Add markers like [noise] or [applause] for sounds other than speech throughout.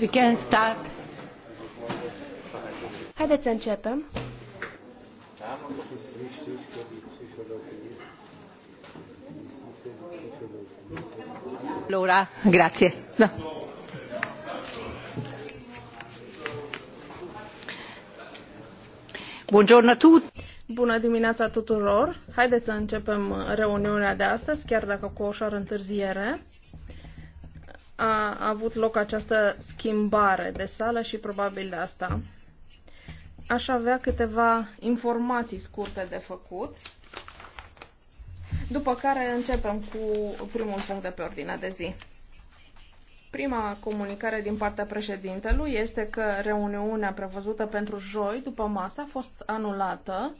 We can start. Haideți să începem. Laura, grazie. Da. Buongiorno a tutti. Bună dimineața tuturor! Haideți să începem reuniunea de astăzi, chiar dacă cu o ușoară întârziere a avut loc această schimbare de sală și probabil de asta. Aș avea câteva informații scurte de făcut, după care începem cu primul punct de pe ordinea de zi. Prima comunicare din partea președintelui este că reuniunea prevăzută pentru joi după masă a fost anulată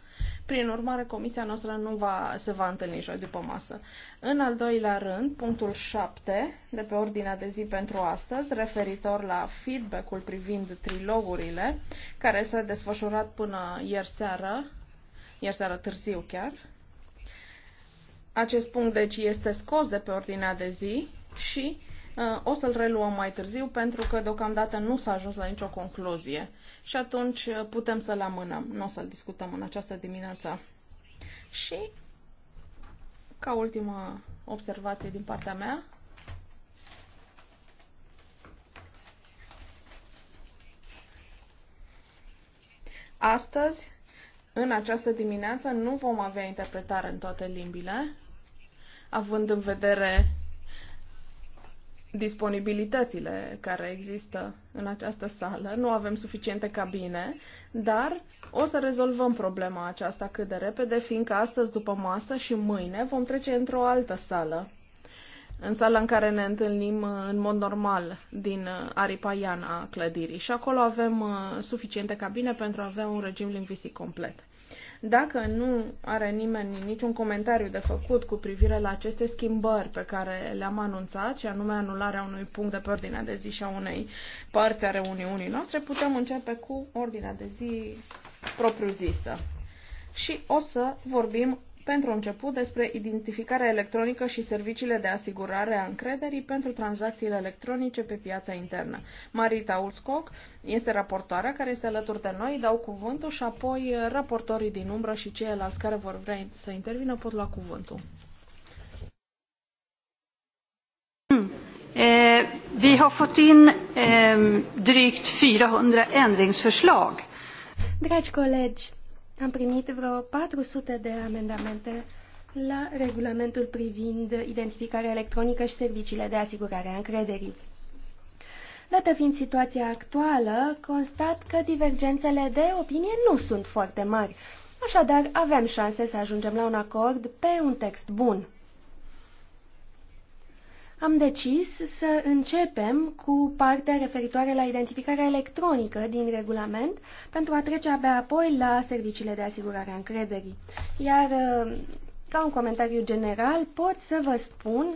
prin urmare, comisia noastră nu va, se va întâlni joi după masă. În al doilea rând, punctul 7 de pe ordinea de zi pentru astăzi, referitor la feedback-ul privind trilogurile, care s-a desfășurat până ieri seară, ieri seară târziu chiar. Acest punct, deci, este scos de pe ordinea de zi și uh, o să-l reluăm mai târziu pentru că deocamdată nu s-a ajuns la nicio concluzie și atunci uh, putem să-l amânăm. Nu o să-l discutăm în această dimineață. Și, ca ultimă observație din partea mea, astăzi, în această dimineață, nu vom avea interpretare în toate limbile, având în vedere disponibilitățile care există în această sală. Nu avem suficiente cabine, dar o să rezolvăm problema aceasta cât de repede, fiindcă astăzi după masă și mâine vom trece într-o altă sală. În sala în care ne întâlnim uh, în mod normal din uh, aripa Iana clădirii și acolo avem uh, suficiente cabine pentru a avea un regim lingvistic complet. Dacă nu are nimeni niciun comentariu de făcut cu privire la aceste schimbări pe care le-am anunțat, și anume anularea unui punct de pe ordinea de zi și a unei părți a reuniunii noastre, putem începe cu ordinea de zi propriu-zisă. Și o să vorbim pentru început, despre identificarea electronică și serviciile de asigurare a încrederii pentru tranzacțiile electronice pe piața internă. Marita Ulscoc este raportoarea care este alături de noi, dau cuvântul și apoi eh, raportorii din umbră și ceilalți care vor vrea să intervină pot lua cuvântul. Eh, vi har fått in eh, drygt 400 ändringsförslag. Dragi colegi, am primit vreo 400 de amendamente la regulamentul privind identificarea electronică și serviciile de asigurare a încrederii. Dată fiind situația actuală, constat că divergențele de opinie nu sunt foarte mari, așadar avem șanse să ajungem la un acord pe un text bun am decis să începem cu partea referitoare la identificarea electronică din regulament pentru a trece abia apoi la serviciile de asigurare a încrederii. Iar uh, ca un comentariu general pot să vă spun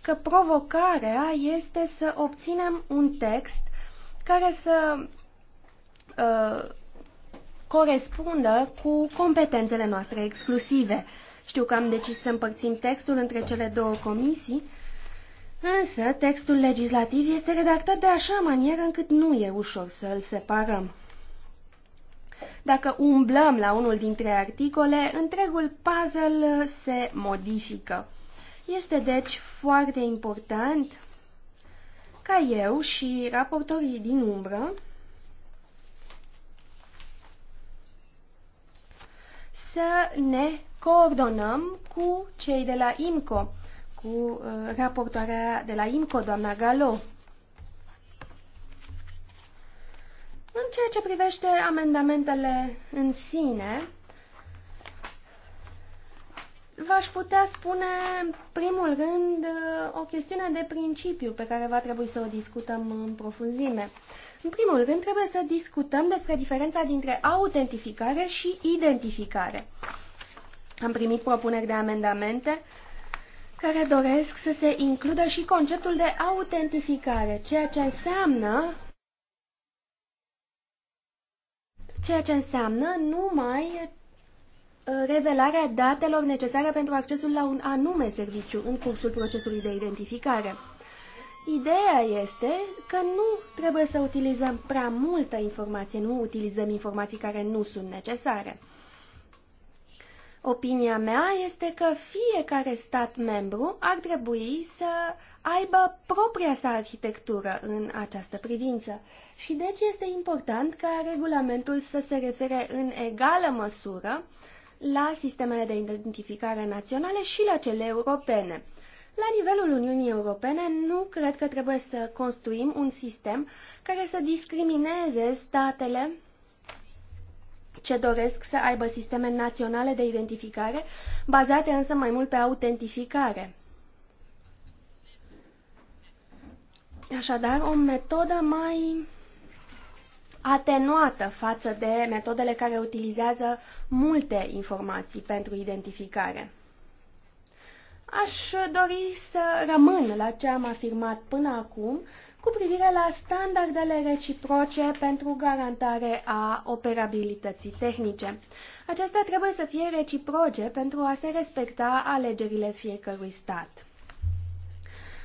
că provocarea este să obținem un text care să uh, corespundă cu competențele noastre exclusive. Știu că am decis să împărțim textul între cele două comisii, Însă, textul legislativ este redactat de așa manieră încât nu e ușor să îl separăm. Dacă umblăm la unul dintre articole, întregul puzzle se modifică. Este deci foarte important ca eu și raportorii din umbră să ne coordonăm cu cei de la IMCO cu uh, raportoarea de la IMCO, doamna Galo. În ceea ce privește amendamentele în sine, v-aș putea spune, în primul rând, o chestiune de principiu pe care va trebui să o discutăm în profunzime. În primul rând, trebuie să discutăm despre diferența dintre autentificare și identificare. Am primit propuneri de amendamente care doresc să se includă și conceptul de autentificare, ceea ce înseamnă ceea ce înseamnă numai ă, revelarea datelor necesare pentru accesul la un anume serviciu în cursul procesului de identificare. Ideea este că nu trebuie să utilizăm prea multă informație, nu utilizăm informații care nu sunt necesare. Opinia mea este că fiecare stat membru ar trebui să aibă propria sa arhitectură în această privință și deci este important ca regulamentul să se refere în egală măsură la sistemele de identificare naționale și la cele europene. La nivelul Uniunii Europene nu cred că trebuie să construim un sistem care să discrimineze statele ce doresc să aibă sisteme naționale de identificare, bazate însă mai mult pe autentificare. Așadar, o metodă mai atenuată față de metodele care utilizează multe informații pentru identificare. Aș dori să rămân la ce am afirmat până acum cu privire la standardele reciproce pentru garantare a operabilității tehnice. Acestea trebuie să fie reciproce pentru a se respecta alegerile fiecărui stat.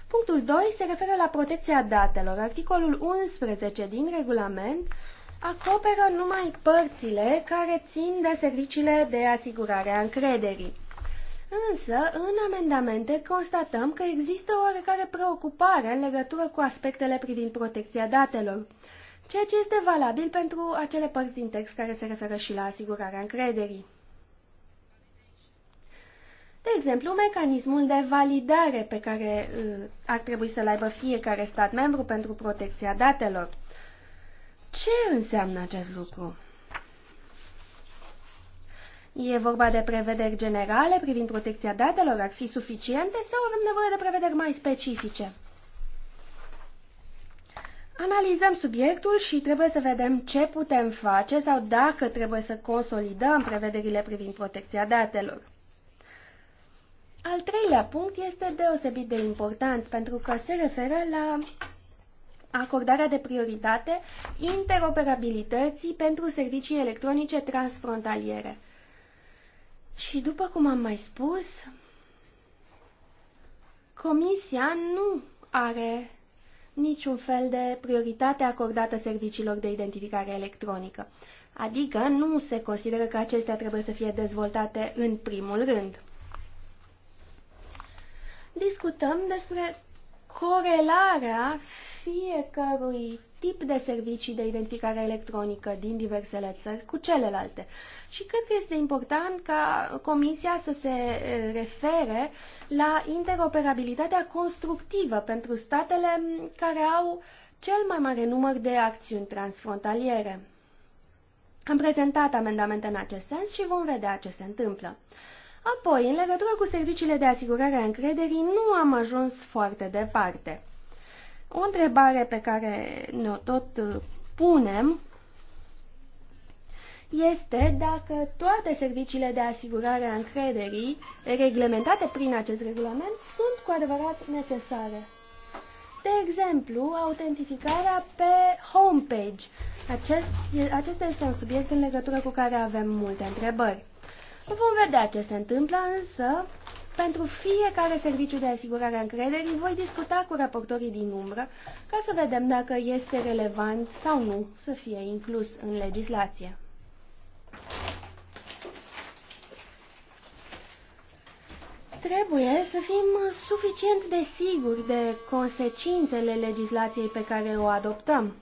Punctul 2 se referă la protecția datelor. Articolul 11 din regulament acoperă numai părțile care țin de serviciile de asigurare a încrederii. Însă, în amendamente constatăm că există oarecare preocupare în legătură cu aspectele privind protecția datelor, ceea ce este valabil pentru acele părți din text care se referă și la asigurarea încrederii. De exemplu, mecanismul de validare pe care uh, ar trebui să-l aibă fiecare stat membru pentru protecția datelor. Ce înseamnă acest lucru? E vorba de prevederi generale privind protecția datelor, ar fi suficiente sau avem nevoie de prevederi mai specifice? Analizăm subiectul și trebuie să vedem ce putem face sau dacă trebuie să consolidăm prevederile privind protecția datelor. Al treilea punct este deosebit de important pentru că se referă la acordarea de prioritate interoperabilității pentru servicii electronice transfrontaliere. Și după cum am mai spus, Comisia nu are niciun fel de prioritate acordată serviciilor de identificare electronică. Adică nu se consideră că acestea trebuie să fie dezvoltate în primul rând. Discutăm despre corelarea fiecărui tip de servicii de identificare electronică din diversele țări cu celelalte. Și cred că este important ca Comisia să se eh, refere la interoperabilitatea constructivă pentru statele mm, care au cel mai mare număr de acțiuni transfrontaliere. Am prezentat amendamente în acest sens și vom vedea ce se întâmplă. Apoi, în legătură cu serviciile de asigurare a încrederii, nu am ajuns foarte departe. O întrebare pe care ne-o tot uh, punem este dacă toate serviciile de asigurare a încrederii reglementate prin acest regulament sunt cu adevărat necesare. De exemplu, autentificarea pe homepage. Acest, acesta este un subiect în legătură cu care avem multe întrebări. Vom vedea ce se întâmplă, însă pentru fiecare serviciu de asigurare a încrederii voi discuta cu raportorii din umbră ca să vedem dacă este relevant sau nu să fie inclus în legislație. Trebuie să fim suficient de siguri de consecințele legislației pe care o adoptăm.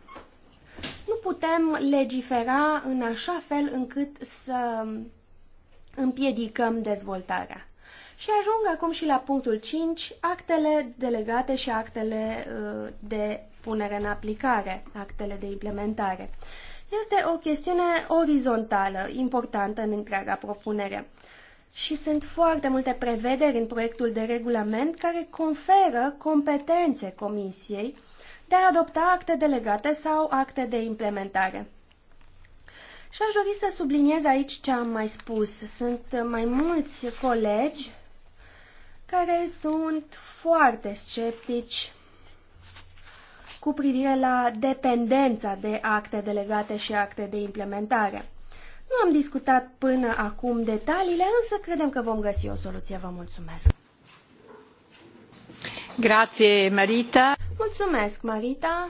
Nu putem legifera în așa fel încât să împiedicăm dezvoltarea. Și ajung acum și la punctul 5, actele delegate și actele uh, de punere în aplicare, actele de implementare. Este o chestiune orizontală, importantă în întreaga propunere. Și sunt foarte multe prevederi în proiectul de regulament care conferă competențe Comisiei de a adopta acte delegate sau acte de implementare. Și aș dori să subliniez aici ce am mai spus. Sunt mai mulți colegi care sunt foarte sceptici cu privire la dependența de acte delegate și acte de implementare. Nu am discutat până acum detaliile, însă credem că vom găsi o soluție. Vă mulțumesc! Grazie, Marita! Mulțumesc, Marita!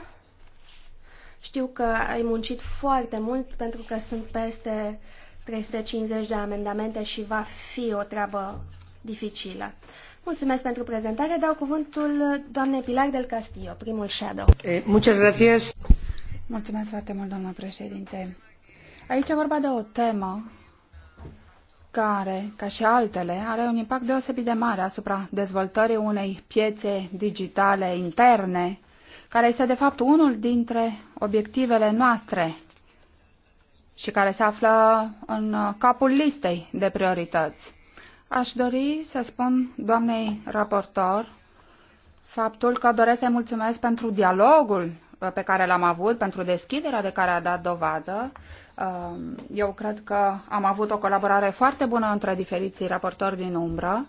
Știu că ai muncit foarte mult pentru că sunt peste 350 de amendamente și va fi o treabă dificilă. Mulțumesc pentru prezentare. Dau cuvântul doamnei Pilar del Castillo, primul shadow. Eh, muchas gracias. Mulțumesc foarte mult, doamnă președinte. Aici e vorba de o temă care, ca și altele, are un impact deosebit de mare asupra dezvoltării unei piețe digitale interne, care este de fapt unul dintre obiectivele noastre și care se află în capul listei de priorități. Aș dori să spun doamnei raportor faptul că doresc să-i mulțumesc pentru dialogul uh, pe care l-am avut, pentru deschiderea de care a dat dovadă. Uh, eu cred că am avut o colaborare foarte bună între diferiții raportori din umbră,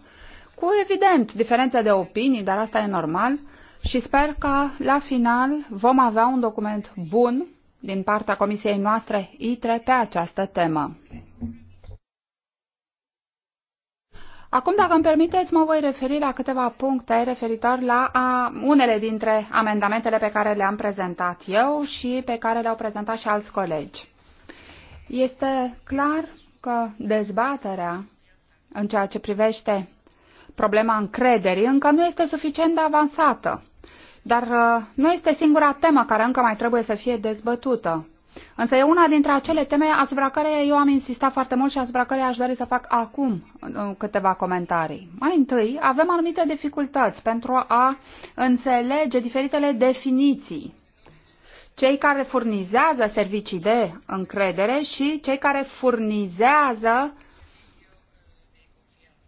cu, evident, diferențe de opinii, dar asta e normal și sper că, la final, vom avea un document bun din partea Comisiei noastre ITRE pe această temă. Acum, dacă îmi permiteți, mă voi referi la câteva puncte referitor la a, unele dintre amendamentele pe care le-am prezentat eu și pe care le-au prezentat și alți colegi. Este clar că dezbaterea în ceea ce privește problema încrederii încă nu este suficient de avansată. Dar uh, nu este singura temă care încă mai trebuie să fie dezbătută. Însă e una dintre acele teme asupra care eu am insistat foarte mult și asupra care aș dori să fac acum uh, câteva comentarii. Mai întâi, avem anumite dificultăți pentru a înțelege diferitele definiții cei care furnizează servicii de încredere și cei care furnizează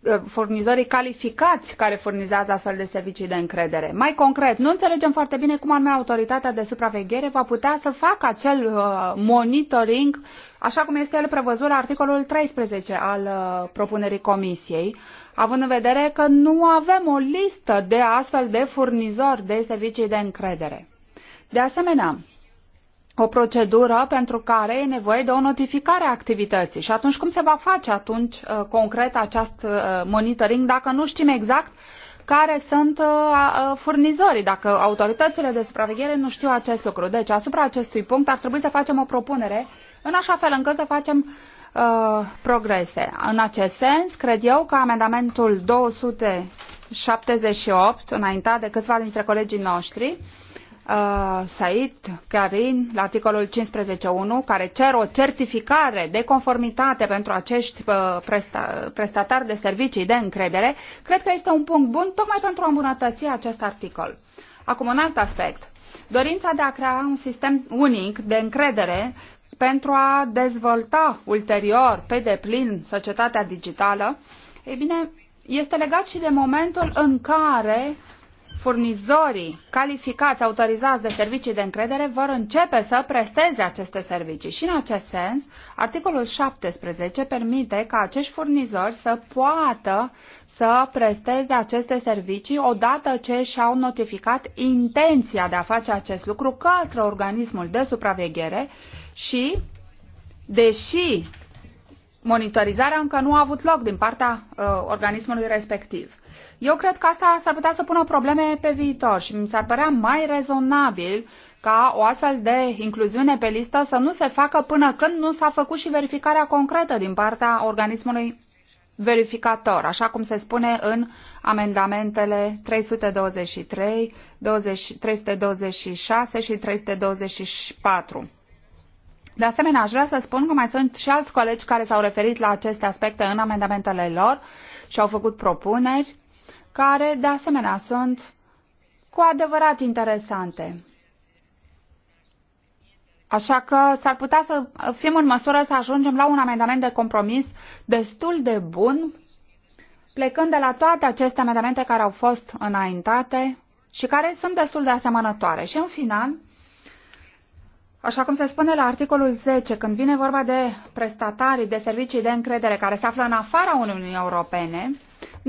Uh, furnizorii calificați care furnizează astfel de servicii de încredere. Mai concret, nu înțelegem foarte bine cum anume autoritatea de supraveghere va putea să facă acel uh, monitoring așa cum este el prevăzut la articolul 13 al uh, propunerii comisiei, având în vedere că nu avem o listă de astfel de furnizori de servicii de încredere. De asemenea, o procedură pentru care e nevoie de o notificare a activității. Și atunci cum se va face atunci uh, concret acest uh, monitoring dacă nu știm exact care sunt uh, furnizorii, dacă autoritățile de supraveghere nu știu acest lucru. Deci asupra acestui punct ar trebui să facem o propunere în așa fel încât să facem uh, progrese. În acest sens, cred eu că amendamentul 278, înaintat de câțiva dintre colegii noștri, uh, uh, Said Karin, la articolul 15.1, care cer o certificare de conformitate pentru acești uh, presta, prestatari de servicii de încredere, cred că este un punct bun tocmai pentru a îmbunătăți acest articol. Acum, un alt aspect. Dorința de a crea un sistem unic de încredere pentru a dezvolta ulterior pe deplin societatea digitală, e bine, este legat și de momentul în care furnizorii calificați, autorizați de servicii de încredere vor începe să presteze aceste servicii. Și în acest sens, articolul 17 permite ca acești furnizori să poată să presteze aceste servicii odată ce și-au notificat intenția de a face acest lucru către organismul de supraveghere și, deși monitorizarea încă nu a avut loc din partea uh, organismului respectiv. Eu cred că asta s-ar putea să pună probleme pe viitor și mi s-ar părea mai rezonabil ca o astfel de incluziune pe listă să nu se facă până când nu s-a făcut și verificarea concretă din partea organismului verificator, așa cum se spune în amendamentele 323, 20, 326 și 324. De asemenea, aș vrea să spun că mai sunt și alți colegi care s-au referit la aceste aspecte în amendamentele lor și au făcut propuneri care, de asemenea, sunt cu adevărat interesante. Așa că s-ar putea să fim în măsură să ajungem la un amendament de compromis destul de bun, plecând de la toate aceste amendamente care au fost înaintate și care sunt destul de asemănătoare. Și în final, Așa cum se spune la articolul 10, când vine vorba de prestatarii de servicii de încredere care se află în afara Uniunii Europene,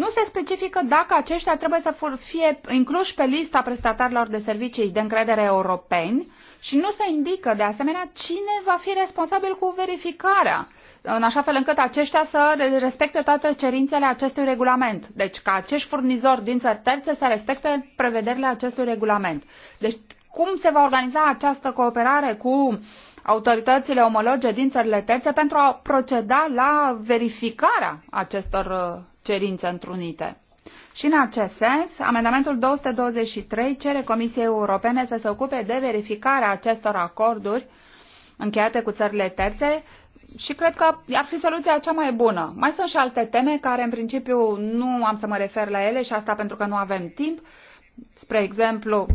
nu se specifică dacă aceștia trebuie să fie incluși pe lista prestatarilor de servicii de încredere europeni și nu se indică, de asemenea, cine va fi responsabil cu verificarea, în așa fel încât aceștia să respecte toate cerințele acestui regulament. Deci ca acești furnizori din țări terțe să respecte prevederile acestui regulament. Deci cum se va organiza această cooperare cu autoritățile omologe din țările terțe pentru a proceda la verificarea acestor uh, cerințe întrunite. Și în acest sens, amendamentul 223 cere Comisiei Europene să se ocupe de verificarea acestor acorduri încheiate cu țările terțe și cred că ar fi soluția cea mai bună. Mai sunt și alte teme care în principiu nu am să mă refer la ele și asta pentru că nu avem timp. Spre exemplu,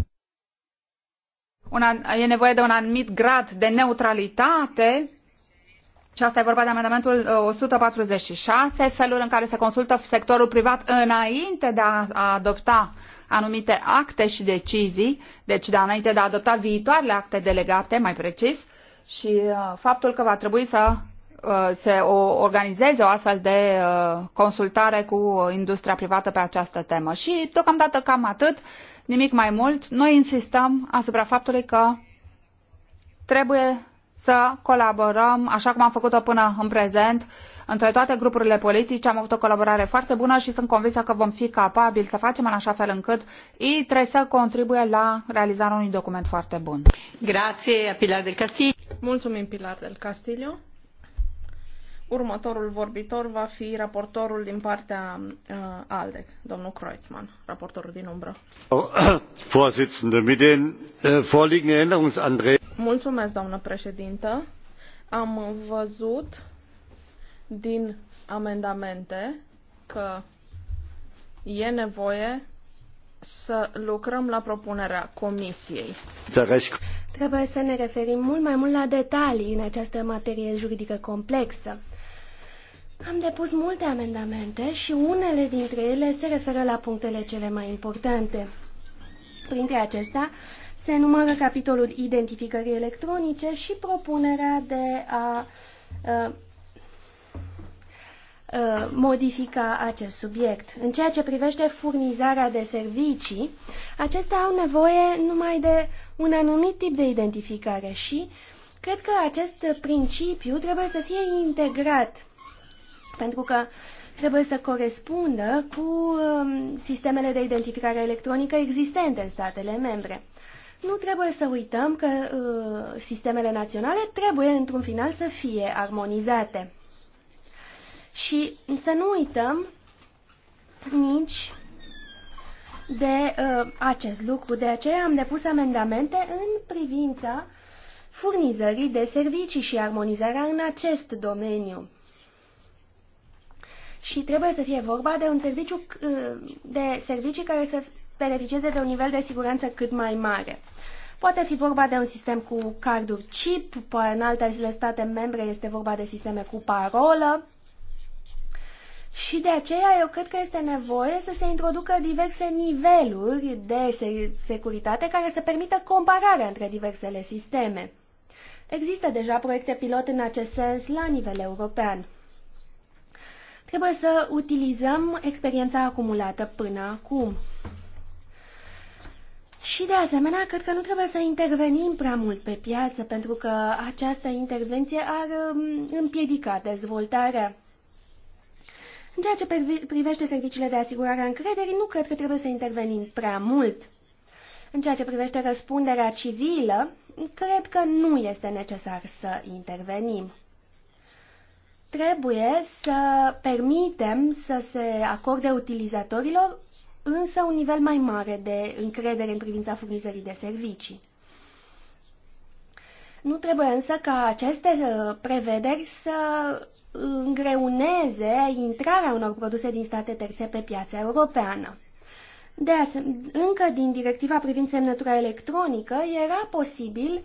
una, e nevoie de un anumit grad de neutralitate și asta e vorba de amendamentul 146, uh, felul în care se consultă sectorul privat înainte de a adopta anumite acte și decizii, deci de înainte de a adopta viitoarele acte delegate, mai precis, și uh, faptul că va trebui să uh, se organizeze o astfel de consultare cu industria privată pe această temă. Și deocamdată cam atât, nimic mai mult. Noi insistăm asupra faptului că trebuie să colaborăm, așa cum am făcut-o până în prezent, între toate grupurile politice. Am avut o colaborare foarte bună și sunt convinsă că vom fi capabili să facem în așa fel încât ei trebuie să contribuie la realizarea unui document foarte bun. Grazie, Pilar del Castillo. Mulțumim, Pilar del Castillo. Următorul vorbitor va fi raportorul din partea uh, ALDE, domnul Kreuzmann, raportorul din umbră. Äh, Mulțumesc, doamnă președintă. Am văzut din amendamente că e nevoie să lucrăm la propunerea comisiei. Trebuie să ne referim mult mai mult la detalii în această materie juridică complexă. Am depus multe amendamente și unele dintre ele se referă la punctele cele mai importante. Printre acestea se numără capitolul identificării electronice și propunerea de a modifica acest subiect. În ceea ce privește furnizarea de servicii, acestea au nevoie numai de un anumit tip de identificare și cred că acest principiu trebuie să fie integrat pentru că trebuie să corespundă cu um, sistemele de identificare electronică existente în statele membre. Nu trebuie să uităm că uh, sistemele naționale trebuie, într-un final, să fie armonizate. Și să nu uităm nici de uh, acest lucru. De aceea am depus amendamente în privința furnizării de servicii și armonizarea în acest domeniu și trebuie să fie vorba de un serviciu uh, de servicii care să beneficieze de un nivel de siguranță cât mai mare. Poate fi vorba de un sistem cu carduri chip, în alte state membre este vorba de sisteme cu parolă. Și de aceea eu cred că este nevoie să se introducă diverse niveluri de securitate care să permită compararea între diversele sisteme. Există deja proiecte pilot în acest sens la nivel european. Trebuie să utilizăm experiența acumulată până acum. Și de asemenea, cred că nu trebuie să intervenim prea mult pe piață, pentru că această intervenție ar um, împiedica dezvoltarea. În ceea ce privește serviciile de asigurare a încrederii, nu cred că trebuie să intervenim prea mult. În ceea ce privește răspunderea civilă, cred că nu este necesar să intervenim. Trebuie să permitem să se acorde utilizatorilor însă un nivel mai mare de încredere în privința furnizării de servicii. Nu trebuie însă ca aceste uh, prevederi să îngreuneze intrarea unor produse din state terțe pe piața europeană. De asemenea, încă din directiva privind semnătura electronică era posibil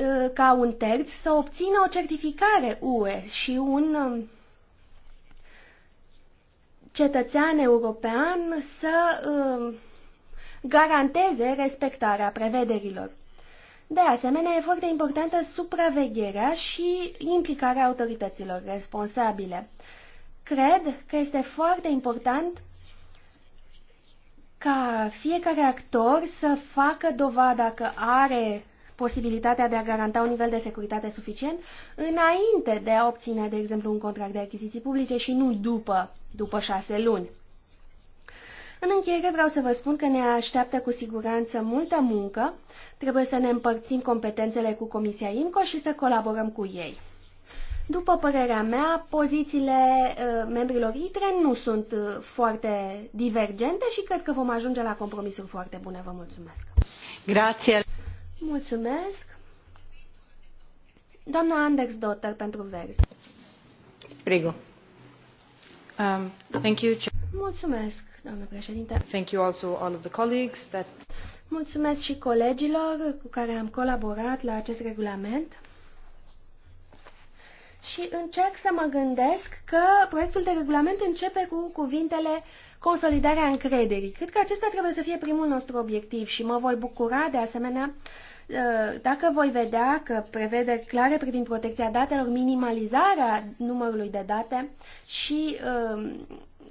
Uh, ca un terț să obțină o certificare UE și un um, cetățean european să um, garanteze respectarea prevederilor. De asemenea, e foarte importantă supravegherea și implicarea autorităților responsabile. Cred că este foarte important ca fiecare actor să facă dovada că are posibilitatea de a garanta un nivel de securitate suficient înainte de a obține, de exemplu, un contract de achiziții publice și nu după, după șase luni. În încheiere vreau să vă spun că ne așteaptă cu siguranță multă muncă, trebuie să ne împărțim competențele cu Comisia INCO și să colaborăm cu ei. După părerea mea, pozițiile uh, membrilor ITRE nu sunt uh, foarte divergente și cred că vom ajunge la compromisuri foarte bune. Vă mulțumesc! Grazie! Mulțumesc. Doamna Andex Dotter pentru vers. Prigo. Um, thank you. Mulțumesc, doamnă președinte. Thank you also all of the colleagues that... Mulțumesc și colegilor cu care am colaborat la acest regulament și încerc să mă gândesc că proiectul de regulament începe cu cuvintele consolidarea încrederii. Cred că acesta trebuie să fie primul nostru obiectiv și mă voi bucura de asemenea Eh, dacă voi vedea că prevede clare privind protecția datelor, minimalizarea numărului de date și eh,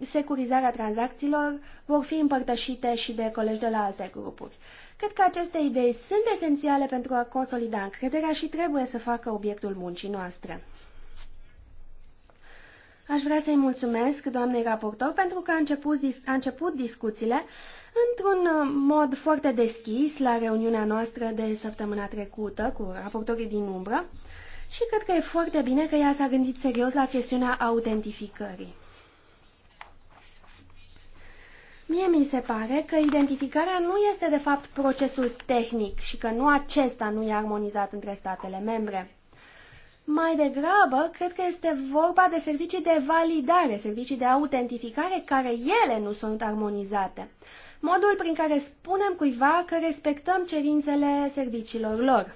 securizarea tranzacțiilor vor fi împărtășite și de colegi de la alte grupuri. Cred că aceste idei sunt esențiale pentru a consolida încrederea și trebuie să facă obiectul muncii noastre. Aș vrea să-i mulțumesc doamnei raportor pentru că a început, a început discuțiile într-un uh, mod foarte deschis la reuniunea noastră de săptămâna trecută cu raportorii din umbră și cred că e foarte bine că ea s-a gândit serios la chestiunea autentificării. Mie mi se pare că identificarea nu este de fapt procesul tehnic și că nu acesta nu e armonizat între statele membre. Mai degrabă, cred că este vorba de servicii de validare, servicii de autentificare, care ele nu sunt armonizate. Modul prin care spunem cuiva că respectăm cerințele serviciilor lor.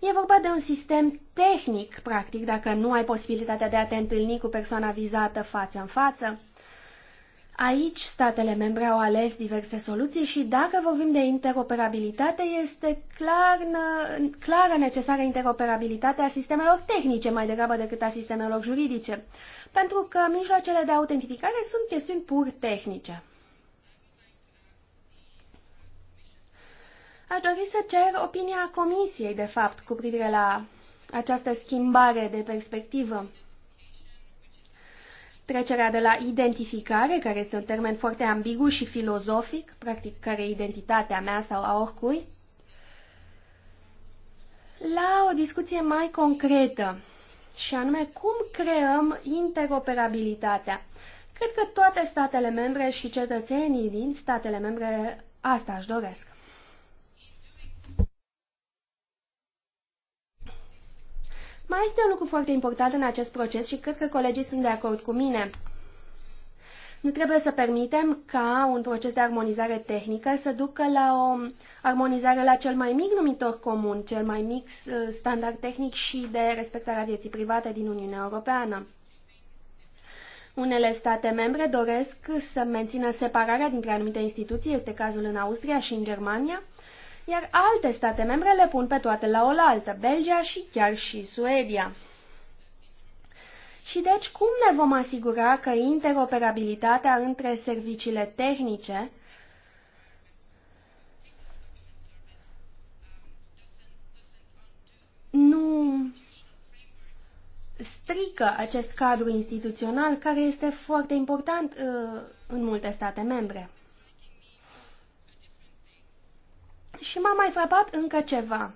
E vorba de un sistem tehnic, practic, dacă nu ai posibilitatea de a te întâlni cu persoana vizată față în față. Aici statele membre au ales diverse soluții și dacă vorbim de interoperabilitate, este clar, clară necesară interoperabilitatea sistemelor tehnice mai degrabă decât a sistemelor juridice, pentru că mijloacele de autentificare sunt chestiuni pur tehnice. Aș dori să cer opinia Comisiei, de fapt, cu privire la această schimbare de perspectivă trecerea de la identificare, care este un termen foarte ambigu și filozofic, practic care e identitatea mea sau a oricui, la o discuție mai concretă, și anume cum creăm interoperabilitatea. Cred că toate statele membre și cetățenii din statele membre asta își doresc. Mai este un lucru foarte important în acest proces și cred că colegii sunt de acord cu mine. Nu trebuie să permitem ca un proces de armonizare tehnică să ducă la o armonizare la cel mai mic numitor comun, cel mai mic uh, standard tehnic și de respectarea vieții private din Uniunea Europeană. Unele state membre doresc să mențină separarea dintre anumite instituții, este cazul în Austria și în Germania, iar alte state membre le pun pe toate la oaltă, Belgia și chiar și Suedia. Și deci cum ne vom asigura că interoperabilitatea între serviciile tehnice nu strică acest cadru instituțional care este foarte important uh, în multe state membre? Și m-a mai frapat încă ceva.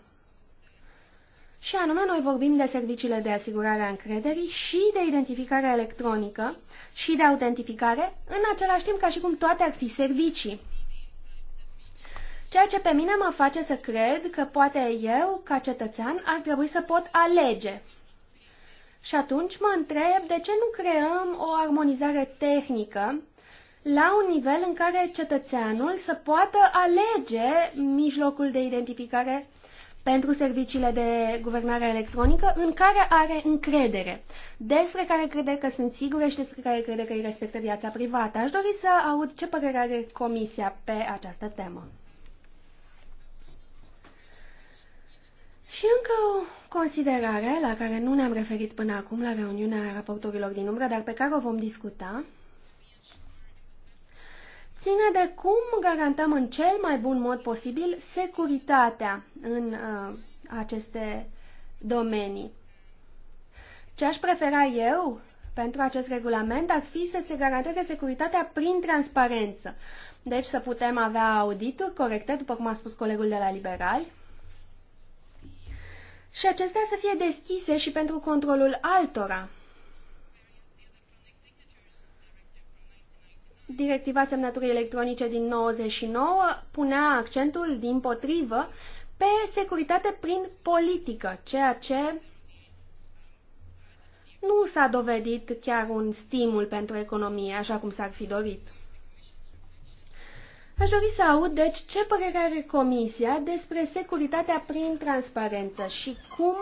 Și anume, noi vorbim de serviciile de asigurare a încrederii și de identificare electronică și de autentificare, în același timp ca și cum toate ar fi servicii. Ceea ce pe mine mă face să cred că poate eu, ca cetățean, ar trebui să pot alege. Și atunci mă întreb de ce nu creăm o armonizare tehnică la un nivel în care cetățeanul să poată alege mijlocul de identificare pentru serviciile de guvernare electronică în care are încredere, despre care crede că sunt sigure și despre care crede că îi respectă viața privată. Aș dori să aud ce părere are Comisia pe această temă. Și încă o considerare la care nu ne-am referit până acum la reuniunea raportorilor din umbră, dar pe care o vom discuta, ține de cum garantăm în cel mai bun mod posibil securitatea în uh, aceste domenii. Ce aș prefera eu pentru acest regulament ar fi să se garanteze securitatea prin transparență. Deci să putem avea audituri corecte, după cum a spus colegul de la Liberali, și acestea să fie deschise și pentru controlul altora. Directiva semnăturii electronice din 99 punea accentul, din potrivă, pe securitate prin politică, ceea ce nu s-a dovedit chiar un stimul pentru economie, așa cum s-ar fi dorit. Aș dori să aud, deci, ce părere are Comisia despre securitatea prin transparență și cum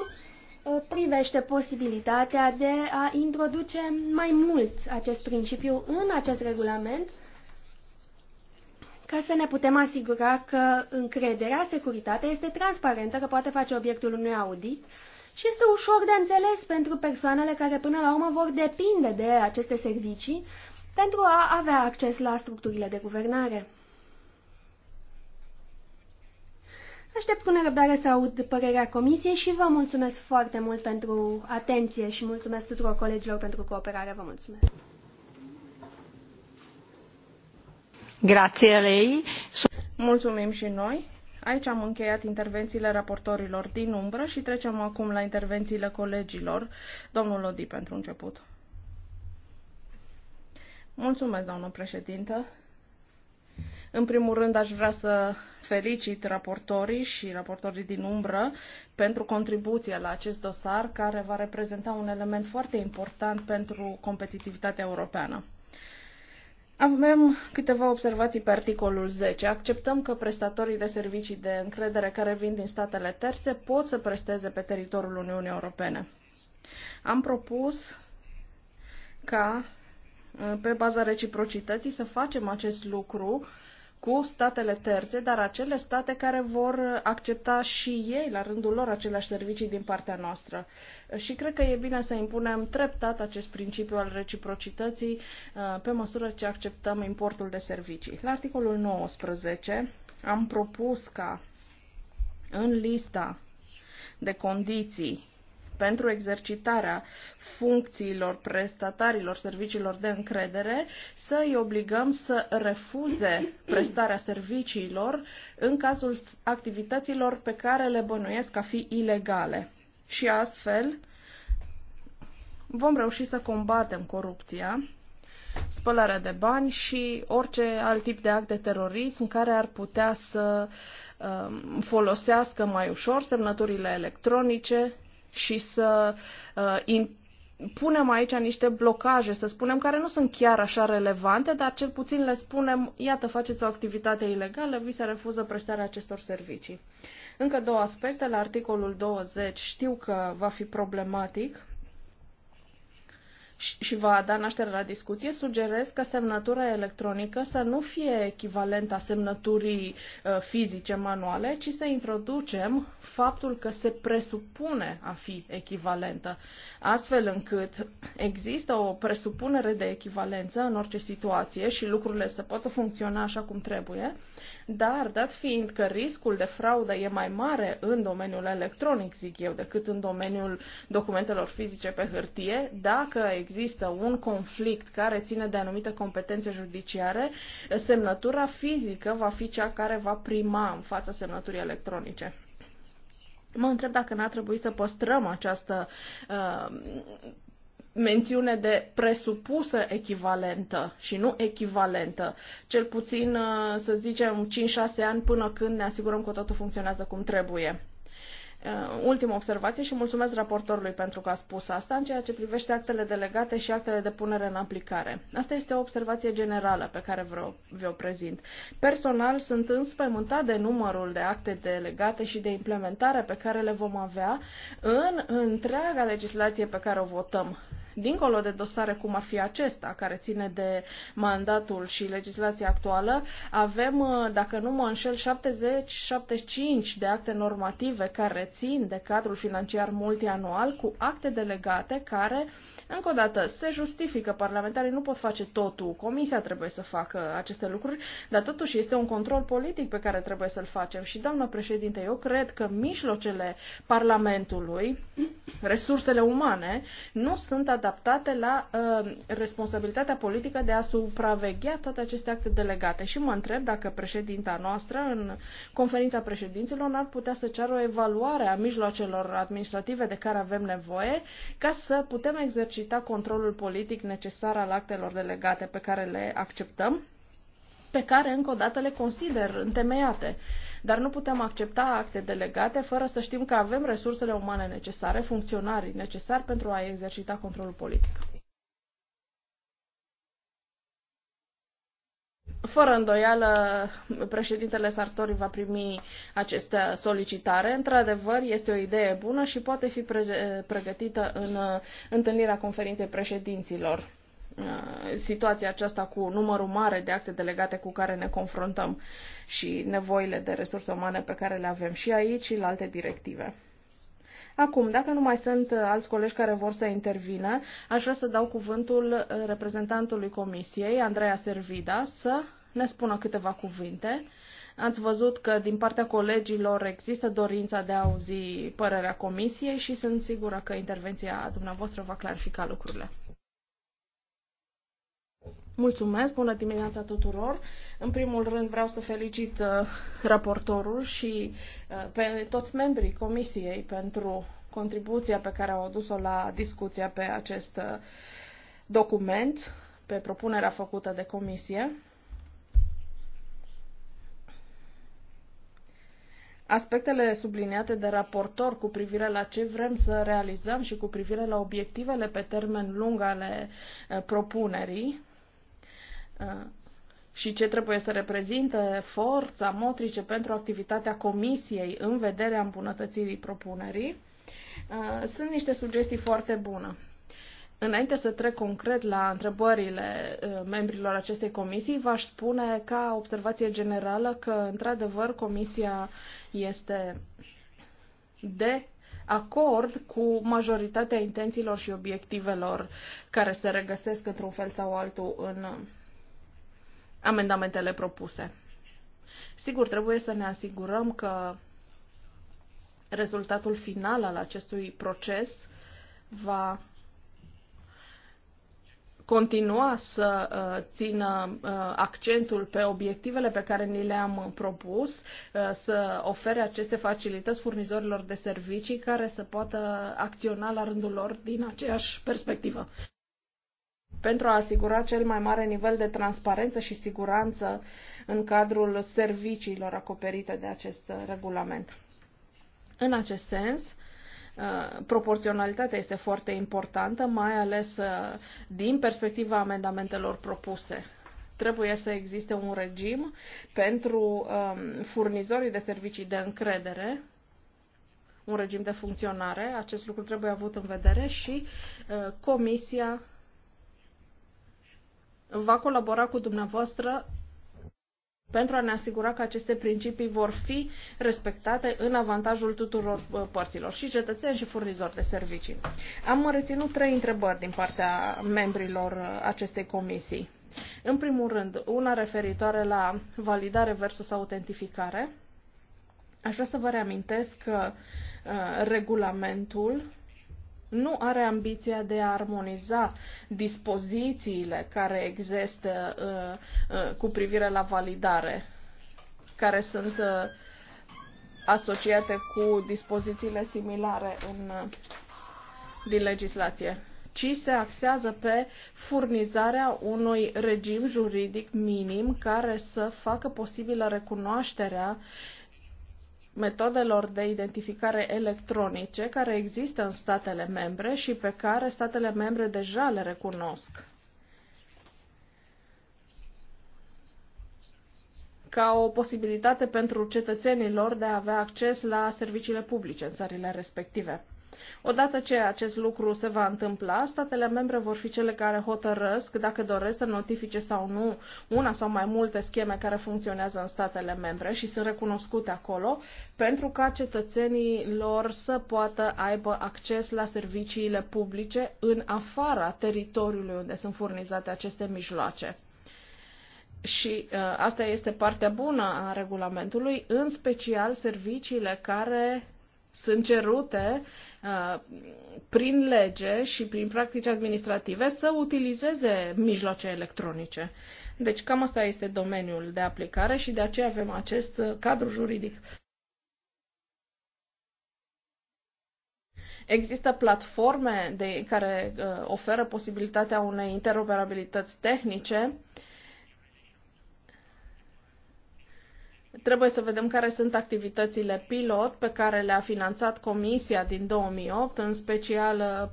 Uh, privește posibilitatea de a introduce mai mult acest principiu în acest regulament ca să ne putem asigura că încrederea, securitatea este transparentă, că poate face obiectul unui audit și este ușor de înțeles pentru persoanele care până la urmă vor depinde de aceste servicii pentru a avea acces la structurile de guvernare. Aștept cu nerăbdare să aud părerea comisiei și vă mulțumesc foarte mult pentru atenție și mulțumesc tuturor colegilor pentru cooperare. Vă mulțumesc! Grație lei! Mulțumim și noi! Aici am încheiat intervențiile raportorilor din umbră și trecem acum la intervențiile colegilor. Domnul Lodi, pentru început. Mulțumesc, doamnă președintă. În primul rând, aș vrea să felicit raportorii și raportorii din umbră pentru contribuția la acest dosar, care va reprezenta un element foarte important pentru competitivitatea europeană. Avem câteva observații pe articolul 10. Acceptăm că prestatorii de servicii de încredere care vin din statele terțe pot să presteze pe teritoriul Uniunii Europene. Am propus ca pe baza reciprocității să facem acest lucru cu statele terțe, dar acele state care vor accepta și ei, la rândul lor, aceleași servicii din partea noastră. Și cred că e bine să impunem treptat acest principiu al reciprocității uh, pe măsură ce acceptăm importul de servicii. La articolul 19 am propus ca în lista de condiții pentru exercitarea funcțiilor prestatarilor serviciilor de încredere să îi obligăm să refuze prestarea serviciilor în cazul activităților pe care le bănuiesc a fi ilegale. Și astfel vom reuși să combatem corupția, spălarea de bani și orice alt tip de act de terorism care ar putea să um, folosească mai ușor semnăturile electronice și să uh, in, punem aici niște blocaje, să spunem, care nu sunt chiar așa relevante, dar cel puțin le spunem, iată, faceți o activitate ilegală, vi se refuză prestarea acestor servicii. Încă două aspecte la articolul 20. Știu că va fi problematic și va da naștere la discuție, sugerez că semnătura electronică să nu fie echivalent a semnăturii uh, fizice manuale, ci să introducem faptul că se presupune a fi echivalentă, astfel încât există o presupunere de echivalență în orice situație și lucrurile să poată funcționa așa cum trebuie, dar dat fiind că riscul de fraudă e mai mare în domeniul electronic, zic eu, decât în domeniul documentelor fizice pe hârtie, dacă există un conflict care ține de anumite competențe judiciare, semnătura fizică va fi cea care va prima în fața semnăturii electronice. Mă întreb dacă n-ar trebui să păstrăm această uh, mențiune de presupusă echivalentă și nu echivalentă, cel puțin, uh, să zicem, 5-6 ani până când ne asigurăm că totul funcționează cum trebuie. Uh, ultima observație și mulțumesc raportorului pentru că a spus asta în ceea ce privește actele delegate și actele de punere în aplicare. Asta este o observație generală pe care vreau vi-o prezint. Personal sunt înspăimântat de numărul de acte delegate și de implementare pe care le vom avea în întreaga legislație pe care o votăm dincolo de dosare cum ar fi acesta, care ține de mandatul și legislația actuală, avem, uh, dacă nu mă înșel, 70-75 de acte normative care țin de cadrul financiar multianual cu acte delegate care încă o dată, se justifică, parlamentarii nu pot face totul, comisia trebuie să facă aceste lucruri, dar totuși este un control politic pe care trebuie să-l facem. Și, doamnă președinte, eu cred că mijlocele Parlamentului, resursele umane, nu sunt adaptate la uh, responsabilitatea politică de a supraveghea toate aceste acte delegate. Și mă întreb dacă președinta noastră, în conferința președinților, n-ar putea să ceară o evaluare a mijloacelor administrative de care avem nevoie ca să putem exercita exercita controlul politic necesar al actelor delegate pe care le acceptăm, pe care încă o dată le consider întemeiate. Dar nu putem accepta acte delegate fără să știm că avem resursele umane necesare, funcționarii necesari pentru a exercita controlul politic. Fără îndoială, președintele Sartori va primi aceste solicitare. Într-adevăr, este o idee bună și poate fi pregătită în uh, întâlnirea conferinței președinților. Uh, situația aceasta cu numărul mare de acte delegate cu care ne confruntăm și nevoile de resurse umane pe care le avem și aici și la alte directive. Acum, dacă nu mai sunt uh, alți colegi care vor să intervină, aș vrea să dau cuvântul uh, reprezentantului Comisiei, Andreea Servida, să ne spună câteva cuvinte. Ați văzut că din partea colegilor există dorința de a auzi părerea Comisiei și sunt sigură că intervenția dumneavoastră va clarifica lucrurile. Mulțumesc, bună dimineața tuturor. În primul rând vreau să felicit uh, raportorul și uh, pe toți membrii comisiei pentru contribuția pe care au adus-o la discuția pe acest uh, document, pe propunerea făcută de comisie. Aspectele subliniate de raportor cu privire la ce vrem să realizăm și cu privire la obiectivele pe termen lung ale propunerii și ce trebuie să reprezinte forța motrice pentru activitatea comisiei în vederea îmbunătățirii propunerii, sunt niște sugestii foarte bune. Înainte să trec concret la întrebările membrilor acestei comisii, v-aș spune ca observație generală că, într-adevăr, comisia este de acord cu majoritatea intențiilor și obiectivelor care se regăsesc într-un fel sau altul în amendamentele propuse. Sigur, trebuie să ne asigurăm că rezultatul final al acestui proces va continua să uh, țină uh, accentul pe obiectivele pe care ni le-am propus, uh, să ofere aceste facilități furnizorilor de servicii care să poată acționa la rândul lor din aceeași perspectivă pentru a asigura cel mai mare nivel de transparență și siguranță în cadrul serviciilor acoperite de acest regulament. În acest sens, uh, proporționalitatea este foarte importantă, mai ales uh, din perspectiva amendamentelor propuse. Trebuie să existe un regim pentru um, furnizorii de servicii de încredere, un regim de funcționare. Acest lucru trebuie avut în vedere și uh, Comisia va colabora cu dumneavoastră pentru a ne asigura că aceste principii vor fi respectate în avantajul tuturor părților, și cetățeni și furnizori de servicii. Am reținut trei întrebări din partea membrilor acestei comisii. În primul rând, una referitoare la validare versus autentificare. Aș vrea să vă reamintesc că uh, regulamentul nu are ambiția de a armoniza dispozițiile care există uh, uh, cu privire la validare, care sunt uh, asociate cu dispozițiile similare în, uh, din legislație ci se axează pe furnizarea unui regim juridic minim care să facă posibilă recunoașterea uh, metodelor de identificare electronice care există în statele membre și pe care statele membre deja le recunosc. ca o posibilitate pentru cetățenii lor de a avea acces la serviciile publice în țările respective. Odată ce acest lucru se va întâmpla, statele membre vor fi cele care hotărăsc dacă doresc să notifice sau nu una sau mai multe scheme care funcționează în statele membre și sunt recunoscute acolo pentru ca cetățenii lor să poată aibă acces la serviciile publice în afara teritoriului unde sunt furnizate aceste mijloace și uh, asta este partea bună a regulamentului, în special serviciile care sunt cerute Uh, prin lege și prin practici administrative să utilizeze mijloace electronice. Deci cam asta este domeniul de aplicare și de aceea avem acest uh, cadru juridic. Există platforme de, care uh, oferă posibilitatea unei interoperabilități tehnice uh, Trebuie să vedem care sunt activitățile pilot pe care le-a finanțat Comisia din 2008, în special uh,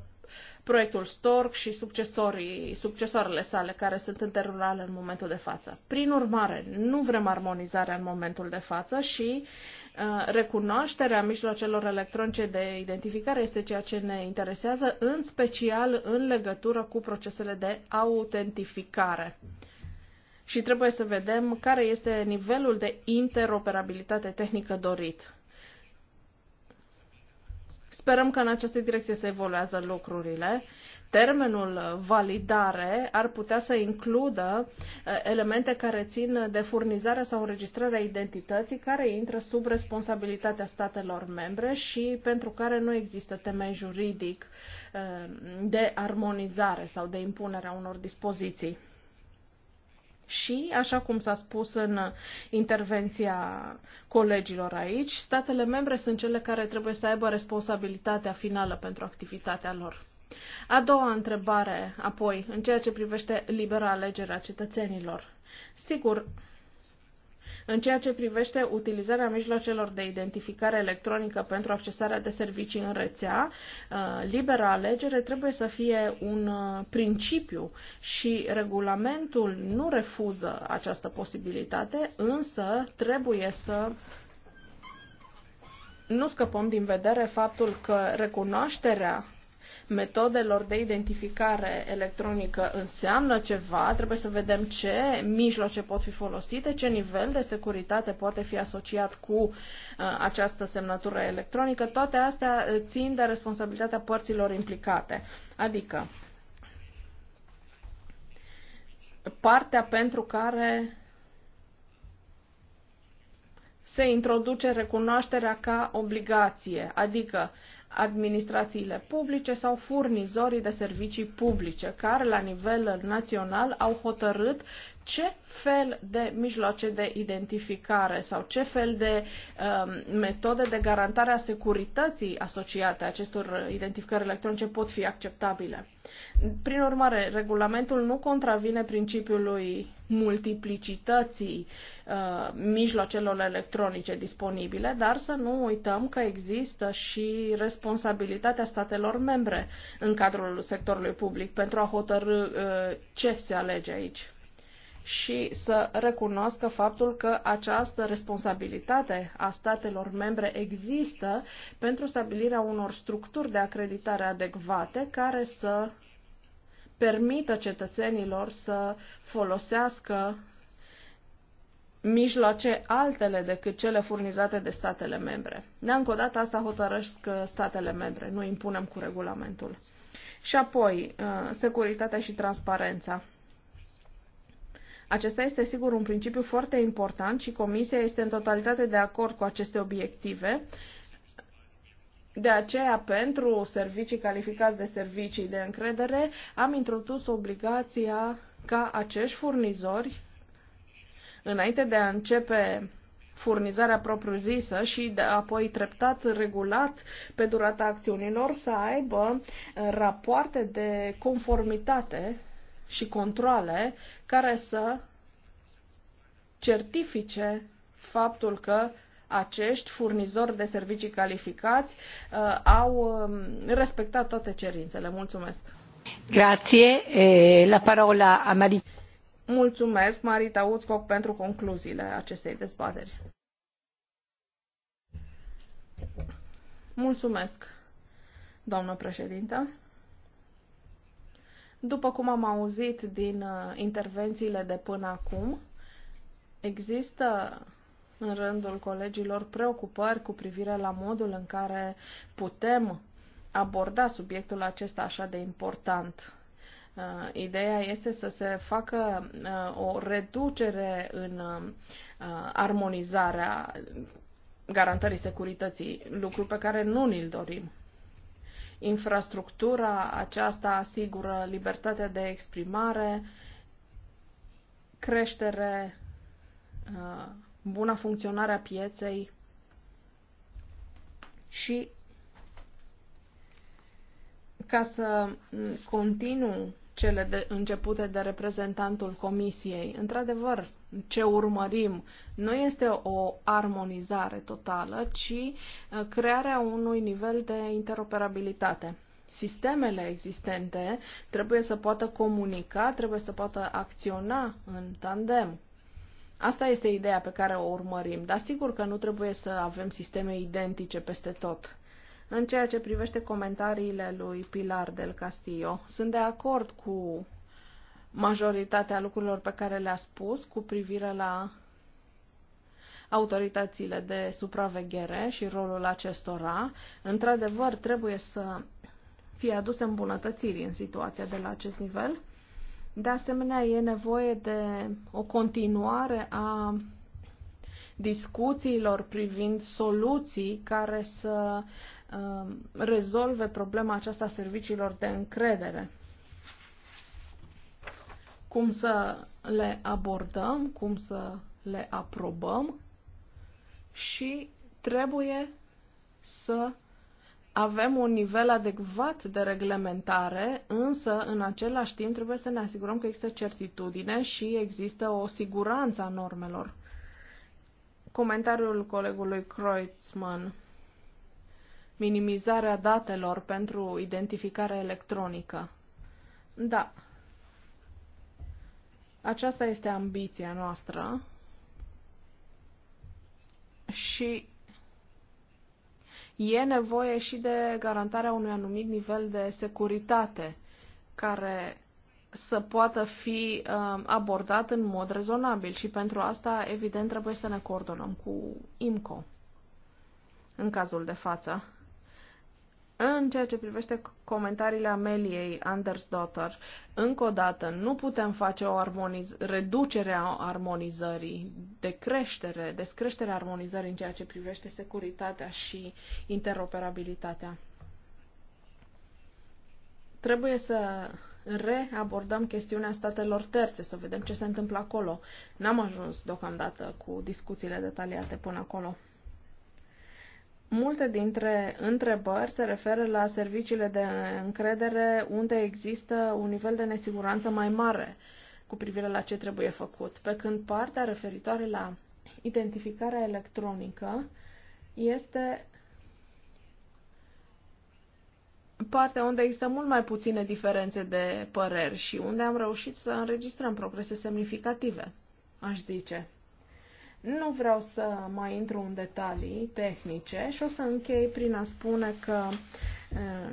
proiectul Stork și succesorii, succesoarele sale care sunt în derulare în momentul de față. Prin urmare, nu vrem armonizarea în momentul de față și uh, recunoașterea mijloacelor electronice de identificare este ceea ce ne interesează, în special în legătură cu procesele de autentificare și trebuie să vedem care este nivelul de interoperabilitate tehnică dorit. Sperăm că în această direcție se evoluează lucrurile. Termenul validare ar putea să includă uh, elemente care țin de furnizarea sau înregistrarea identității care intră sub responsabilitatea statelor membre și pentru care nu există temei juridic uh, de armonizare sau de impunerea unor dispoziții și, așa cum s-a spus în intervenția colegilor aici, statele membre sunt cele care trebuie să aibă responsabilitatea finală pentru activitatea lor. A doua întrebare, apoi, în ceea ce privește libera alegerea cetățenilor. Sigur, în ceea ce privește utilizarea mijloacelor de identificare electronică pentru accesarea de servicii în rețea, uh, libera alegere trebuie să fie un uh, principiu și regulamentul nu refuză această posibilitate, însă trebuie să nu scăpăm din vedere faptul că recunoașterea metodelor de identificare electronică înseamnă ceva, trebuie să vedem ce mijloace pot fi folosite, ce nivel de securitate poate fi asociat cu uh, această semnătură electronică. Toate astea uh, țin de responsabilitatea părților implicate. Adică partea pentru care se introduce recunoașterea ca obligație, adică administrațiile publice sau furnizorii de servicii publice, care la nivel național au hotărât ce fel de mijloace de identificare sau ce fel de um, metode de garantare a securității asociate acestor identificări electronice pot fi acceptabile. Prin urmare, regulamentul nu contravine principiului multiplicității uh, mijloacelor electronice disponibile, dar să nu uităm că există și responsabilitatea statelor membre în cadrul sectorului public pentru a hotărâ uh, ce se alege aici și să recunoască faptul că această responsabilitate a statelor membre există pentru stabilirea unor structuri de acreditare adecvate care să permită cetățenilor să folosească mijloace altele decât cele furnizate de statele membre. ne încă o dată asta hotărăsc uh, statele membre, nu impunem cu regulamentul. Și apoi, uh, securitatea și transparența. Acesta este sigur un principiu foarte important și Comisia este în totalitate de acord cu aceste obiective. De aceea, pentru servicii calificați de servicii de încredere, am introdus obligația ca acești furnizori, înainte de a începe furnizarea propriu-zisă și de, apoi treptat, regulat, pe durata acțiunilor, să aibă uh, rapoarte de conformitate și controle care să certifice faptul că acești furnizori de servicii calificați uh, au um, respectat toate cerințele. Mulțumesc! Grazie. La parola a Marita. Mulțumesc, Marita Uțcoc, pentru concluziile acestei dezbateri. Mulțumesc, doamnă președintă. După cum am auzit din uh, intervențiile de până acum, există în rândul colegilor preocupări cu privire la modul în care putem aborda subiectul acesta așa de important. Uh, ideea este să se facă uh, o reducere în armonizarea garantării securității, lucru pe care nu ni-l dorim. Infrastructura aceasta asigură libertatea de exprimare, creștere, uh, buna funcționare a pieței și ca să continu cele de, începute de reprezentantul Comisiei. Într-adevăr, ce urmărim nu este o armonizare totală, ci uh, crearea unui nivel de interoperabilitate. Sistemele existente trebuie să poată comunica, trebuie să poată acționa în tandem. Asta este ideea pe care o urmărim, dar sigur că nu trebuie să avem sisteme identice peste tot. În ceea ce privește comentariile lui Pilar del Castillo, sunt de acord cu majoritatea lucrurilor pe care le-a spus cu privire la autoritățile de supraveghere și rolul acestora. Într-adevăr, trebuie să fie aduse îmbunătățiri în situația de la acest nivel. De asemenea, e nevoie de o continuare a discuțiilor privind soluții care să uh, rezolve problema aceasta a serviciilor de încredere cum să le abordăm, cum să le aprobăm și trebuie să avem un nivel adecvat de reglementare, însă în același timp trebuie să ne asigurăm că există certitudine și există o siguranță a normelor. Comentariul colegului Kreutzmann minimizarea datelor pentru identificare electronică. Da, aceasta este ambiția noastră și e nevoie și de garantarea unui anumit nivel de securitate care să poată fi uh, abordat în mod rezonabil și pentru asta, evident, trebuie să ne coordonăm cu IMCO în cazul de față. În ceea ce privește comentariile Ameliei Andersdotter, încă o dată, nu putem face o armoniz- reducere a armonizării, de descreștere a armonizării în ceea ce privește securitatea și interoperabilitatea. Trebuie să reabordăm chestiunea statelor terțe, să vedem ce se întâmplă acolo. N-am ajuns deocamdată cu discuțiile detaliate până acolo. Multe dintre întrebări se referă la serviciile de încredere unde există un nivel de nesiguranță mai mare cu privire la ce trebuie făcut, pe când partea referitoare la identificarea electronică este partea unde există mult mai puține diferențe de păreri și unde am reușit să înregistrăm progrese semnificative, aș zice. Nu vreau să mai intru în detalii tehnice și o să închei prin a spune că eh,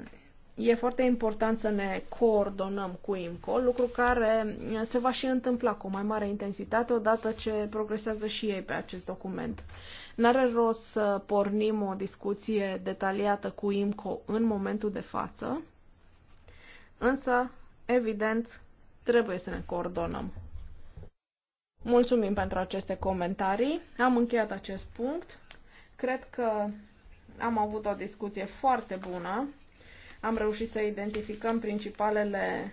e foarte important să ne coordonăm cu IMCO, lucru care eh, se va și întâmpla cu mai mare intensitate odată ce progresează și ei pe acest document. N-are rost să pornim o discuție detaliată cu IMCO în momentul de față, însă, evident, trebuie să ne coordonăm. Mulțumim pentru aceste comentarii. Am încheiat acest punct. Cred că am avut o discuție foarte bună. Am reușit să identificăm principalele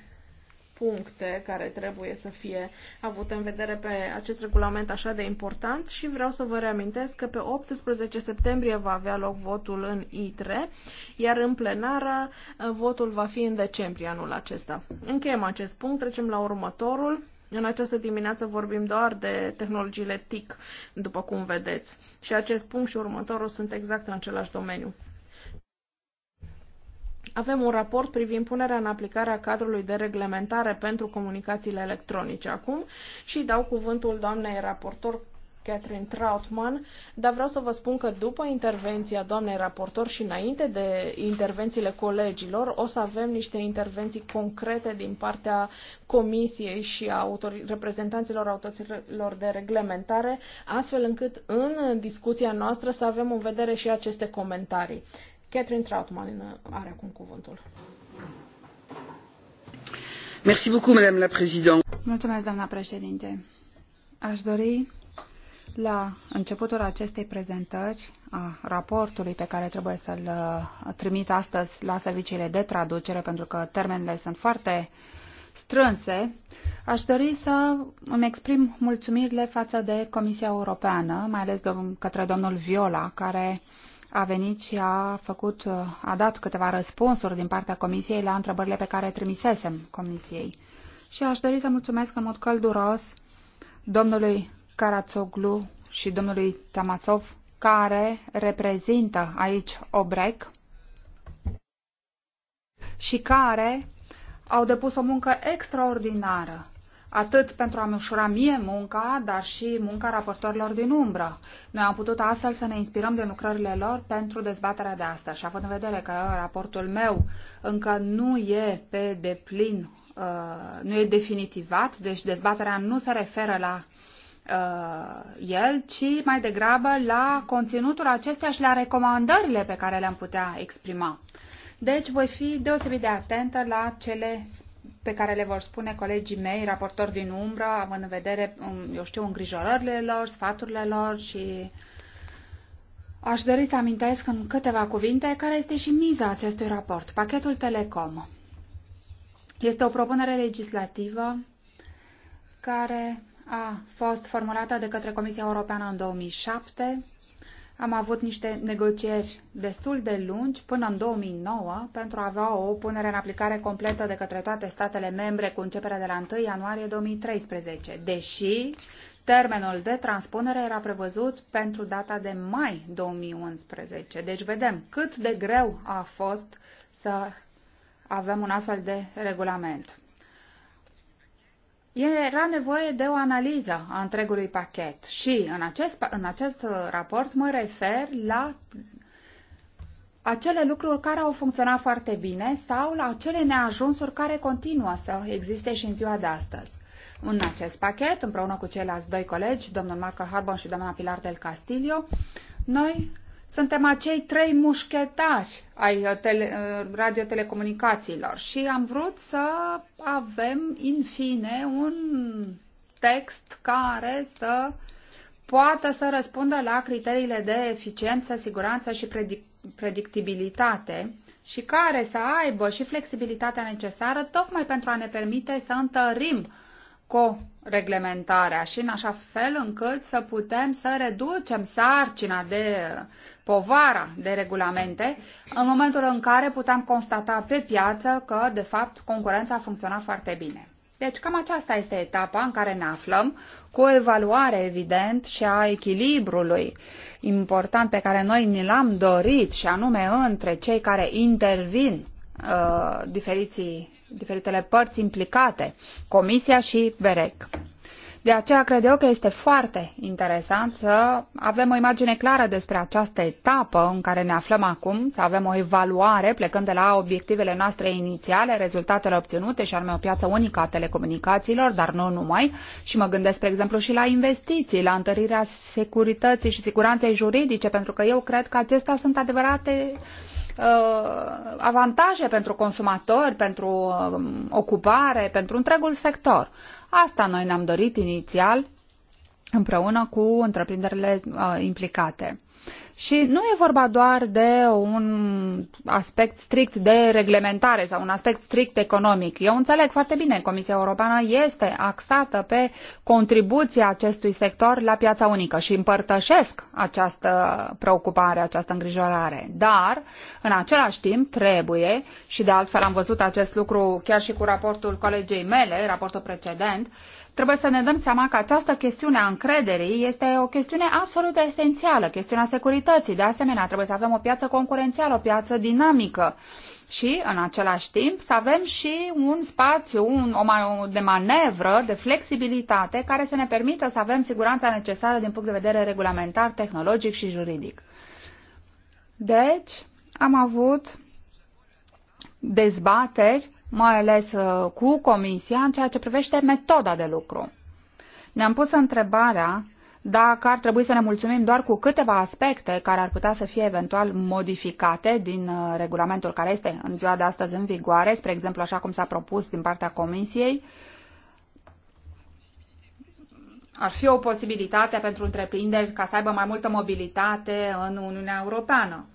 puncte care trebuie să fie avute în vedere pe acest regulament așa de important și vreau să vă reamintesc că pe 18 septembrie va avea loc votul în ITRE, iar în plenară uh, votul va fi în decembrie anul acesta. Încheiem acest punct, trecem la următorul în această dimineață vorbim doar de tehnologiile TIC, după cum vedeți. Și acest punct și următorul sunt exact în același domeniu. Avem un raport privind punerea în aplicare a cadrului de reglementare pentru comunicațiile electronice acum și dau cuvântul doamnei raportor Catherine Trautman, dar vreau să vă spun că după intervenția doamnei raportor și înainte de intervențiile colegilor, o să avem niște intervenții concrete din partea Comisiei și a autori- reprezentanților autorităților de reglementare, astfel încât în discuția noastră să avem în vedere și aceste comentarii. Catherine Trautman are acum cuvântul. Mulțumesc, doamna președinte. Aș dori la începutul acestei prezentări a raportului pe care trebuie să-l uh, trimit astăzi la serviciile de traducere, pentru că termenele sunt foarte strânse, aș dori să îmi exprim mulțumirile față de Comisia Europeană, mai ales către domnul Viola, care a venit și a făcut, uh, a dat câteva răspunsuri din partea Comisiei la întrebările pe care trimisesem Comisiei. Și aș dori să mulțumesc în mod călduros domnului Karatsoglu și domnului Tamasov, care reprezintă aici OBREC și care au depus o muncă extraordinară, atât pentru a-mi ușura mie munca, dar și munca raportorilor din umbră. Noi am putut astfel să ne inspirăm de lucrările lor pentru dezbaterea de astăzi și având în vedere că raportul meu încă nu e pe deplin, uh, nu e definitivat, deci dezbaterea nu se referă la uh, Uh, el, ci mai degrabă la conținutul acestea și la recomandările pe care le-am putea exprima. Deci voi fi deosebit de atentă la cele pe care le vor spune colegii mei, raportori din umbră, având în vedere, um, eu știu, îngrijorările lor, sfaturile lor și aș dori să amintesc în câteva cuvinte care este și miza acestui raport, pachetul Telecom. Este o propunere legislativă care a fost formulată de către Comisia Europeană în 2007. Am avut niște negocieri destul de lungi până în 2009 pentru a avea o punere în aplicare completă de către toate statele membre cu începere de la 1 ianuarie 2013, deși termenul de transpunere era prevăzut pentru data de mai 2011. Deci vedem cât de greu a fost să avem un astfel de regulament. Era nevoie de o analiză a întregului pachet și în acest, în acest uh, raport mă refer la acele lucruri care au funcționat foarte bine sau la acele neajunsuri care continuă să existe și în ziua de astăzi. În acest pachet, împreună cu ceilalți doi colegi, domnul Marco Harbon și doamna Pilar del Castillo, noi suntem acei trei mușchetari ai uh, tele, uh, radiotelecomunicațiilor și am vrut să avem, în fine, un text care să poată să răspundă la criteriile de eficiență, siguranță și predic predictibilitate și care să aibă și flexibilitatea necesară tocmai pentru a ne permite să întărim co-reglementarea și în așa fel încât să putem să reducem sarcina de povara de regulamente în momentul în care putem constata pe piață că, de fapt, concurența a funcționat foarte bine. Deci cam aceasta este etapa în care ne aflăm, cu o evaluare evident și a echilibrului important pe care noi ni l-am dorit și anume între cei care intervin uh, diferiții diferitele părți implicate, Comisia și BEREC. De aceea cred eu că este foarte interesant să avem o imagine clară despre această etapă în care ne aflăm acum, să avem o evaluare plecând de la obiectivele noastre inițiale, rezultatele obținute și anume o piață unică a telecomunicațiilor, dar nu numai. Și mă gândesc, spre exemplu, și la investiții, la întărirea securității și siguranței juridice, pentru că eu cred că acestea sunt adevărate uh, Uh, avantaje pentru consumatori, pentru um, ocupare, pentru întregul sector. Asta noi ne-am dorit inițial împreună cu întreprinderile uh, implicate. Și nu e vorba doar de un aspect strict de reglementare sau un aspect strict economic. Eu înțeleg foarte bine, Comisia Europeană este axată pe contribuția acestui sector la piața unică și împărtășesc această preocupare, această îngrijorare. Dar, în același timp, trebuie, și de altfel am văzut acest lucru chiar și cu raportul colegei mele, raportul precedent, uh, Trebuie să ne dăm seama că această chestiune a încrederii este o chestiune absolut esențială, chestiunea securității. De asemenea, trebuie să avem o piață concurențială, o piață dinamică și, în același timp, să avem și un spațiu un, o, de manevră, de flexibilitate, care să ne permită să avem siguranța necesară din punct de vedere regulamentar, tehnologic și juridic. Deci, am avut dezbateri mai ales uh, cu Comisia, în ceea ce privește metoda de lucru. Ne-am pus întrebarea dacă ar trebui să ne mulțumim doar cu câteva aspecte care ar putea să fie eventual modificate din uh, regulamentul care este în ziua de astăzi în vigoare, spre exemplu așa cum s-a propus din partea Comisiei, ar fi o posibilitate pentru întreprinderi ca să aibă mai multă mobilitate în Uniunea Europeană.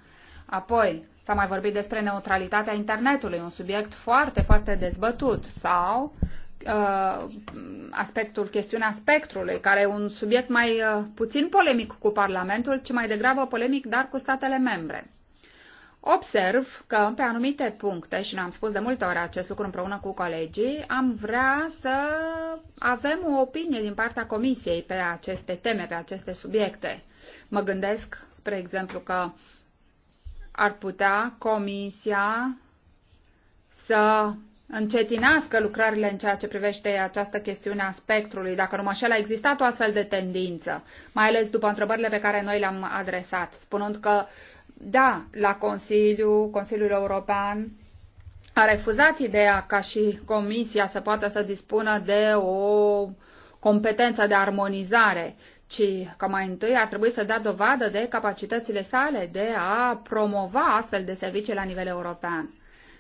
Apoi, S-a mai vorbit despre neutralitatea internetului, un subiect foarte, foarte dezbătut, sau uh, aspectul, chestiunea spectrului, care e un subiect mai uh, puțin polemic cu Parlamentul, ci mai degrabă polemic, dar cu statele membre. Observ că pe anumite puncte, și ne-am spus de multe ori acest lucru împreună cu colegii, am vrea să avem o opinie din partea Comisiei pe aceste teme, pe aceste subiecte. Mă gândesc, spre exemplu, că uh, ar putea Comisia să încetinească lucrările în ceea ce privește această chestiune a spectrului. Dacă nu așa a existat o astfel de tendință, mai ales după întrebările pe care noi le-am adresat, spunând că, da, la Consiliu, Consiliul European a refuzat ideea ca și Comisia să poată să dispună de o competență de armonizare ci că mai întâi ar trebui să dea dovadă de capacitățile sale de a promova astfel de servicii la nivel european.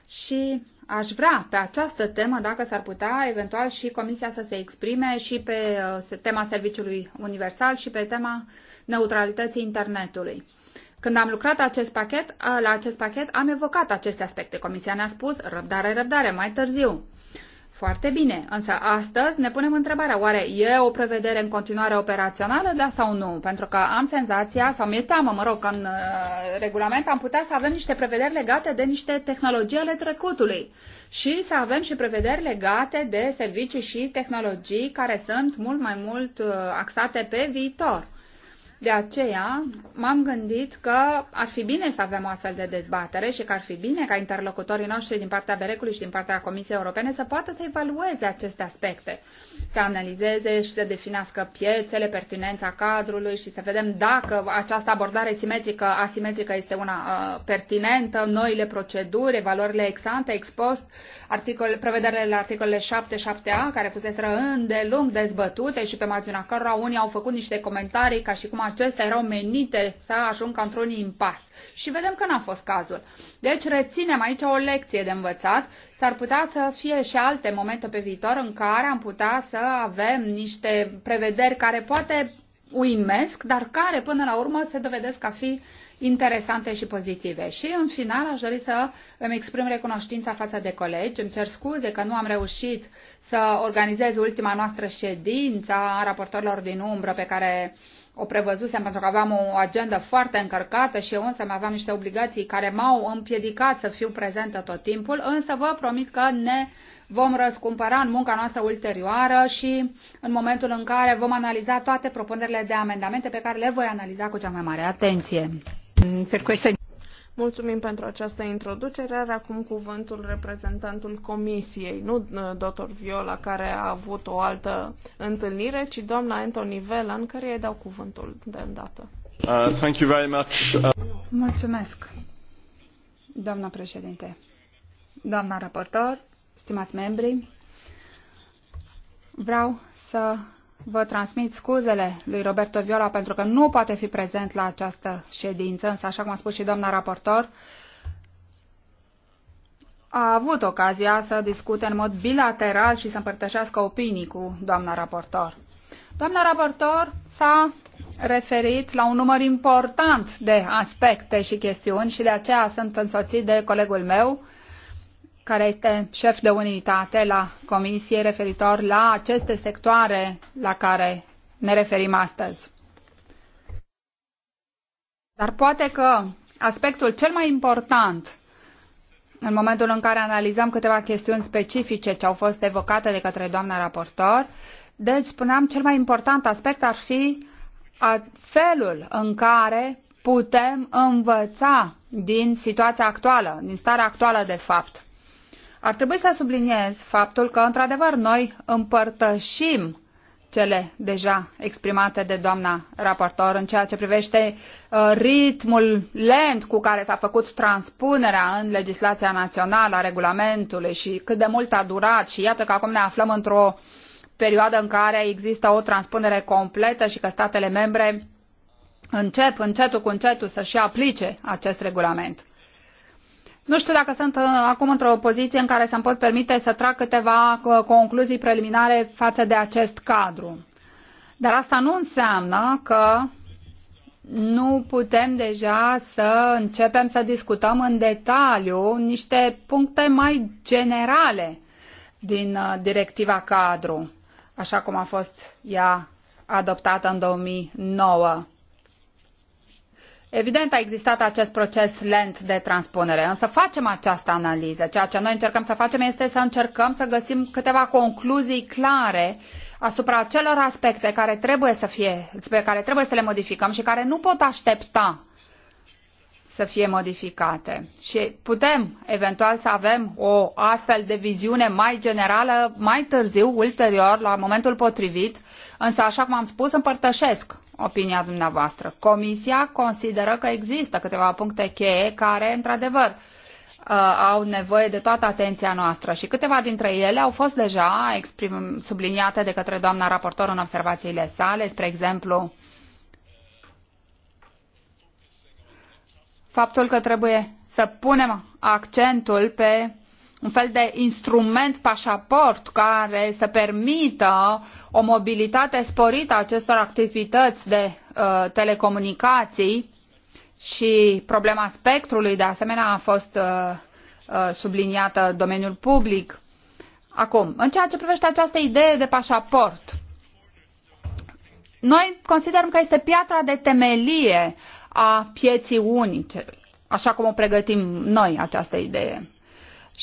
Și aș vrea pe această temă, dacă s-ar putea, eventual și Comisia să se exprime și pe uh, tema serviciului universal și pe tema neutralității internetului. Când am lucrat acest pachet, uh, la acest pachet, am evocat aceste aspecte. Comisia ne-a spus răbdare, răbdare, mai târziu. Foarte bine, însă astăzi ne punem întrebarea, oare e o prevedere în continuare operațională, da sau nu? Pentru că am senzația, sau mi-e teamă, mă rog, că în uh, regulament am putea să avem niște prevederi legate de niște tehnologii ale trecutului și să avem și prevederi legate de servicii și tehnologii care sunt mult mai mult uh, axate pe viitor. De aceea m-am gândit că ar fi bine să avem o astfel de dezbatere și că ar fi bine ca interlocutorii noștri din partea Berecului și din partea Comisiei Europene să poată să evalueze aceste aspecte, să analizeze și să definească piețele, pertinența cadrului și să vedem dacă această abordare simetrică, asimetrică este una uh, pertinentă, noile proceduri, valorile exante, expost, ex-post, articol, prevederile la articolele 7, 7a, care fuseseră îndelung dezbătute și pe marginea cărora unii au făcut niște comentarii ca și cum acestea erau menite să ajungă într-un impas. Și vedem că n-a fost cazul. Deci reținem aici o lecție de învățat. S-ar putea să fie și alte momente pe viitor în care am putea să avem niște prevederi care poate uimesc, dar care până la urmă se dovedesc a fi interesante și pozitive. Și în final aș dori să îmi exprim recunoștința față de colegi. Îmi cer scuze că nu am reușit să organizez ultima noastră ședință a raportorilor din umbră pe care uh, o prevăzusem pentru că aveam o agendă foarte încărcată și eu însă mai aveam niște obligații care m-au împiedicat să fiu prezentă tot timpul, însă vă promit că ne vom răscumpăra în munca noastră ulterioară și în momentul în care vom analiza toate propunerile de amendamente pe care le voi analiza cu cea mai mare atenție. Mm, Mulțumim pentru această introducere. Are acum cuvântul reprezentantul Comisiei, nu uh, dr. Viola, care a avut o altă întâlnire, ci doamna Anthony Velan, care îi dau cuvântul de îndată. Uh, thank you very much. Uh... Mulțumesc, doamna președinte, doamna raportor, stimați membri. Vreau să vă transmit scuzele lui Roberto Viola pentru că nu poate fi prezent la această ședință, însă, așa cum a spus și doamna raportor, a avut ocazia să discute în mod bilateral și să împărtășească opinii cu doamna raportor. Doamna raportor s-a referit la un număr important de aspecte și chestiuni și de aceea sunt însoțit de colegul meu, care este șef de unitate la Comisie referitor la aceste sectoare la care ne referim astăzi. Dar poate că aspectul cel mai important în momentul în care analizăm câteva chestiuni specifice ce au fost evocate de către doamna raportor, deci spuneam cel mai important aspect ar fi felul în care putem învăța din situația actuală, din starea actuală de fapt. Ar trebui să subliniez faptul că, într-adevăr, noi împărtășim cele deja exprimate de doamna raportor în ceea ce privește uh, ritmul lent cu care s-a făcut transpunerea în legislația națională a regulamentului și cât de mult a durat și iată că acum ne aflăm într-o perioadă în care există o transpunere completă și că statele membre încep încetul cu încetul să și aplice acest regulament. Nu știu dacă sunt uh, acum într-o poziție în care să-mi pot permite să trag câteva uh, concluzii preliminare față de acest cadru. Dar asta nu înseamnă că nu putem deja să începem să discutăm în detaliu niște puncte mai generale din uh, directiva cadru, așa cum a fost ea adoptată în 2009. Evident, a existat acest proces lent de transpunere, însă facem această analiză. Ceea ce noi încercăm să facem este să încercăm să găsim câteva concluzii clare asupra celor aspecte care trebuie să fie, pe care trebuie să le modificăm și care nu pot aștepta să fie modificate. Și putem eventual să avem o astfel de viziune mai generală mai târziu, ulterior, la momentul potrivit, însă, așa cum am spus, împărtășesc opinia dumneavoastră. Comisia consideră că există câteva puncte cheie care, într-adevăr, uh, au nevoie de toată atenția noastră și câteva dintre ele au fost deja exprim, subliniate de către doamna raportor în observațiile sale, spre exemplu, faptul că trebuie să punem accentul pe un fel de instrument pașaport care să permită o mobilitate sporită a acestor activități de uh, telecomunicații și problema spectrului de asemenea a fost uh, uh, subliniată domeniul public. Acum, în ceea ce privește această idee de pașaport, noi considerăm că este piatra de temelie a pieții unice, așa cum o pregătim noi această idee.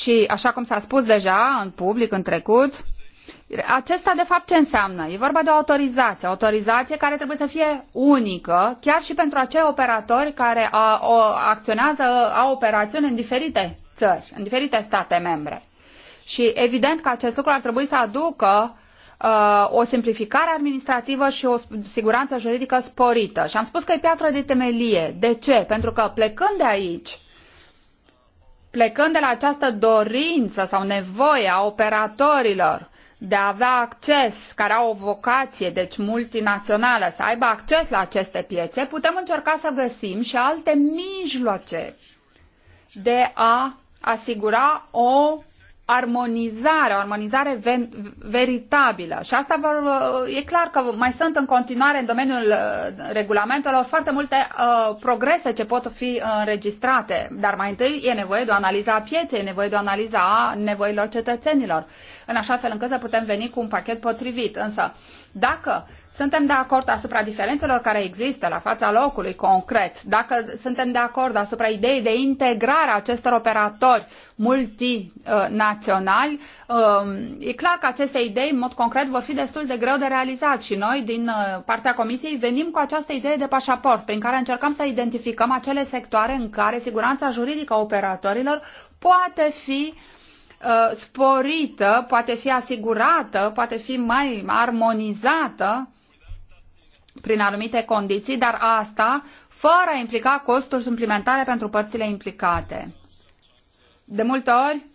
Și așa cum s-a spus deja în public în trecut, acesta de fapt ce înseamnă? E vorba de o autorizație, autorizație care trebuie să fie unică, chiar și pentru acei operatori care a, o, acționează, au operațiuni în diferite țări, în diferite state membre. Și evident că acest lucru ar trebui să aducă o simplificare administrativă și o siguranță juridică sporită. Și am spus că e piatră de temelie. De ce? Pentru că plecând de aici, Plecând de la această dorință sau nevoie a operatorilor de a avea acces, care au o vocație, deci multinațională, să aibă acces la aceste piețe, putem încerca să găsim și alte mijloace de a asigura o armonizare, o armonizare veritabilă. Și asta vă, e clar că mai sunt în continuare în domeniul uh, regulamentelor foarte multe uh, progrese ce pot fi uh, înregistrate, dar mai întâi e nevoie de o analiză a pieței, e nevoie de o analiză a nevoilor cetățenilor, în așa fel încât să putem veni cu un pachet potrivit. Însă, dacă suntem de acord asupra diferențelor care există la fața locului concret, dacă suntem de acord asupra ideii de integrare a acestor operatori multinaționali, um, e clar că aceste idei, în mod concret, vor fi destul de greu de realizat și noi, din uh, partea Comisiei, venim cu această idee de pașaport, prin care încercăm să identificăm acele sectoare în care siguranța juridică a operatorilor poate fi uh, sporită, poate fi asigurată, poate fi mai armonizată prin anumite condiții, dar asta fără a implica costuri suplimentare pentru părțile implicate. De multe ori,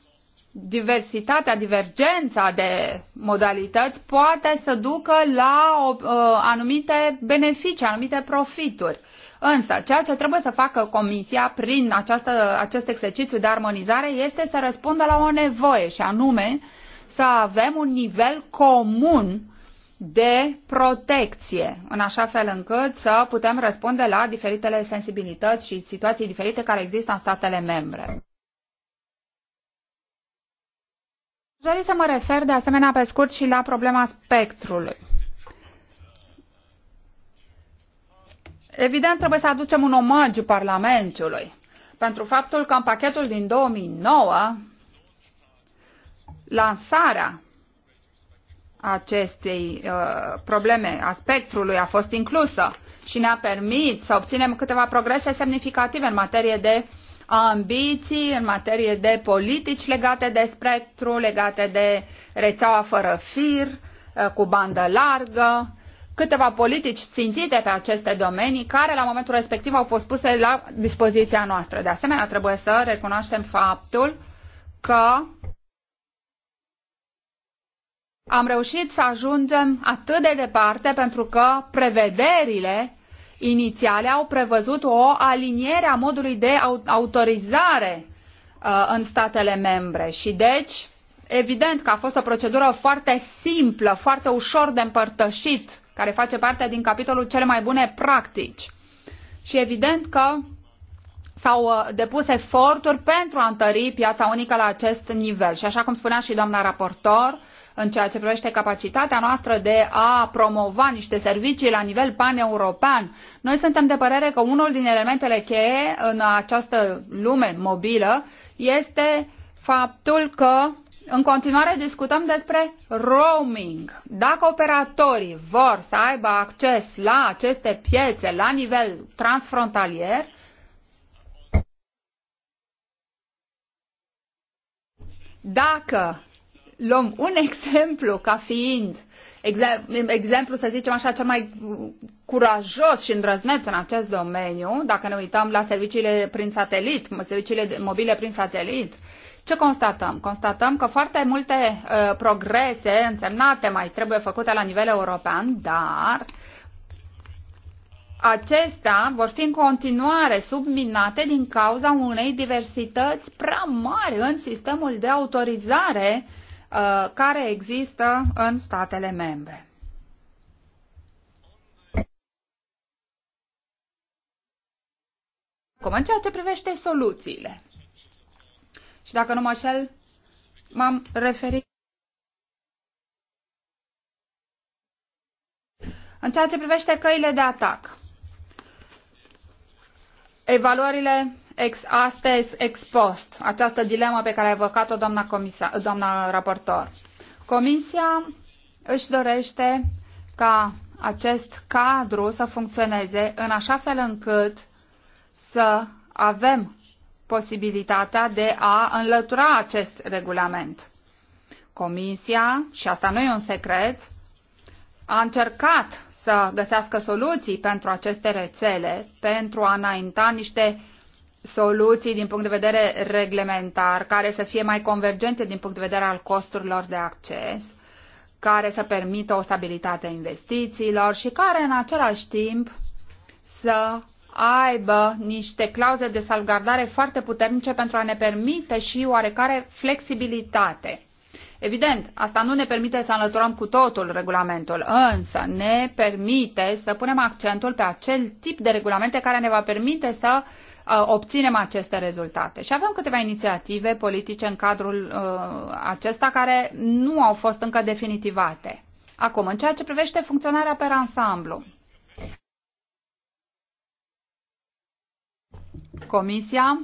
diversitatea, divergența de modalități poate să ducă la o, uh, anumite beneficii, anumite profituri. Însă, ceea ce trebuie să facă Comisia prin această, acest exercițiu de armonizare este să răspundă la o nevoie și anume să avem un nivel comun de protecție, în așa fel încât să putem răspunde la diferitele sensibilități și situații diferite care există în statele membre. Dori să mă refer de asemenea pe scurt și la problema spectrului. Evident, trebuie să aducem un omagiu Parlamentului pentru faptul că în pachetul din 2009 lansarea acestei uh, probleme, a spectrului, a fost inclusă și ne-a permis să obținem câteva progrese semnificative în materie de ambiții, în materie de politici legate de spectru, legate de rețeaua fără fir, uh, cu bandă largă, câteva politici țintite pe aceste domenii care la momentul respectiv au fost puse la dispoziția noastră. De asemenea, trebuie să recunoaștem faptul că am reușit să ajungem atât de departe pentru că prevederile inițiale au prevăzut o aliniere a modului de autorizare uh, în statele membre și deci evident că a fost o procedură foarte simplă, foarte ușor de împărtășit, care face parte din capitolul cele mai bune practici. Și evident că s-au uh, depus eforturi pentru a întări piața unică la acest nivel. Și așa cum spunea și doamna raportor, în ceea ce privește capacitatea noastră de a promova niște servicii la nivel paneuropean. Noi suntem de părere că unul din elementele cheie în această lume mobilă este faptul că în continuare discutăm despre roaming. Dacă operatorii vor să aibă acces la aceste piețe la nivel transfrontalier, dacă luăm un [laughs] exemplu ca fiind exemplu, să zicem așa, cel mai curajos și îndrăzneț în acest domeniu, dacă ne uităm la serviciile prin satelit, serviciile mobile prin satelit, ce constatăm? Constatăm că foarte multe uh, progrese însemnate mai trebuie făcute la nivel european, dar acestea vor fi în continuare subminate din cauza unei diversități prea mari în sistemul de autorizare uh, Uh, care există în statele membre. Acum, în ceea ce privește soluțiile, și dacă nu mă șel, m-am referit În ceea ce privește căile de atac, evaluările ex ante, ex post, această dilemă pe care a evocat-o doamna, doamna raportor. Comisia își dorește ca acest cadru să funcționeze în așa fel încât să avem posibilitatea de a înlătura acest regulament. Comisia, și asta nu e un secret, a încercat să găsească soluții pentru aceste rețele, pentru a înainta niște soluții din punct de vedere reglementar, care să fie mai convergente din punct de vedere al costurilor de acces, care să permită o stabilitate a investițiilor și care în același timp să aibă niște clauze de salvgardare foarte puternice pentru a ne permite și oarecare flexibilitate. Evident, asta nu ne permite să înlăturăm cu totul regulamentul, însă ne permite să punem accentul pe acel tip de regulamente care ne va permite să uh, Uh, obținem aceste rezultate. Și avem câteva inițiative politice în cadrul uh, acesta care nu au fost încă definitivate. Acum, în ceea ce privește funcționarea pe ansamblu, Comisia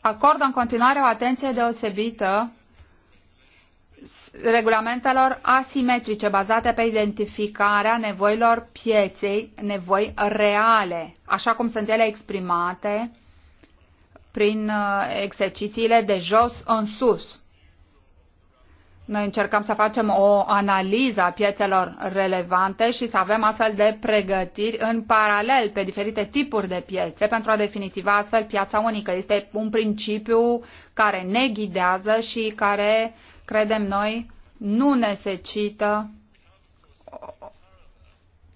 acordă în continuare o atenție deosebită regulamentelor asimetrice bazate pe identificarea nevoilor pieței, nevoi reale, așa cum sunt ele exprimate prin uh, exercițiile de jos în sus. Noi încercăm să facem o analiză a piețelor relevante și să avem astfel de pregătiri în paralel pe diferite tipuri de piețe pentru a definitiva astfel piața unică. Este un principiu care ne ghidează și care uh, credem noi, nu necesită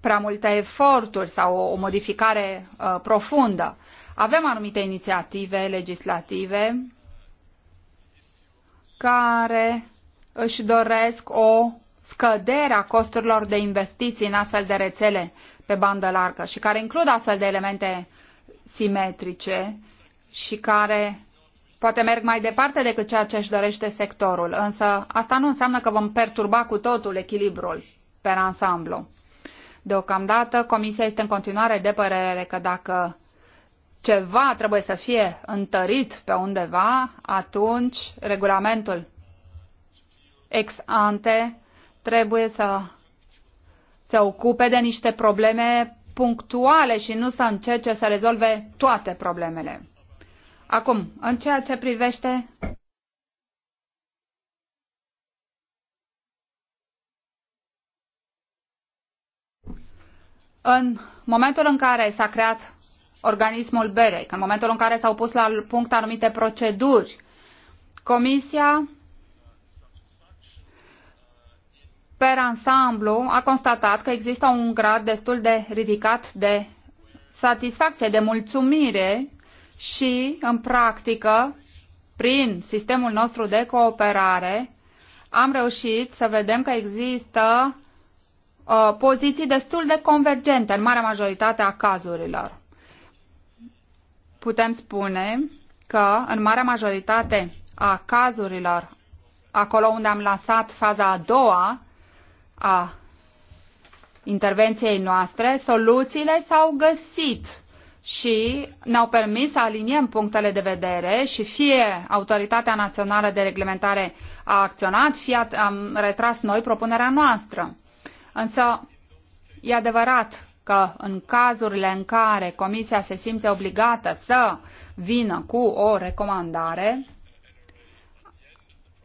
prea multe eforturi sau o, modificare uh, profundă. Avem anumite inițiative legislative care își doresc o scădere a costurilor de investiții în astfel de rețele pe bandă largă și care includ astfel de elemente simetrice și care Poate merg mai departe decât ceea ce își dorește sectorul, însă asta nu înseamnă că vom perturba cu totul echilibrul pe ansamblu. Deocamdată, Comisia este în continuare de părere că dacă ceva trebuie să fie întărit pe undeva, atunci regulamentul ex ante trebuie să se ocupe de niște probleme punctuale și nu să încerce să rezolve toate problemele. Acum, în ceea ce privește în momentul în care s-a creat organismul berei, în momentul în care s-au pus la punct anumite proceduri, Comisia, per ansamblu, a constatat că există un grad destul de ridicat de satisfacție, de mulțumire și, în practică, prin sistemul nostru de cooperare, am reușit să vedem că există uh, poziții destul de convergente în marea majoritate a cazurilor. Putem spune că în marea majoritate a cazurilor, acolo unde am lansat faza a doua a intervenției noastre, soluțiile s-au găsit și ne-au permis să aliniem punctele de vedere și fie Autoritatea Națională de Reglementare a acționat, fie am retras noi propunerea noastră. Însă e adevărat că în cazurile în care Comisia se simte obligată să vină cu o recomandare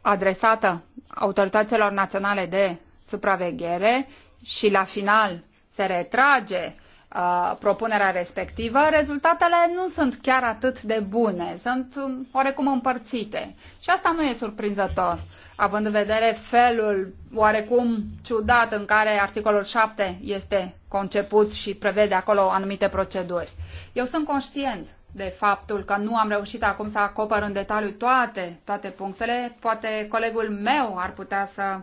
adresată autorităților naționale de supraveghere și la final se retrage Uh, propunerea respectivă, rezultatele nu sunt chiar atât de bune, sunt um, oarecum împărțite. Și asta nu e surprinzător, având în vedere felul oarecum ciudat în care articolul 7 este conceput și prevede acolo anumite proceduri. Eu sunt conștient de faptul că nu am reușit acum să acopăr în detaliu toate, toate punctele. Poate colegul meu ar putea să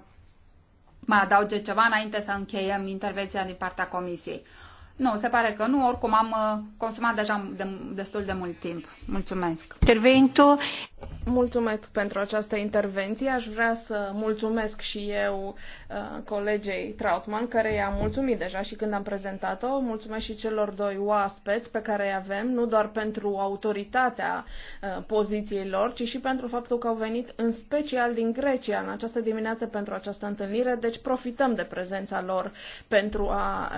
mai adauge ceva înainte să încheiem intervenția din partea comisiei. Nu, se pare că nu, oricum am uh, consumat deja de, destul de mult timp. Mulțumesc. Intervento. Mulțumesc pentru această intervenție. Aș vrea să mulțumesc și eu uh, colegei Trautman, care i-am mulțumit deja și când am prezentat-o. Mulțumesc și celor doi oaspeți pe care îi avem, nu doar pentru autoritatea uh, poziției lor, ci și pentru faptul că au venit în special din Grecia în această dimineață pentru această întâlnire. Deci profităm de prezența lor pentru a,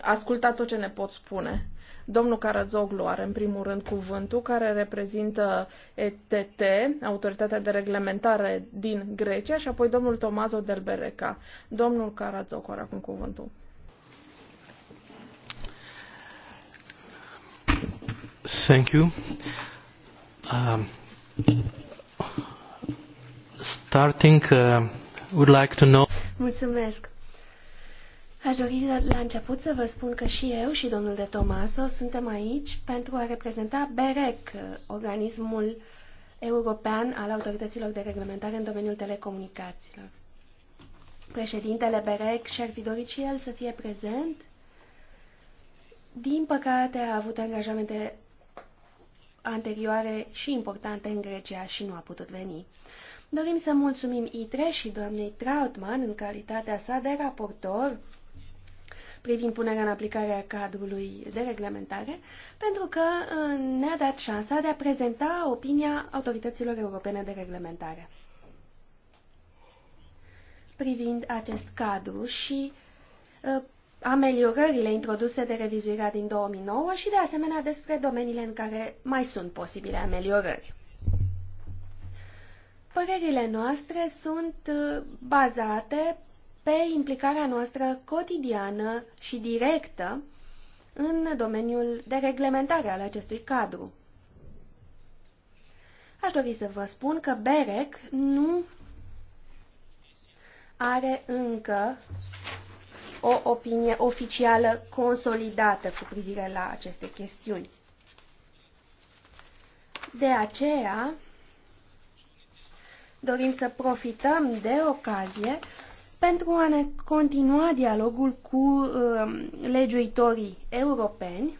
a ascultat tot ce ne pot spune. Domnul Carazoglu are în primul rând cuvântul, care reprezintă ETT, Autoritatea de Reglementare din Grecia, și apoi domnul Tomazo Bereca. Domnul Carazoglu are acum cuvântul. Thank you. Um, starting, uh, would like to know... Mulțumesc. Aș dori la început să vă spun că și eu și domnul de Tomaso suntem aici pentru a reprezenta BEREC, organismul european al autorităților de reglementare în domeniul telecomunicațiilor. Președintele BEREC și-ar fi dorit și el să fie prezent. Din păcate a avut angajamente anterioare și importante în Grecia și nu a putut veni. Dorim să mulțumim ITRE și doamnei Trautman în calitatea sa de raportor privind punerea în aplicare a cadrului de reglementare, pentru că uh, ne-a dat șansa de a prezenta opinia autorităților europene de reglementare privind acest cadru și uh, ameliorările introduse de revizuirea din 2009 și de asemenea despre domeniile în care mai sunt posibile ameliorări. Părerile noastre sunt uh, bazate pe implicarea noastră cotidiană și directă în domeniul de reglementare al acestui cadru. Aș dori să vă spun că BEREC nu are încă o opinie oficială consolidată cu privire la aceste chestiuni. De aceea, dorim să profităm de ocazie pentru a ne continua dialogul cu uh, legiuitorii europeni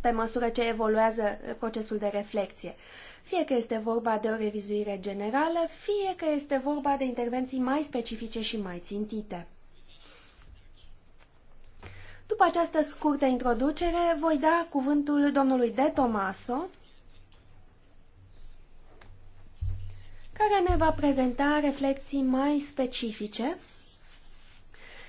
pe măsură ce evoluează procesul de reflexie. Fie că este vorba de o revizuire generală, fie că este vorba de intervenții mai specifice și mai țintite. După această scurtă introducere, voi da cuvântul domnului De Tomaso, care ne va prezenta reflexii mai specifice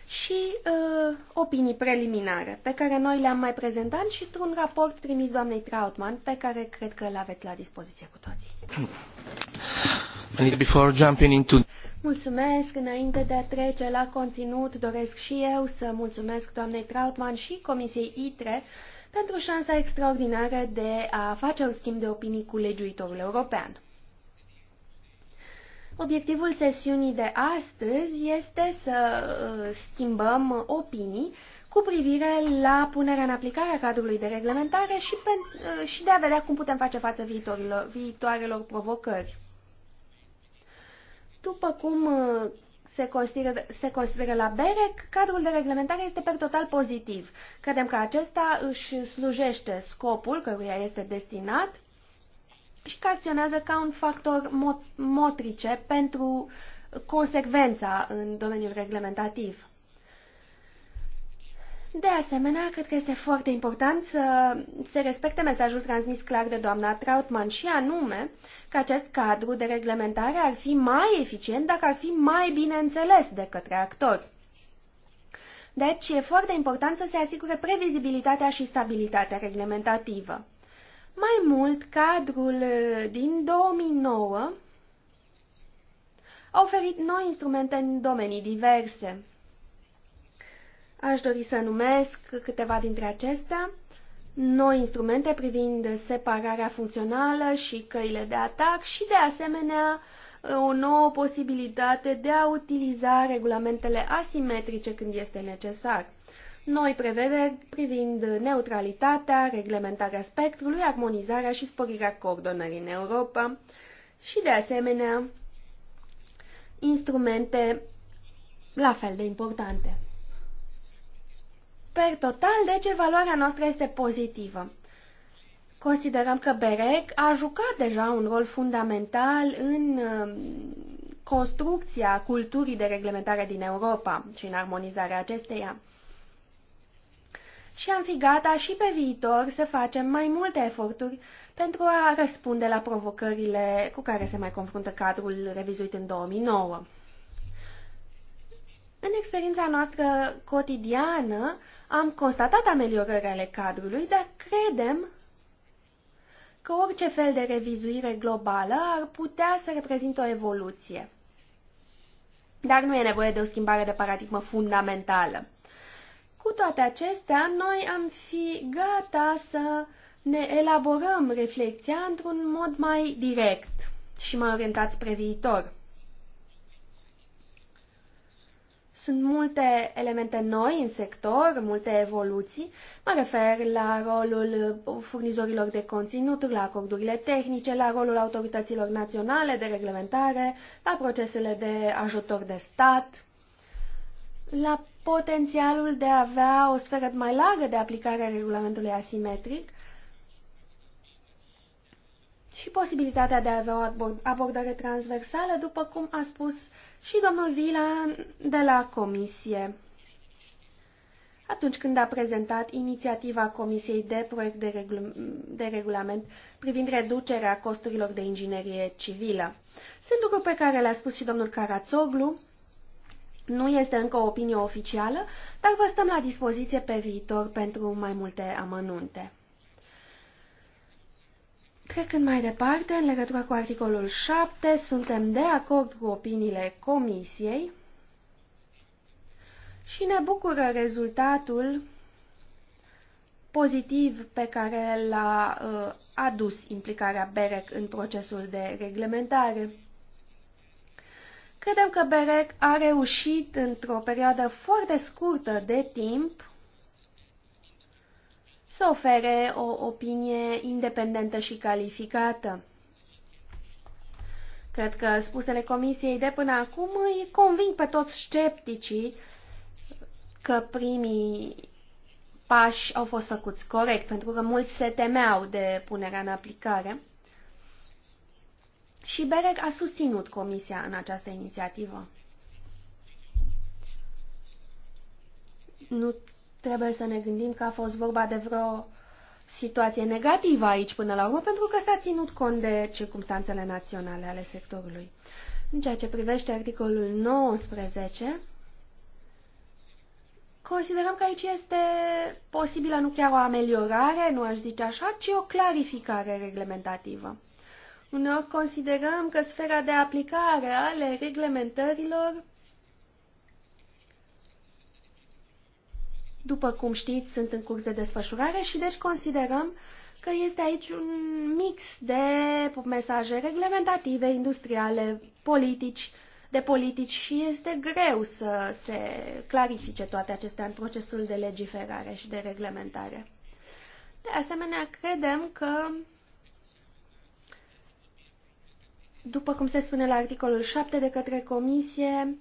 și uh, opinii preliminare, pe care noi le-am mai prezentat și într-un raport trimis doamnei Trautmann, pe care cred că îl aveți la dispoziție cu toții. Before jumping into... Mulțumesc! Înainte de a trece la conținut, doresc și eu să mulțumesc doamnei Trautmann și Comisiei ITRE pentru șansa extraordinară de a face un schimb de opinii cu legiuitorul european. Obiectivul sesiunii de astăzi este să uh, schimbăm opinii cu privire la punerea în aplicare a cadrului de reglementare și, pe, uh, și de a vedea cum putem face față viitoarelor provocări. După cum uh, se consideră, se consideră la BEREC, cadrul de reglementare este per total pozitiv. Credem că acesta își slujește scopul căruia este destinat și că acționează ca un factor mot motrice pentru consecvența în domeniul reglementativ. De asemenea, cred că este foarte important să se respecte mesajul transmis clar de doamna Trautmann și anume că acest cadru de reglementare ar fi mai eficient dacă ar fi mai bine înțeles de către actori. Deci, e foarte important să se asigure previzibilitatea și stabilitatea reglementativă. Mai mult, cadrul uh, din 2009 a oferit noi instrumente în domenii diverse. Aș dori să numesc câteva dintre acestea. Noi instrumente privind separarea funcțională și căile de atac și, de asemenea, o nouă posibilitate de a utiliza regulamentele asimetrice când este necesar noi prevederi privind neutralitatea, reglementarea spectrului, armonizarea și sporirea coordonării în Europa și, de asemenea, instrumente la fel de importante. Per total, deci, evaluarea noastră este pozitivă. Considerăm că BEREC a jucat deja un rol fundamental în um, construcția culturii de reglementare din Europa și în armonizarea acesteia și am fi gata și pe viitor să facem mai multe eforturi pentru a răspunde la provocările cu care se mai confruntă cadrul revizuit în 2009. În experiența noastră cotidiană am constatat ameliorări ale cadrului, dar credem că orice fel de revizuire globală ar putea să reprezinte o evoluție. Dar nu e nevoie de o schimbare de paradigmă fundamentală. Cu toate acestea, noi am fi gata să ne elaborăm reflexia într-un mod mai direct și mai orientat spre viitor. Sunt multe elemente noi în sector, multe evoluții. Mă refer la rolul furnizorilor de conținuturi, la acordurile tehnice, la rolul autorităților naționale de reglementare, la procesele de ajutor de stat la potențialul de a avea o sferă mai largă de aplicare a regulamentului asimetric și posibilitatea de a avea o abordare transversală, după cum a spus și domnul Vila de la Comisie atunci când a prezentat inițiativa Comisiei de proiect de, regul- de regulament privind reducerea costurilor de inginerie civilă. Sunt lucruri pe care le-a spus și domnul Carațoglu nu este încă o opinie oficială, dar vă stăm la dispoziție pe viitor pentru mai multe amănunte. Trecând mai departe, în legătură cu articolul 7, suntem de acord cu opiniile comisiei și ne bucură rezultatul pozitiv pe care l-a uh, adus implicarea BEREC în procesul de reglementare. Credem că BEREC a reușit într-o perioadă foarte scurtă de timp să ofere o opinie independentă și calificată. Cred că spusele comisiei de până acum îi conving pe toți scepticii că primii pași au fost făcuți corect, pentru că mulți se temeau de punerea în aplicare. Și Berec a susținut Comisia în această inițiativă. Nu trebuie să ne gândim că a fost vorba de vreo situație negativă aici până la urmă, pentru că s-a ținut cont de circumstanțele naționale ale sectorului. În ceea ce privește articolul 19, considerăm că aici este posibilă nu chiar o ameliorare, nu aș zice așa, ci o clarificare reglementativă. Uneori considerăm că sfera de aplicare ale reglementărilor, după cum știți, sunt în curs de desfășurare și deci considerăm că este aici un mix de mesaje reglementative, industriale, politici, de politici și este greu să se clarifice toate acestea în procesul de legiferare și de reglementare. De asemenea, credem că după cum se spune la articolul 7 de către comisie,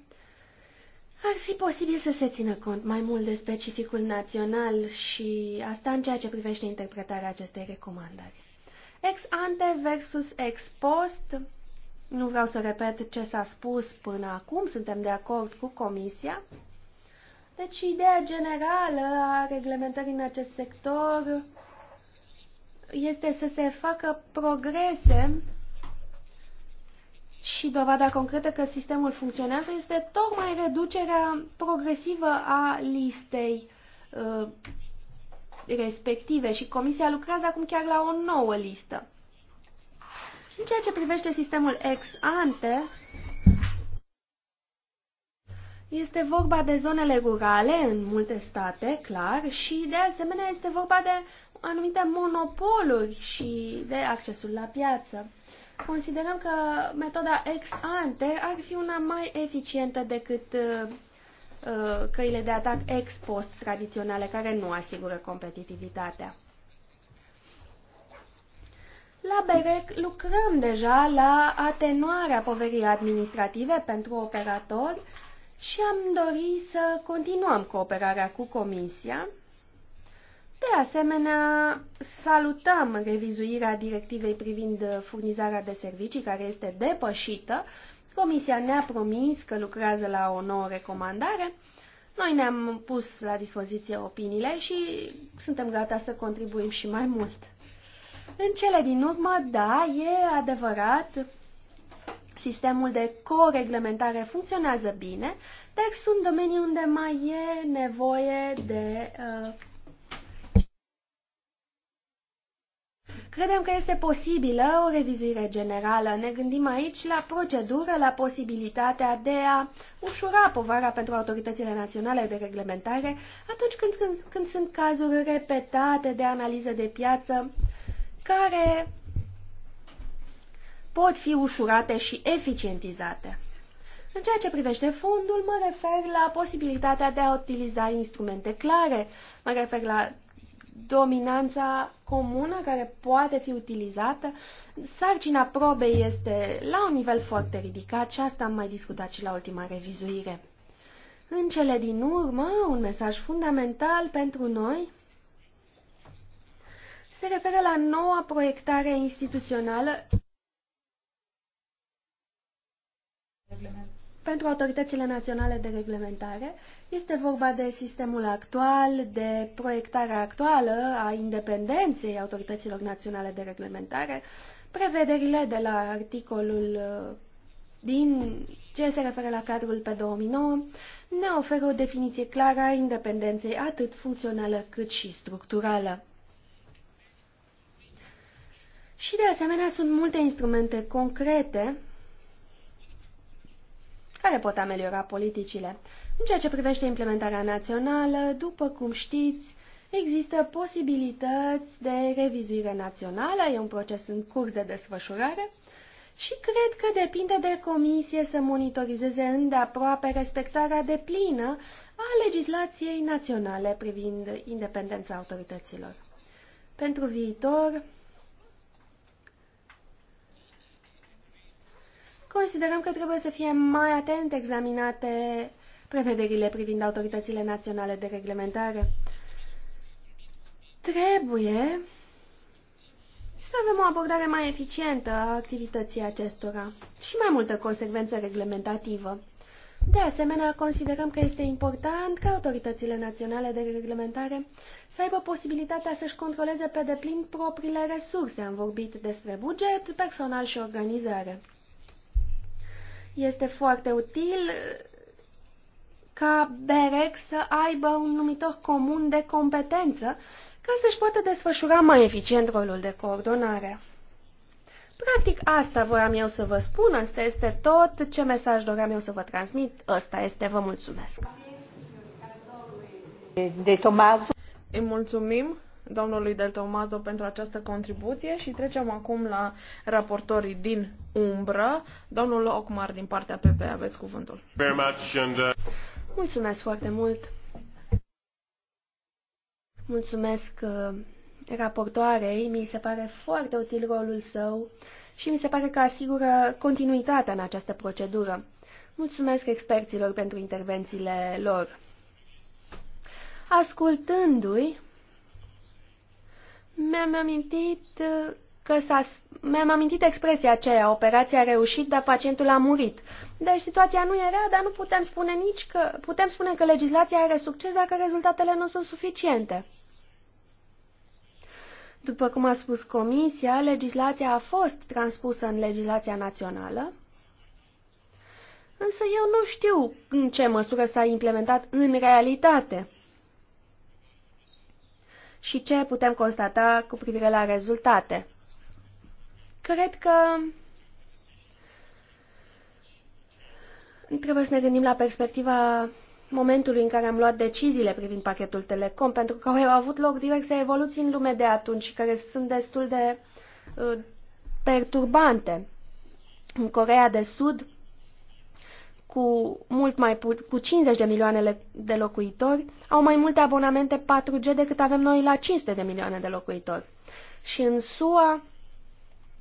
ar fi posibil să se țină cont mai mult de specificul național și asta în ceea ce privește interpretarea acestei recomandări. Ex ante versus ex post. Nu vreau să repet ce s-a spus până acum, suntem de acord cu comisia. Deci ideea generală a reglementării în acest sector este să se facă progrese și dovada concretă că sistemul funcționează este tocmai reducerea progresivă a listei uh, respective și Comisia lucrează acum chiar la o nouă listă. În ceea ce privește sistemul ex ante, este vorba de zonele rurale în multe state, clar, și de asemenea este vorba de anumite monopoluri și de accesul la piață considerăm că metoda ex ante ar fi una mai eficientă decât uh, uh, căile de atac ex post tradiționale, care nu asigură competitivitatea. La BEREC lucrăm deja la atenuarea poverii administrative pentru operatori și am dorit să continuăm cooperarea cu Comisia de asemenea, salutăm revizuirea directivei privind furnizarea de servicii, care este depășită. Comisia ne-a promis că lucrează la o nouă recomandare. Noi ne-am pus la dispoziție opiniile și suntem gata să contribuim și mai mult. În cele din urmă, da, e adevărat, sistemul de coreglementare funcționează bine, dar sunt domenii unde mai e nevoie de uh, Credem că este posibilă o revizuire generală. Ne gândim aici la procedură, la posibilitatea de a ușura povara pentru autoritățile naționale de reglementare atunci când, când, când sunt cazuri repetate de analiză de piață care pot fi ușurate și eficientizate. În ceea ce privește fondul, mă refer la posibilitatea de a utiliza instrumente clare, mă refer la dominanța comună care poate fi utilizată. Sarcina probei este la un nivel foarte ridicat și asta am mai discutat și la ultima revizuire. În cele din urmă, un mesaj fundamental pentru noi se referă la noua proiectare instituțională pentru autoritățile naționale de reglementare este vorba de sistemul actual, de proiectarea actuală a independenței autorităților naționale de reglementare, prevederile de la articolul uh, din ce se referă la cadrul pe 2009 ne oferă o definiție clară a independenței atât funcțională cât și structurală. Și de asemenea sunt multe instrumente concrete care pot ameliora politicile. În ceea ce privește implementarea națională, după cum știți, există posibilități de revizuire națională, e un proces în curs de desfășurare și cred că depinde de comisie să monitorizeze îndeaproape respectarea deplină a legislației naționale privind independența autorităților. Pentru viitor, considerăm că trebuie să fie mai atent examinate prevederile privind autoritățile naționale de reglementare. Trebuie să avem o abordare mai eficientă a activității acestora și mai multă consecvență reglementativă. De asemenea, considerăm că este important ca autoritățile naționale de reglementare să aibă posibilitatea să-și controleze pe deplin propriile resurse. Am vorbit despre buget, personal și organizare. Este foarte util ca BEREC să aibă un numitor comun de competență ca să-și poată desfășura mai eficient rolul de coordonare. Practic asta voiam eu să vă spun, asta este tot ce mesaj doream eu să vă transmit, ăsta este, vă mulțumesc. De Tomazo. Îi mulțumim domnului Del Tomazo pentru această contribuție și trecem acum la raportorii din umbră. Domnul Ocmar din partea PP, aveți cuvântul. Uh, Mulțumesc foarte mult! Mulțumesc uh, raportoarei, mi se pare foarte util rolul său și mi se pare că asigură continuitatea în această procedură. Mulțumesc experților pentru intervențiile lor. Ascultându-i, mi-am amintit uh, că s-a, mi-am amintit expresia aceea, operația a reușit, dar pacientul a murit. Deci situația nu era, dar nu putem spune nici că, putem spune că legislația are succes dacă rezultatele nu sunt suficiente. După cum a spus Comisia, legislația a fost transpusă în legislația națională, însă eu nu știu în ce măsură s-a implementat în realitate și ce putem constata cu privire la rezultate. Cred că trebuie să ne gândim la perspectiva momentului în care am luat deciziile privind pachetul Telecom, pentru că au avut loc diverse evoluții în lume de atunci, care sunt destul de uh, perturbante. În Corea de Sud, cu mult mai cu 50 de milioane de locuitori, au mai multe abonamente 4G decât avem noi la 500 de milioane de locuitori. Și în SUA,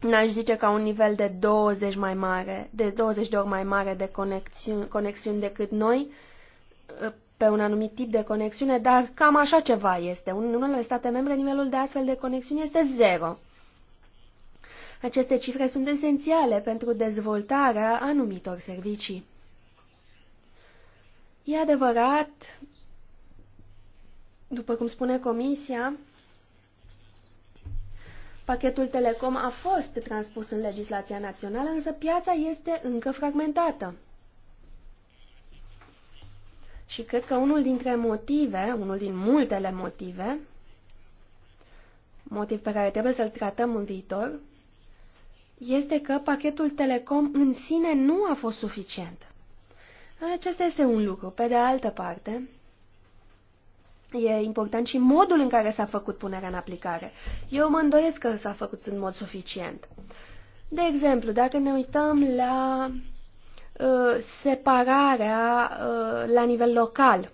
n-aș zice ca un nivel de 20 mai mare, de 20 de ori mai mare de conexiuni, conexiuni decât noi ă, pe un anumit tip de conexiune, dar cam așa ceva este. În unele state membre nivelul de astfel de conexiuni este zero. Aceste cifre sunt esențiale pentru dezvoltarea anumitor servicii. E adevărat, după cum spune Comisia, Pachetul Telecom a fost transpus în legislația națională, însă piața este încă fragmentată. Și cred că unul dintre motive, unul din multele motive, motiv pe care trebuie să-l tratăm în viitor, este că pachetul Telecom în sine nu a fost suficient. Acesta este un lucru. Pe de altă parte, E important și modul în care s-a făcut punerea în aplicare. Eu mă îndoiesc că s-a făcut în mod suficient. De exemplu, dacă ne uităm la uh, separarea uh, la nivel local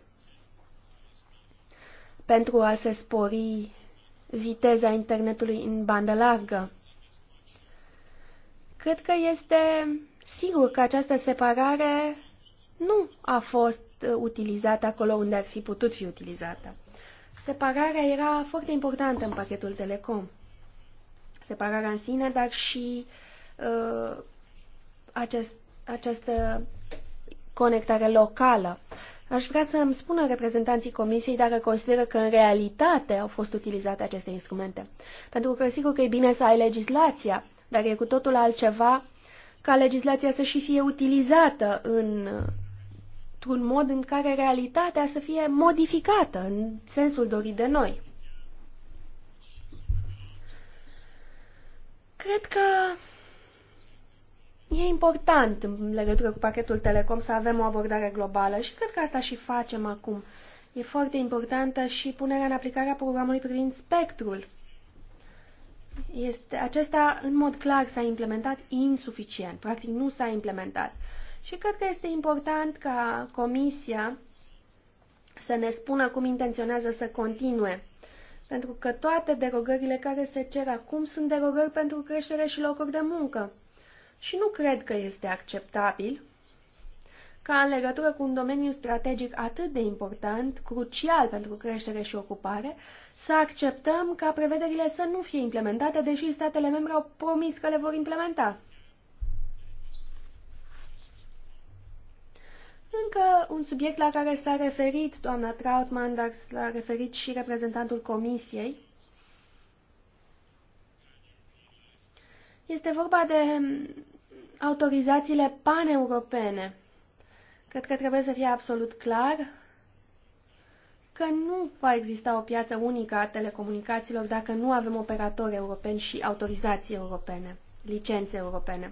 pentru a se spori viteza internetului în bandă largă, cred că este sigur că această separare nu a fost fost uh, utilizată acolo unde ar fi putut fi utilizată. Separarea era foarte importantă în pachetul Telecom. Separarea în sine, dar și uh, acest, această conectare locală. Aș vrea să îmi spună reprezentanții Comisiei dacă consideră că în realitate au fost utilizate aceste instrumente. Pentru că sigur că e bine să ai legislația, dar e cu totul altceva ca legislația să și fie utilizată în într-un mod în care realitatea să fie modificată în sensul dorit de noi. Cred că e important în legătură cu pachetul Telecom să avem o abordare globală și cred că asta și facem acum. E foarte importantă și punerea în aplicare a programului privind spectrul. Este, acesta, în mod clar, s-a implementat insuficient. Practic, nu s-a implementat. Uh, și cred că este important ca Comisia să ne spună cum intenționează să continue. Pentru că toate derogările care se cer acum sunt derogări pentru creștere și locuri de muncă. Și nu cred că este acceptabil ca în legătură cu un domeniu strategic atât de important, crucial pentru creștere și ocupare, să acceptăm ca prevederile să nu fie implementate, deși statele membre au promis că le vor implementa. Încă un subiect la care s-a referit doamna Trautmann, dar s-a referit și reprezentantul Comisiei. Este vorba de autorizațiile paneuropene. Cred că trebuie să fie absolut clar că nu va exista o piață unică a telecomunicațiilor dacă nu avem operatori europeni și autorizații europene, licențe europene.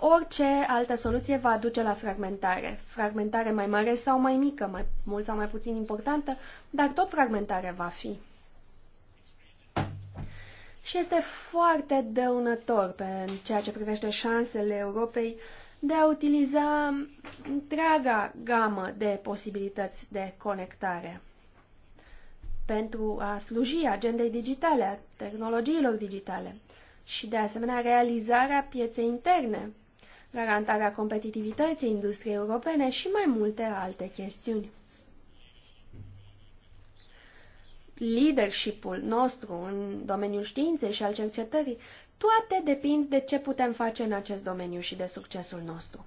Orice altă soluție va duce la fragmentare. Fragmentare mai mare sau mai mică, mai mult sau mai puțin importantă, dar tot fragmentare va fi. Și este foarte dăunător pe ceea ce privește șansele Europei de a utiliza întreaga gamă de posibilități de conectare pentru a sluji agendei digitale, tehnologiilor digitale și, de asemenea, realizarea pieței interne, garantarea competitivității industriei europene și mai multe alte chestiuni. Leadershipul nostru în domeniul științei și al cercetării, toate depind de ce putem face în acest domeniu și de succesul nostru.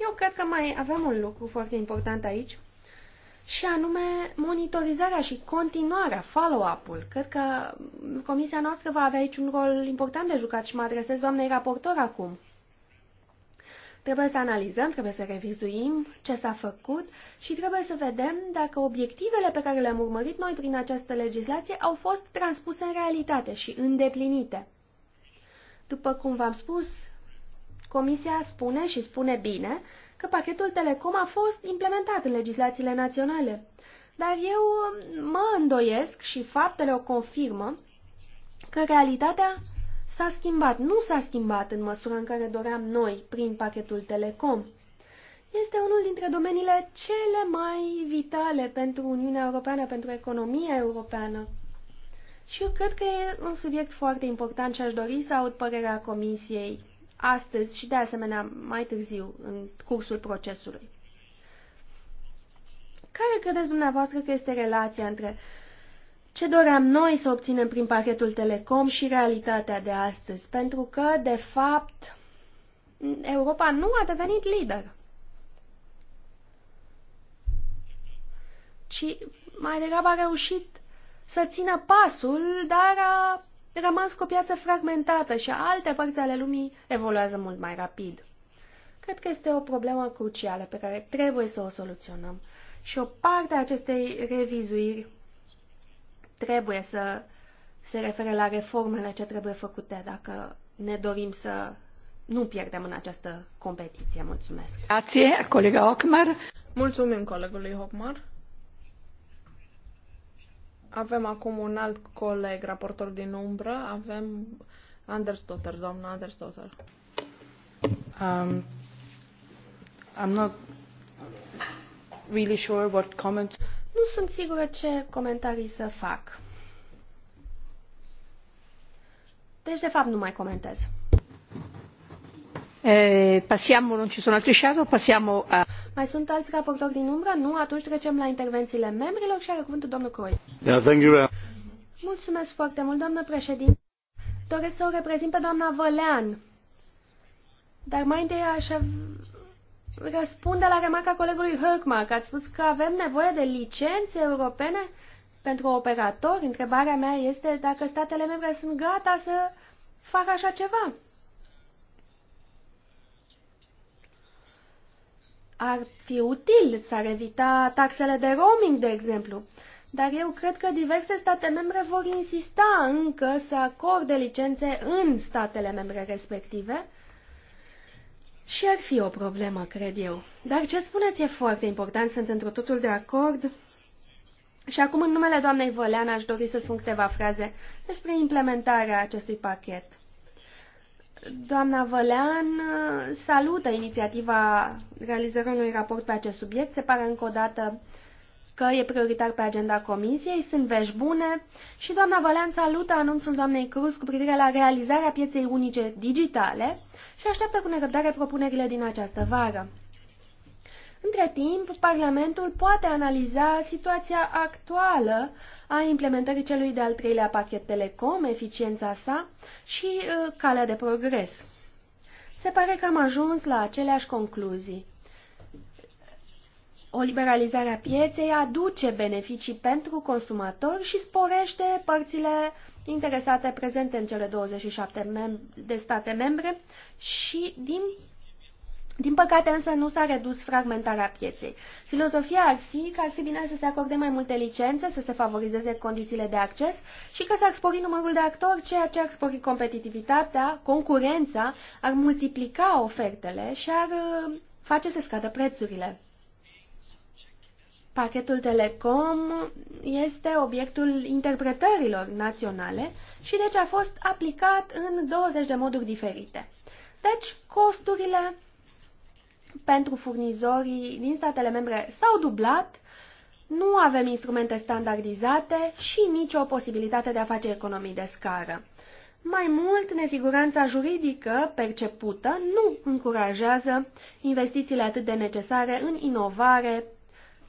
Eu cred că mai avem un lucru foarte important aici, și anume monitorizarea și continuarea, follow-up-ul. Cred că comisia noastră va avea aici un rol important de jucat și mă adresez doamnei raportor acum. Trebuie să analizăm, trebuie să revizuim ce s-a făcut și trebuie să vedem dacă obiectivele pe care le-am urmărit noi prin această legislație au fost transpuse în realitate și îndeplinite. După cum v-am spus, Comisia spune și spune bine că pachetul Telecom a fost implementat în legislațiile naționale. Dar eu um, mă îndoiesc și faptele o confirmă că realitatea s-a schimbat, nu s-a schimbat în măsura în care doream noi prin pachetul Telecom. Este unul dintre domeniile cele mai vitale pentru Uniunea Europeană, pentru economia europeană. Și eu cred că e un subiect foarte important și aș dori să aud părerea Comisiei astăzi și de asemenea mai târziu în cursul procesului. Care credeți dumneavoastră că este relația între ce doream noi să obținem prin pachetul Telecom și realitatea de astăzi? Pentru că, de fapt, Europa nu a devenit lider, ci mai degrabă a reușit să țină pasul, dar a rămas cu o piață fragmentată și alte părți ale lumii evoluează mult mai rapid. Cred că este o problemă crucială pe care trebuie să o soluționăm și o parte a acestei revizuiri trebuie să se refere la reformele ce trebuie făcute dacă ne dorim să nu pierdem în această competiție. Mulțumesc. Grație, colega Ocmar. Mulțumim colegului Hockmar. Avem acum un alt coleg, raportor din umbră, avem Anders Dotter, doamna Anders Dotter. Um, I'm not really sure what comment... Nu sunt sigură ce comentarii să fac. Deci, de fapt, nu mai comentez. Eh, passiamo, non ci sono altri shadow, passiamo a... Mai sunt alți raportori din umbră? Nu? Atunci trecem la intervențiile membrilor și are cuvântul domnul Croy. Yeah, thank you. Mulțumesc foarte mult, doamnă președinte. Doresc să o reprezint pe doamna Vălean. Dar mai întâi aș răspunde la remarca colegului Höckmark. Ați spus că avem nevoie de licențe europene pentru operatori. Întrebarea mea este dacă statele membre sunt gata să facă așa ceva. ar fi util, s-ar evita taxele de roaming, de exemplu. Dar eu cred că diverse state membre vor insista încă să acorde licențe în statele membre respective și ar fi o problemă, cred eu. Dar ce spuneți e foarte important, sunt într totul de acord. Și acum, în numele doamnei Vălean, aș dori să spun câteva fraze despre implementarea acestui pachet. Doamna Vălean uh, salută inițiativa realizării unui raport pe acest subiect. Se pare încă o dată că e prioritar pe agenda comisiei, sunt vești bune și doamna Vălean salută anunțul doamnei Cruz cu privire la realizarea pieței unice digitale și așteaptă cu nerăbdare propunerile din această vară. Între timp, Parlamentul poate analiza situația actuală a implementării celui de-al treilea pachet telecom, eficiența sa și uh, calea de progres. Se pare că am ajuns la aceleași concluzii. O liberalizare a pieței aduce beneficii pentru consumatori și sporește părțile interesate prezente în cele 27 de state membre și, din din păcate însă nu s-a redus fragmentarea pieței. Filozofia ar fi că ar fi bine să se acorde mai multe licențe, să se favorizeze condițiile de acces și că s-ar spori numărul de actori, ceea ce ar spori competitivitatea, concurența, ar multiplica ofertele și ar uh, face să scadă prețurile. Pachetul Telecom este obiectul interpretărilor naționale și deci a fost aplicat în 20 de moduri diferite. Deci, costurile pentru furnizorii din statele membre s-au dublat, nu avem instrumente standardizate și nicio posibilitate de a face economii de scară. Mai mult, nesiguranța juridică percepută nu încurajează investițiile atât de necesare în inovare,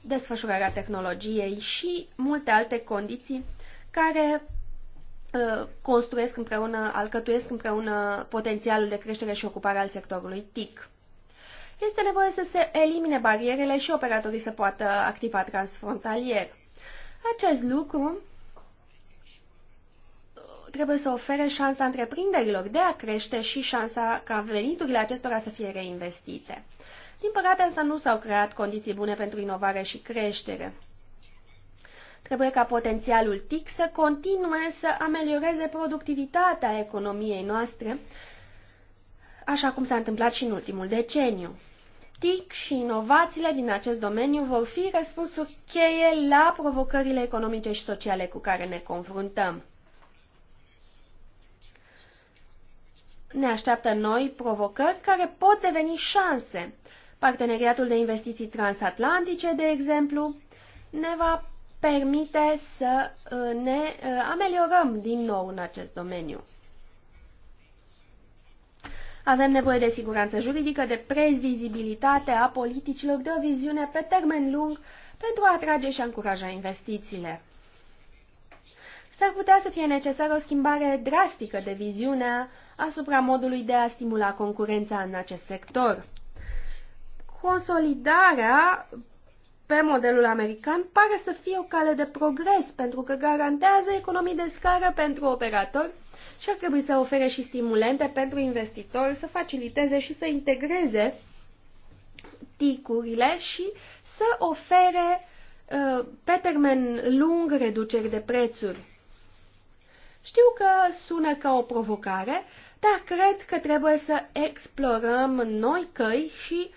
desfășurarea tehnologiei și multe alte condiții care uh, construiesc împreună, alcătuiesc împreună potențialul de creștere și ocupare al sectorului TIC este nevoie să se elimine barierele și operatorii să poată activa transfrontalier. Acest lucru trebuie să ofere șansa întreprinderilor de a crește și șansa ca veniturile acestora să fie reinvestite. Din păcate însă nu s-au creat condiții bune pentru inovare și creștere. Trebuie ca potențialul TIC să continue să amelioreze productivitatea economiei noastre, așa cum s-a întâmplat și în ultimul deceniu. TIC și inovațiile din acest domeniu vor fi răspunsuri cheie la provocările economice și sociale cu care ne confruntăm. Ne așteaptă noi provocări care pot deveni șanse. Parteneriatul de investiții transatlantice, de exemplu, ne va permite să uh, ne uh, ameliorăm din nou în acest domeniu. Avem nevoie de siguranță juridică, de previzibilitate a politicilor, de o viziune pe termen lung pentru a atrage și a încuraja investițiile. S-ar putea să fie necesară o schimbare drastică de viziune asupra modului de a stimula concurența în acest sector. Consolidarea pe modelul american pare să fie o cale de progres pentru că garantează economii de scară pentru operatori și ar trebui să ofere și stimulente pentru investitori să faciliteze și să integreze ticurile și să ofere uh, pe termen lung reduceri de prețuri. Știu că sună ca o provocare, dar cred că trebuie să explorăm noi căi și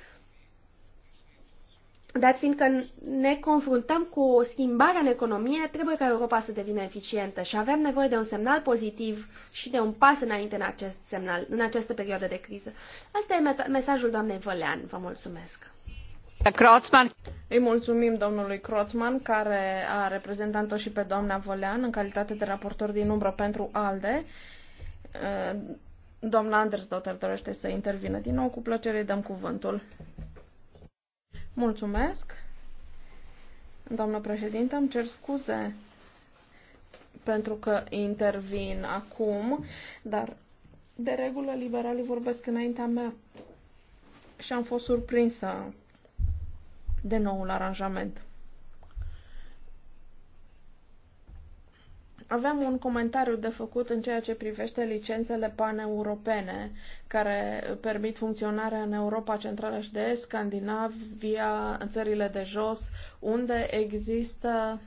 Dat fiindcă ne confruntăm cu o schimbare în economie, trebuie ca Europa să devină eficientă și avem nevoie de un semnal pozitiv și de un pas înainte în, acest semnal, în această perioadă de criză. Asta e mesajul doamnei Vălean. Vă mulțumesc! Croțman. Îi mulțumim domnului Croțman, care a reprezentat-o și pe doamna Volean în calitate de raportor din umbră pentru ALDE. Uh, doamna Anders Dotter dorește să intervină din nou. Cu plăcere îi dăm cuvântul. Mulțumesc. Doamnă președinte, îmi cer scuze pentru că intervin acum, dar de regulă liberalii vorbesc înaintea mea și am fost surprinsă de noul aranjament. Avem un comentariu de făcut în ceea ce privește licențele paneuropene care permit funcționarea în Europa Centrală și de Est, Scandinavia, țările de jos, unde există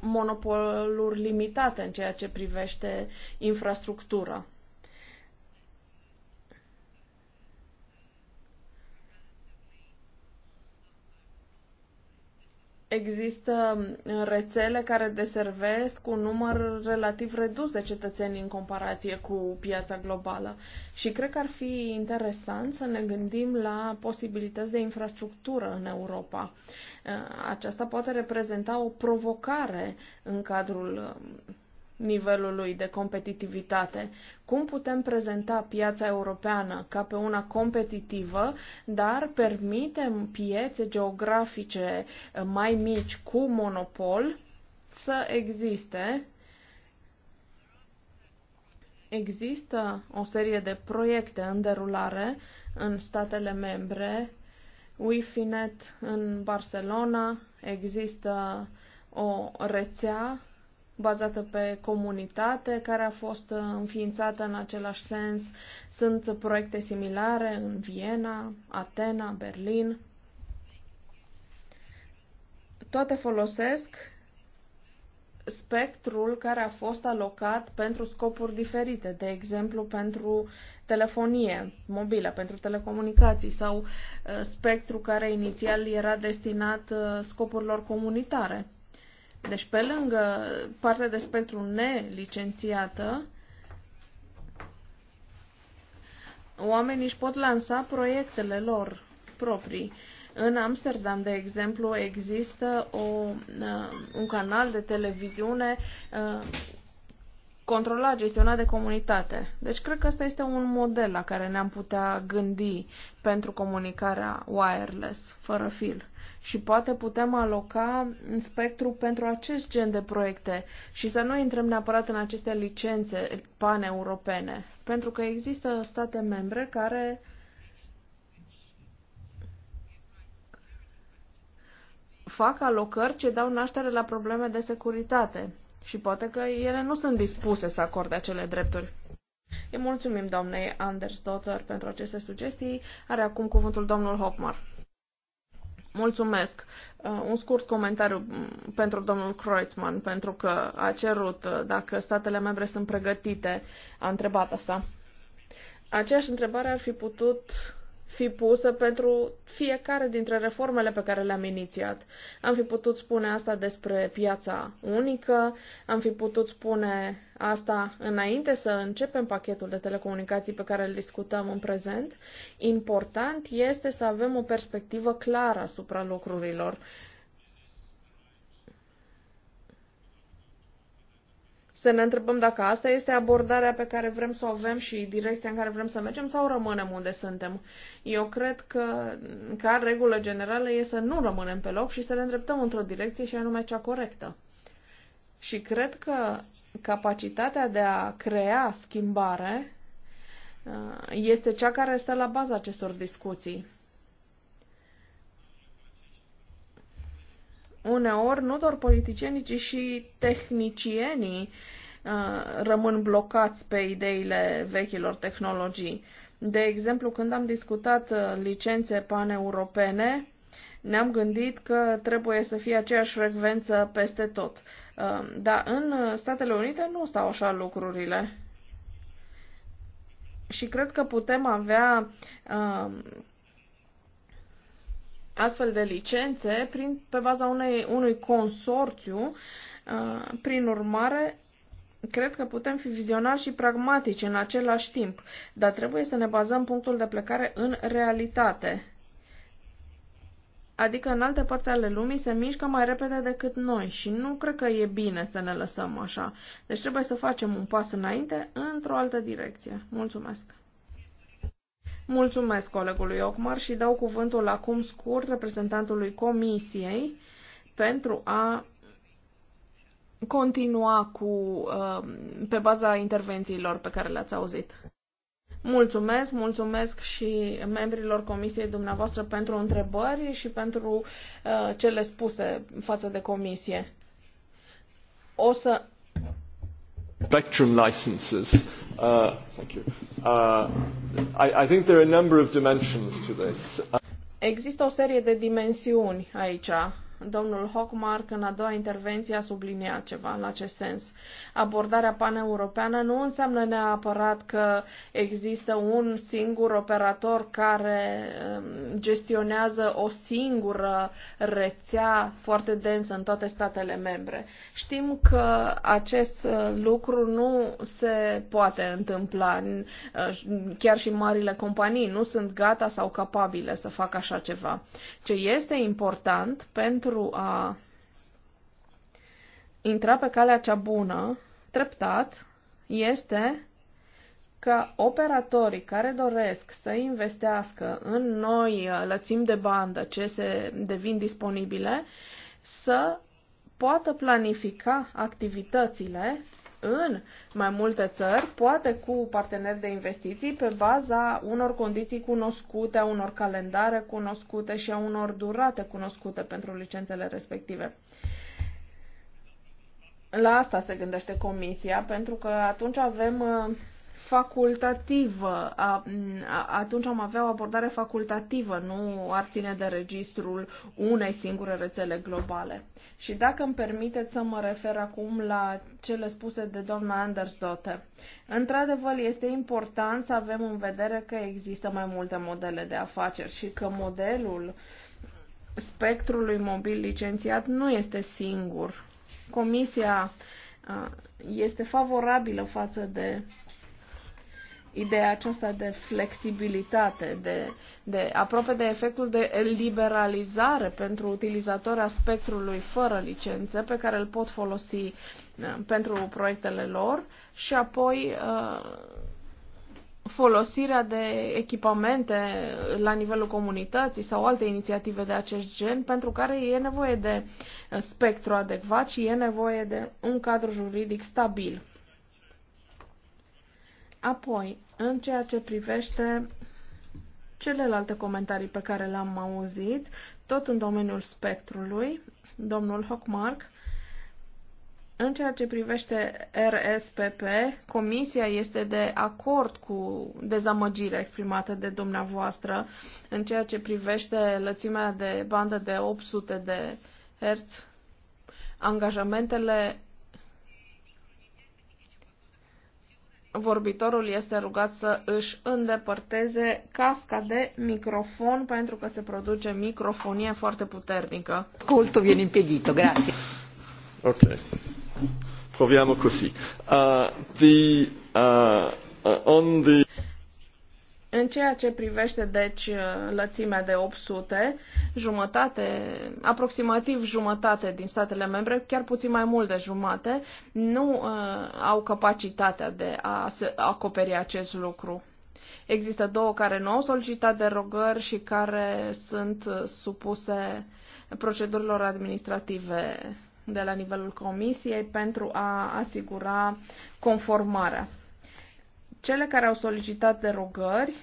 monopoluri limitate în ceea ce privește infrastructura. există mm, rețele care deservesc un număr relativ redus de cetățeni în comparație cu piața globală. Și cred că ar fi interesant să ne gândim la posibilități de infrastructură în Europa. Uh, aceasta poate reprezenta o provocare în cadrul mm, nivelului de competitivitate. Cum putem prezenta piața europeană ca pe una competitivă, dar permitem piețe geografice eh, mai mici cu monopol să existe? Există o serie de proiecte în derulare în statele membre. Wifinet în Barcelona, există o rețea bazată pe comunitate, care a fost înființată în același sens. Sunt proiecte similare în Viena, Atena, Berlin. Toate folosesc spectrul care a fost alocat pentru scopuri diferite, de exemplu pentru telefonie mobilă, pentru telecomunicații sau uh, spectru care inițial era destinat uh, scopurilor comunitare. Deci, pe lângă partea de spectru nelicențiată, oamenii își pot lansa proiectele lor proprii. În Amsterdam, de exemplu, există o, uh, un canal de televiziune uh, controlat, gestionat de comunitate. Deci cred că ăsta este un model la care ne-am putea gândi pentru comunicarea wireless, fără fil și poate putem aloca spectru pentru acest gen de proiecte și să nu intrăm neapărat în aceste licențe paneuropene, pentru că există state membre care fac alocări ce dau naștere la probleme de securitate și poate că ele nu sunt dispuse să acorde acele drepturi. Îi mulțumim doamnei Anders Dotter pentru aceste sugestii. Are acum cuvântul domnul Hopmar. Mulțumesc. Uh, un scurt comentariu mm, pentru domnul Kreutzmann, pentru că a cerut uh, dacă statele membre sunt pregătite. A întrebat asta. Aceeași întrebare ar fi putut fi pusă pentru fiecare dintre reformele pe care le-am inițiat. Am fi putut spune asta despre piața unică, am fi putut spune asta înainte să începem pachetul de telecomunicații pe care îl discutăm în prezent. Important este să avem o perspectivă clară asupra lucrurilor să ne întrebăm dacă asta este abordarea pe care vrem să o avem și direcția în care vrem să mergem sau rămânem unde suntem. Eu cred că, ca regulă generală, e să nu rămânem pe loc și să ne îndreptăm într-o direcție și anume cea corectă. Și cred că capacitatea de a crea schimbare uh, este cea care stă la baza acestor discuții. uneori nu doar politicienii, ci și tehnicienii uh, rămân blocați pe ideile vechilor tehnologii. De exemplu, când am discutat uh, licențe paneuropene, ne-am gândit că trebuie să fie aceeași frecvență peste tot. Uh, Dar în Statele Unite nu stau așa lucrurile. Și cred că putem avea astfel de licențe prin, pe baza unei, unui consorțiu. Uh, prin urmare, cred că putem fi vizionari și pragmatici în același timp, dar trebuie să ne bazăm punctul de plecare în realitate. Adică în alte părți ale lumii se mișcă mai repede decât noi și nu cred că e bine să ne lăsăm așa. Deci trebuie să facem un pas înainte într-o altă direcție. Mulțumesc! Mulțumesc colegului Ocmar și dau cuvântul acum scurt reprezentantului Comisiei pentru a continua cu, uh, pe baza intervențiilor pe care le-ați auzit. Mulțumesc, mulțumesc și membrilor comisiei dumneavoastră pentru întrebări și pentru uh, cele spuse față de comisie. O să... Spectrum licenses. Uh, thank you. Uh, I think there are a number of dimensions to this. Există o serie de dimensiuni aici. Domnul Hockmark, în a doua intervenție, a subliniat ceva în acest sens. Abordarea paneuropeană nu înseamnă neapărat că există un singur operator care um, gestionează o singură rețea foarte densă în toate statele membre. Știm că acest uh, lucru nu se poate întâmpla. Uh, chiar și marile companii nu sunt gata sau capabile să facă așa ceva. Ce este important pentru pentru a intra pe calea cea bună, treptat, este că operatorii care doresc să investească în noi lățimi de bandă ce se devin disponibile, să poată planifica activitățile în mai multe țări, poate cu parteneri de investiții, pe baza unor condiții cunoscute, a unor calendare cunoscute și a unor durate cunoscute pentru licențele respective. La asta se gândește Comisia, pentru că atunci avem uh, facultativă. Atunci am avea o abordare facultativă, nu ar ține de registrul unei singure rețele globale. Și dacă îmi permiteți să mă refer acum la cele spuse de doamna Dote. Într-adevăr, este important să avem în vedere că există mai multe modele de afaceri și că modelul spectrului mobil licențiat nu este singur. Comisia este favorabilă față de ideea aceasta de flexibilitate, de, de aproape de efectul de liberalizare pentru a spectrului fără licențe pe care îl pot folosi uh, pentru proiectele lor și apoi uh, folosirea de echipamente la nivelul comunității sau alte inițiative de acest gen, pentru care e nevoie de uh, spectru adecvat și e nevoie de un cadru juridic stabil. Apoi, în ceea ce privește celelalte comentarii pe care le-am auzit, tot în domeniul spectrului, domnul Hockmark, în ceea ce privește RSPP, Comisia este de acord cu dezamăgirea exprimată de dumneavoastră în ceea ce privește lățimea de bandă de 800 de Hz. Angajamentele vorbitorul este rugat să își îndepărteze casca de microfon pentru că se produce microfonie foarte puternică. Ascoltul viene impedito, grazie. Ok. Proviamo così. Uh, the, uh, uh, on the... În ceea ce privește, deci, uh, lățimea de 800, jumătate, aproximativ jumătate din statele membre, chiar puțin mai mult de jumate, nu uh, au capacitatea de a acoperi acest lucru. Există două care nu au solicitat derogări și care sunt uh, supuse procedurilor administrative de la nivelul Comisiei pentru a asigura conformarea. Cele care au solicitat derogări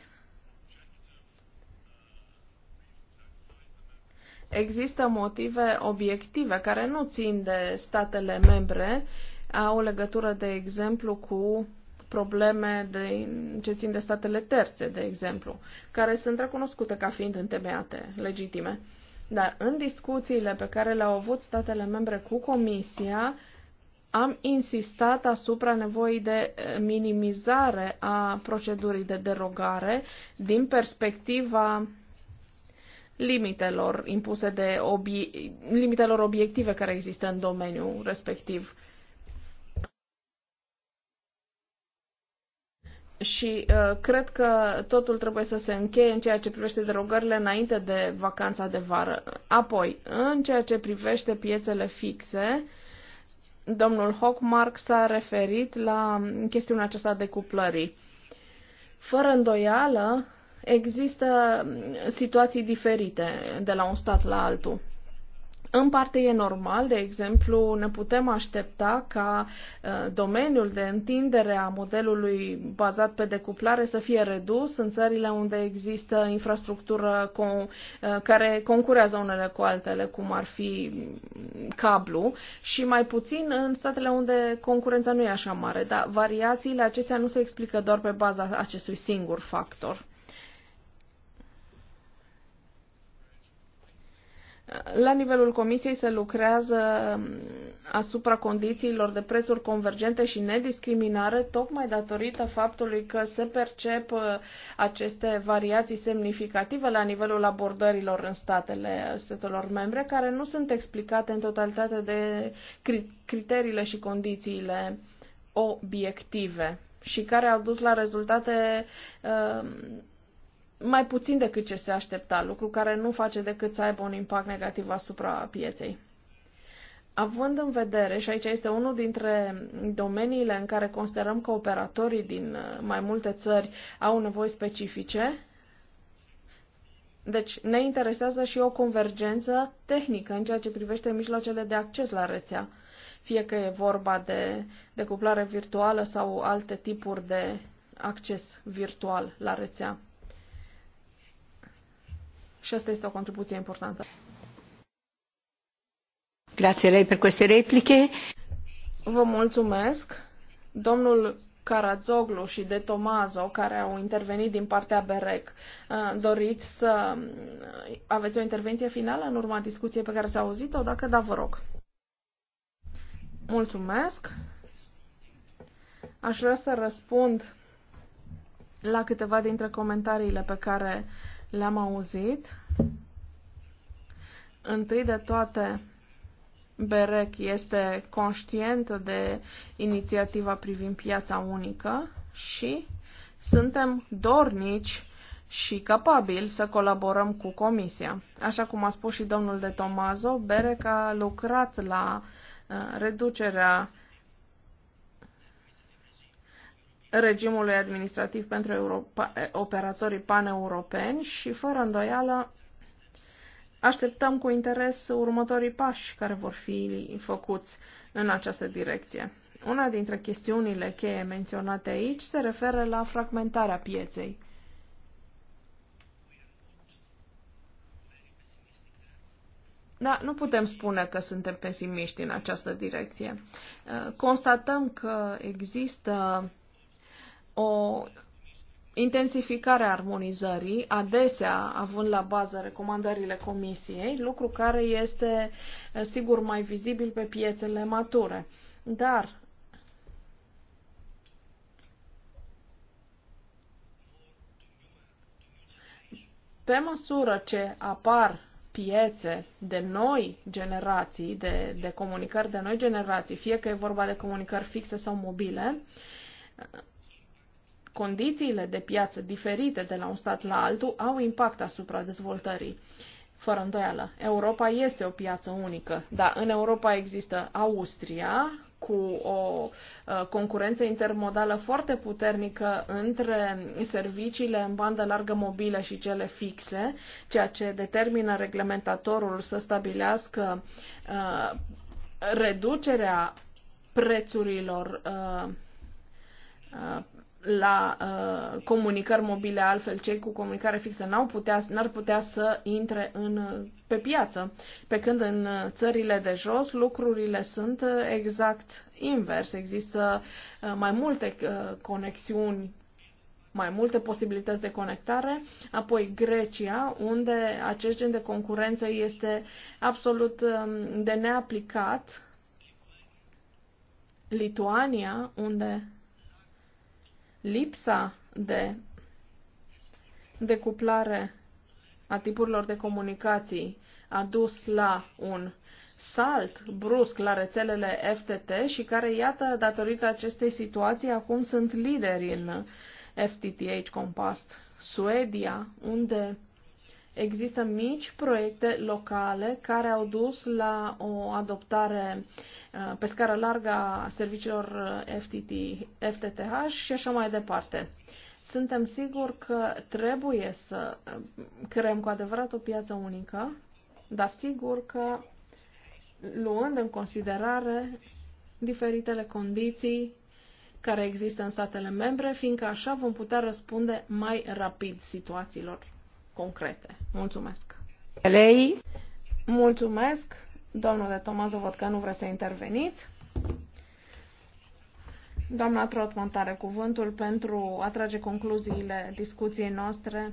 există motive obiective care nu țin de statele membre, au legătură, de exemplu, cu probleme de, ce țin de statele terțe, de exemplu, care sunt recunoscute ca fiind întemeiate, legitime. Dar în discuțiile pe care le-au avut statele membre cu Comisia, am insistat asupra nevoii de eh, minimizare a procedurii de derogare din perspectiva limitelor impuse de obie- limitelor obiective care există în domeniul respectiv. Și uh, cred că totul trebuie să se încheie în ceea ce privește derogările înainte de vacanța de vară. Apoi, în ceea ce privește piețele fixe, uh, Domnul Hockmark s-a referit la chestiunea aceasta de cuplării. Fără îndoială, există situații diferite de la un stat la altul. În parte e normal, de exemplu, ne putem aștepta ca uh, domeniul de întindere a modelului bazat pe decuplare să fie redus în țările unde există infrastructură uh, care concurează unele cu altele, cum ar fi cablu, și mai puțin în statele unde concurența nu e așa mare, dar variațiile acestea nu se explică doar pe baza acestui singur factor. La nivelul comisiei se lucrează um, asupra condițiilor de prețuri convergente și nediscriminare, tocmai datorită faptului că se percep uh, aceste variații semnificative la nivelul abordărilor în statele statelor membre, care nu sunt explicate în totalitate de criteriile și condițiile obiective și care au dus la rezultate uh, mai puțin decât ce se aștepta, lucru care nu face decât să aibă un impact negativ asupra pieței. Având în vedere, și aici este unul dintre domeniile în care considerăm că operatorii din uh, mai multe țări au nevoi specifice, deci ne interesează și o convergență tehnică în ceea ce privește mijloacele de acces la rețea, fie că e vorba de decuplare virtuală sau alte tipuri de acces virtual la rețea. Și asta este o contribuție importantă. Grazie lei per queste repliche. Vă mulțumesc. Domnul Carazoglu și De Tomazo, care au intervenit din partea BEREC, uh, doriți să uh, aveți o intervenție finală în urma discuției pe care s-a auzit-o? Dacă da, vă rog. Mulțumesc. Aș vrea să răspund la câteva dintre comentariile pe care le-am auzit. Întâi de toate, BEREC este conștientă de inițiativa privind piața unică și suntem dornici și capabili să colaborăm cu Comisia. Așa cum a spus și domnul de Tomazo, BEREC a lucrat la uh, reducerea uh, regimului administrativ pentru Europa, operatorii paneuropeni și, fără îndoială, așteptăm cu interes următorii pași care vor fi făcuți în această direcție. Una dintre chestiunile cheie menționate aici se referă la fragmentarea pieței. Da, nu putem spune că suntem pesimiști în această direcție. Constatăm că există o intensificare a armonizării, adesea având la bază recomandările comisiei, lucru care este eh, sigur mai vizibil pe piețele mature. Dar pe măsură ce apar piețe de noi generații, de, de comunicări de noi generații, fie că e vorba de comunicări fixe sau mobile, Condițiile de piață diferite de la un stat la altul au impact asupra dezvoltării. Fără îndoială, Europa este o piață unică, dar în Europa există Austria cu o uh, concurență intermodală foarte puternică între serviciile în bandă largă mobilă și cele fixe, ceea ce determină reglementatorul să stabilească uh, reducerea prețurilor uh, la uh, comunicări mobile, altfel cei cu comunicare fixă n-au putea, n-ar putea să intre în, uh, pe piață. Pe când în uh, țările de jos lucrurile sunt uh, exact invers. Există uh, mai multe uh, conexiuni mai multe posibilități de conectare, apoi Grecia, unde acest gen de concurență este absolut um, de neaplicat, Lituania, unde Lipsa de decuplare a tipurilor de comunicații a dus la un salt brusc la rețelele FTT și care, iată, datorită acestei situații, acum sunt lideri în FTTH Compast Suedia, unde există mici proiecte locale care au dus la o adoptare Uh, pe scară largă a serviciilor uh, FTT, FTTH și așa mai departe. Suntem siguri că trebuie să uh, creăm cu adevărat o piață unică, dar sigur că luând în considerare diferitele condiții care există în statele membre, fiindcă așa vom putea răspunde mai rapid situațiilor concrete. Mulțumesc! Lei. Mulțumesc! Domnule Tomazu, văd că nu vreți să interveniți. Doamna Trotman are cuvântul pentru a trage concluziile discuției noastre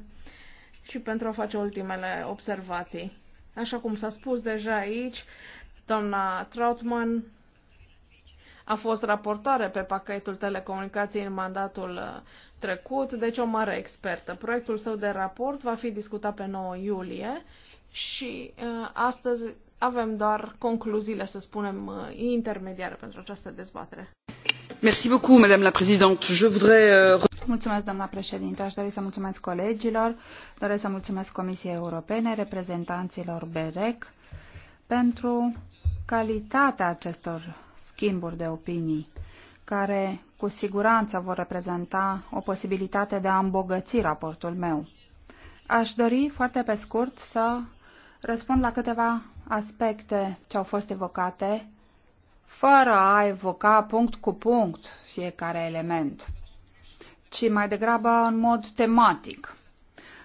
și pentru a face ultimele observații. Așa cum s-a spus deja aici, doamna Trotman a fost raportoare pe pachetul telecomunicației în mandatul uh, trecut, deci o mare expertă. Proiectul său de raport va fi discutat pe 9 iulie și uh, astăzi avem doar concluziile, să spunem, uh, intermediare pentru această dezbatere. Merci beaucoup, Madame la Présidente. Je voudrais... Euh, mulțumesc, doamna președinte. Aș dori să mulțumesc colegilor, doresc să mulțumesc Comisiei Europene, reprezentanților BEREC, pentru calitatea acestor schimburi de opinii, care cu siguranță vor reprezenta o posibilitate de a îmbogăți raportul meu. Aș dori foarte pe scurt să răspund la câteva aspecte ce au fost evocate, fără a evoca punct cu punct fiecare element, ci mai degrabă în mod tematic.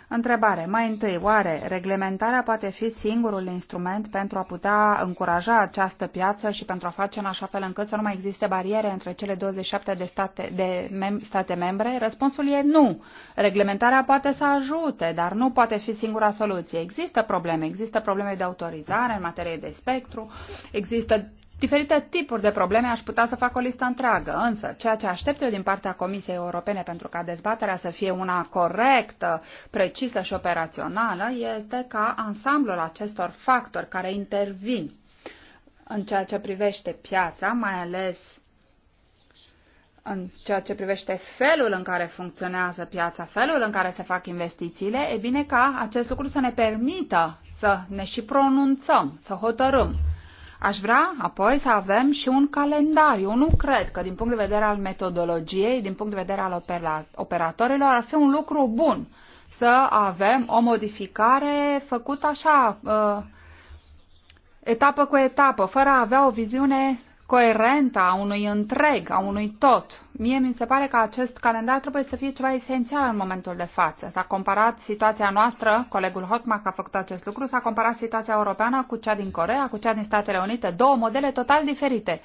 Întrebare. Mai întâi, oare reglementarea poate fi singurul instrument pentru a putea încuraja această piață și pentru a face în așa fel încât să nu mai existe bariere între cele 27 de state, de mem- state membre? Răspunsul e nu. Reglementarea poate să ajute, dar nu poate fi singura soluție. Există probleme. Există probleme de autorizare în materie de spectru, există diferite tipuri de probleme, aș putea să fac o listă întreagă, însă ceea ce aștept eu din partea Comisiei Europene pentru ca dezbaterea să fie una corectă, precisă și operațională este ca ansamblul acestor factori care intervin în ceea ce privește piața, mai ales în ceea ce privește felul în care funcționează piața, felul în care se fac investițiile, e bine ca acest lucru să ne permită să ne și pronunțăm, să hotărâm Aș vrea apoi să avem și un calendar. Eu nu cred că din punct de vedere al metodologiei, din punct de vedere al operatorilor, ar fi un lucru bun să avem o modificare făcută așa, uh, etapă cu etapă, fără a avea o viziune coerentă a unui întreg, a unui tot. Mie mi se pare că acest calendar trebuie să fie ceva esențial în momentul de față. S-a comparat situația noastră, colegul Hockmark a făcut acest lucru, s-a comparat situația europeană cu cea din Corea, cu cea din Statele Unite, două modele total diferite.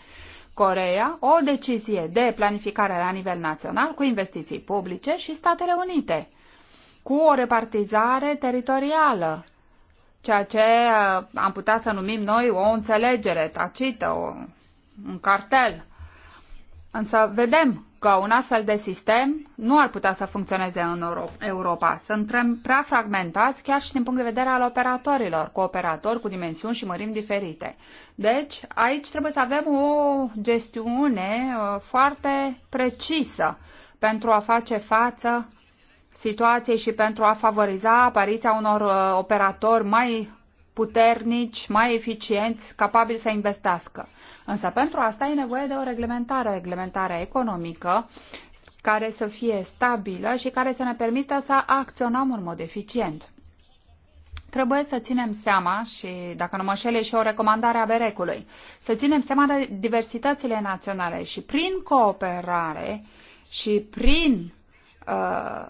Corea, o decizie de planificare la nivel național cu investiții publice și Statele Unite, cu o repartizare teritorială, ceea ce uh, am putea să numim noi o înțelegere tacită, o un cartel. Însă vedem că un astfel de sistem nu ar putea să funcționeze în Europa. Suntem prea fragmentați chiar și din punct de vedere al operatorilor, cu operatori cu dimensiuni și mărimi diferite. Deci aici trebuie să avem o gestiune uh, foarte precisă pentru a face față situației și pentru a favoriza apariția unor uh, operatori mai puternici, mai eficienți, capabili să investească. Însă pentru asta e nevoie de o reglementare, o reglementare economică care să fie stabilă și care să ne permită să acționăm în mod eficient. Trebuie să ținem seama, și dacă nu mă șele și o recomandare a berecului, să ținem seama de diversitățile naționale și prin cooperare și prin uh,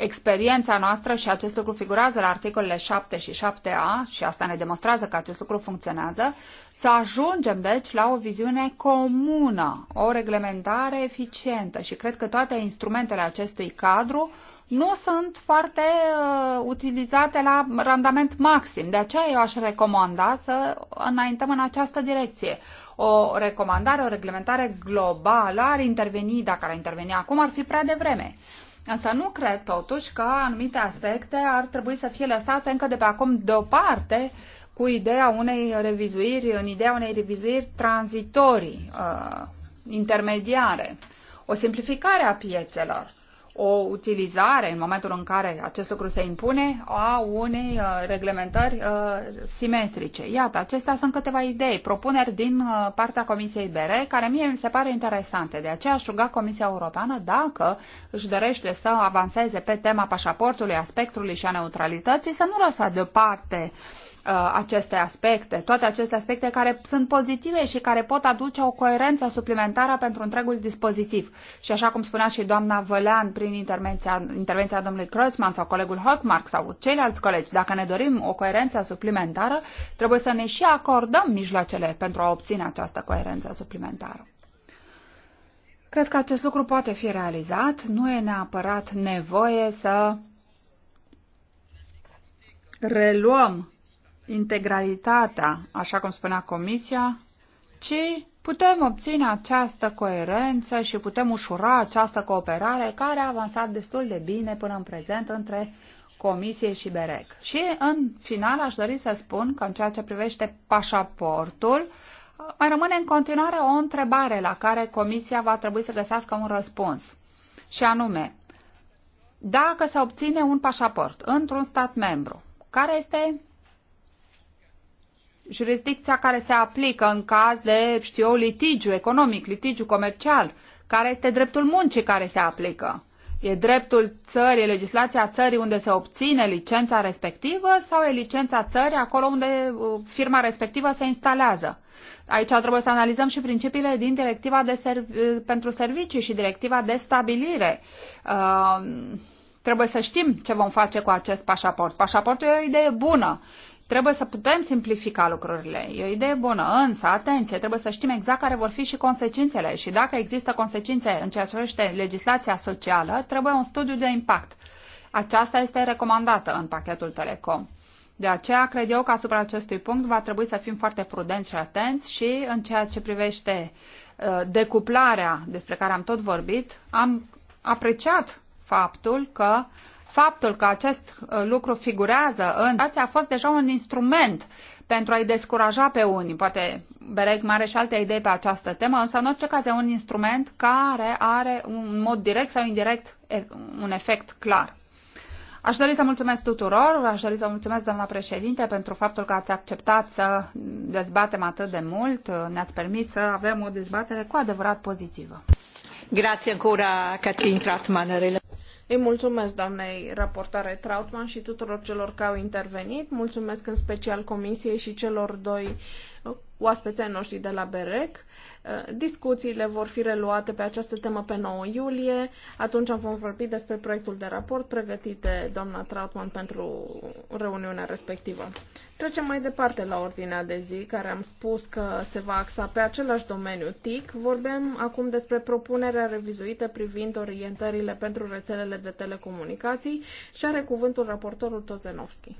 experiența noastră și acest lucru figurează la articolele 7 și 7a și asta ne demonstrează că acest lucru funcționează, să ajungem deci la o viziune comună, o reglementare eficientă și cred că toate instrumentele acestui cadru nu sunt foarte uh, utilizate la randament maxim. De aceea eu aș recomanda să înaintăm în această direcție. O recomandare, o reglementare globală ar interveni, dacă ar interveni acum, ar fi prea devreme. Uh, Însă nu cred totuși că anumite aspecte ar trebui să fie lăsate încă de pe acum deoparte cu ideea unei revizuiri, în ideea unei revizuiri tranzitorii, uh, intermediare, o simplificare a piețelor o utilizare, în momentul în care acest lucru se impune, a unei uh, reglementări uh, simetrice. Iată, acestea sunt câteva idei, propuneri din uh, partea Comisiei BERE, care mie mi se pare interesante. De aceea aș ruga Comisia Europeană dacă își dorește să avanseze pe tema pașaportului, a spectrului și a neutralității, să nu lăsa deoparte uh, Uh, aceste aspecte, toate aceste aspecte care sunt pozitive și care pot aduce o coerență suplimentară pentru întregul dispozitiv. Și așa cum spunea și doamna Vălean prin intervenția, intervenția domnului Kreuzmann sau colegul Hockmark sau ceilalți colegi, dacă ne dorim o coerență suplimentară, trebuie să ne și acordăm mijloacele pentru a obține această coerență suplimentară. Cred că acest lucru poate fi realizat, nu e neapărat nevoie să reluăm integralitatea, așa cum spunea Comisia, ci putem obține această coerență și putem ușura această cooperare care a avansat destul de bine până în prezent între Comisie și BEREC. Și în final aș dori să spun că în ceea ce privește pașaportul, mai rămâne în continuare o întrebare la care Comisia va trebui să găsească un răspuns. Și anume, dacă se obține un pașaport într-un stat membru, care este jurisdicția care se aplică în caz de, știu eu, litigiu economic, litigiu comercial, care este dreptul muncii care se aplică. E dreptul țării, legislația țării unde se obține licența respectivă sau e licența țării acolo unde uh, firma respectivă se instalează? Aici trebuie să analizăm și principiile din directiva de serv- uh, pentru servicii și directiva de stabilire. Uh, trebuie să știm ce vom face cu acest pașaport. Pașaportul e o idee bună Trebuie să putem simplifica lucrurile. E o idee bună, însă, atenție, trebuie să știm exact care vor fi și consecințele. Și dacă există consecințe în ceea ce privește legislația socială, trebuie un studiu de impact. Aceasta este recomandată în pachetul Telecom. De aceea, cred eu că asupra acestui punct va trebui să fim foarte prudenți și atenți și în ceea ce privește uh, decuplarea despre care am tot vorbit, am apreciat faptul că faptul că acest uh, lucru figurează în a fost deja un instrument pentru a-i descuraja pe unii. Poate Bereg mai are și alte idei pe această temă, însă în orice caz e un instrument care are un mod direct sau indirect un efect clar. Aș dori să mulțumesc tuturor, aș dori să mulțumesc doamna președinte pentru faptul că ați acceptat să dezbatem atât de mult, ne-ați permis să avem o dezbatere cu adevărat pozitivă. Grazie ancora Catrin Kratman. Îi mulțumesc doamnei raportare Trautman și tuturor celor care au intervenit. Mulțumesc în special comisiei și celor doi oaspeței noștri de la BEREC. Eh, discuțiile vor fi reluate pe această temă pe 9 iulie. Atunci vom vorbi despre proiectul de raport pregătit de doamna Trautmann pentru reuniunea respectivă. Trecem mai departe la ordinea de zi, care am spus că se va axa pe același domeniu TIC. Vorbim acum despre propunerea revizuită privind orientările pentru rețelele de telecomunicații și are cuvântul raportorul Tozenovski.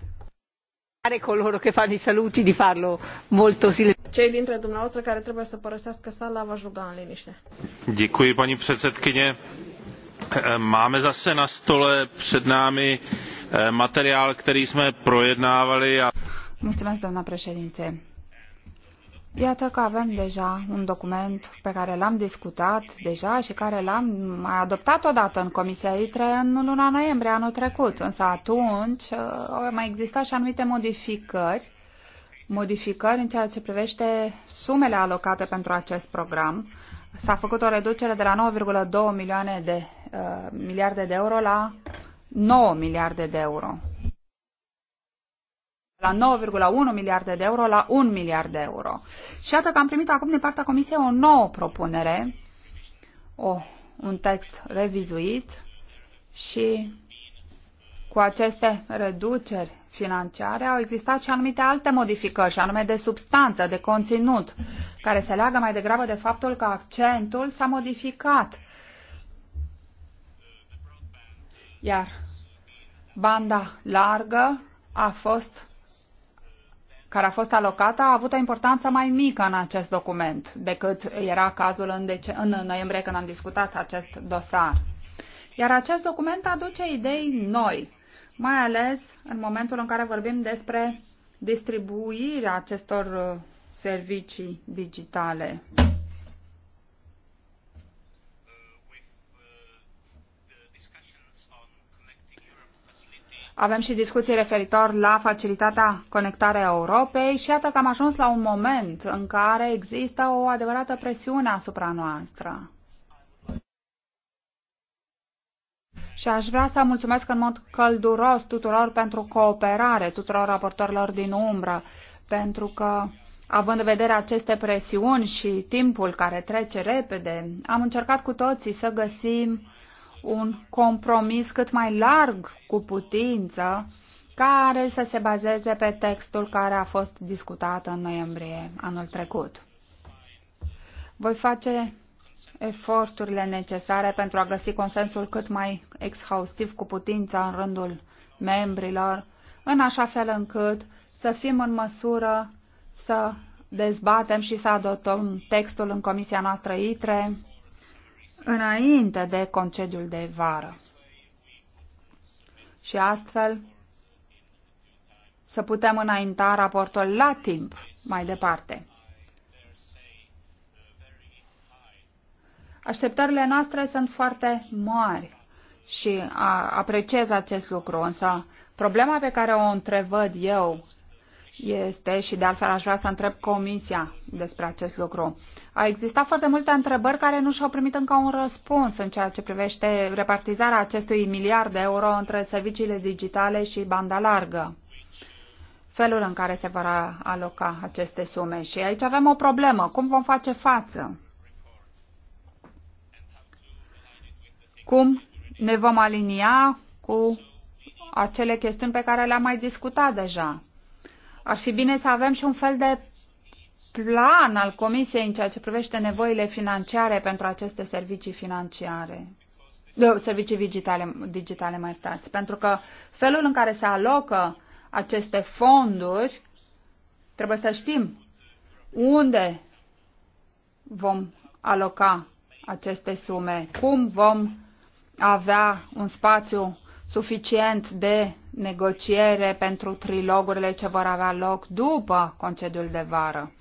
Are coloro che fanno i saluti di farlo molto silenzioso. Cei dintre dumneavoastră care trebuie să părăsească sala, v-aș ruga în liniște. Děkuji, paní předsedkyně. Eh, máme zase na stole před námi eh, materiál, který jsme projednávali. A... Mulțumesc, doamna președinte. Iată că avem deja un document pe care l-am discutat deja și care l-am mai adoptat odată în Comisia ITRE în luna noiembrie anul trecut, însă atunci uh, au mai existat și anumite modificări, modificări în ceea ce privește sumele alocate pentru acest program. S-a făcut o reducere de la 9,2 milioane de uh, miliarde de euro la 9 miliarde de euro la 9,1 miliarde de euro la 1 miliard de euro. Și iată că am primit acum din partea Comisiei o nouă propunere, o, un text revizuit și cu aceste reduceri financiare au existat și anumite alte modificări, și anume de substanță, de conținut, care se leagă mai degrabă de faptul că accentul s-a modificat. Iar banda largă a fost care a fost alocată a avut o importanță mai mică în acest document decât era cazul în, dece- în noiembrie când am discutat acest dosar. Iar acest document aduce idei noi, mai ales în momentul în care vorbim despre distribuirea acestor uh, servicii digitale. Avem și discuții referitor la facilitatea conectarea Europei și iată că am ajuns la un moment în care există o adevărată presiune asupra noastră. Și aș vrea să mulțumesc în mod călduros tuturor pentru cooperare, tuturor raportorilor din umbră, pentru că, având în vedere aceste presiuni și timpul care trece repede, am încercat cu toții să găsim un compromis cât mai larg cu putință care să se bazeze pe textul care a fost discutat în noiembrie anul trecut. Voi face eforturile necesare pentru a găsi consensul cât mai exhaustiv cu putința în rândul membrilor, în așa fel încât să fim în măsură să dezbatem și să adoptăm textul în comisia noastră ITRE înainte de concediul de vară. Și astfel să putem înainta raportul la timp mai departe. Așteptările noastre sunt foarte mari și apreciez acest lucru, însă problema pe care o întrevăd eu este, și de altfel aș vrea să întreb Comisia despre acest lucru, a existat foarte multe întrebări care nu și-au primit încă un răspuns în ceea ce privește repartizarea acestui miliard de euro între serviciile digitale și banda largă. Felul în care se vor aloca aceste sume. Și aici avem o problemă. Cum vom face față? Cum ne vom alinia cu acele chestiuni pe care le-am mai discutat deja? Ar fi bine să avem și un fel de plan al Comisiei în ceea ce privește nevoile financiare pentru aceste servicii financiare? servicii digitale, digitale mai iertați, pentru că felul în care se alocă aceste fonduri, trebuie să știm unde vom aloca aceste sume, cum vom avea un spațiu suficient de negociere pentru trilogurile ce vor avea loc după concediul de vară.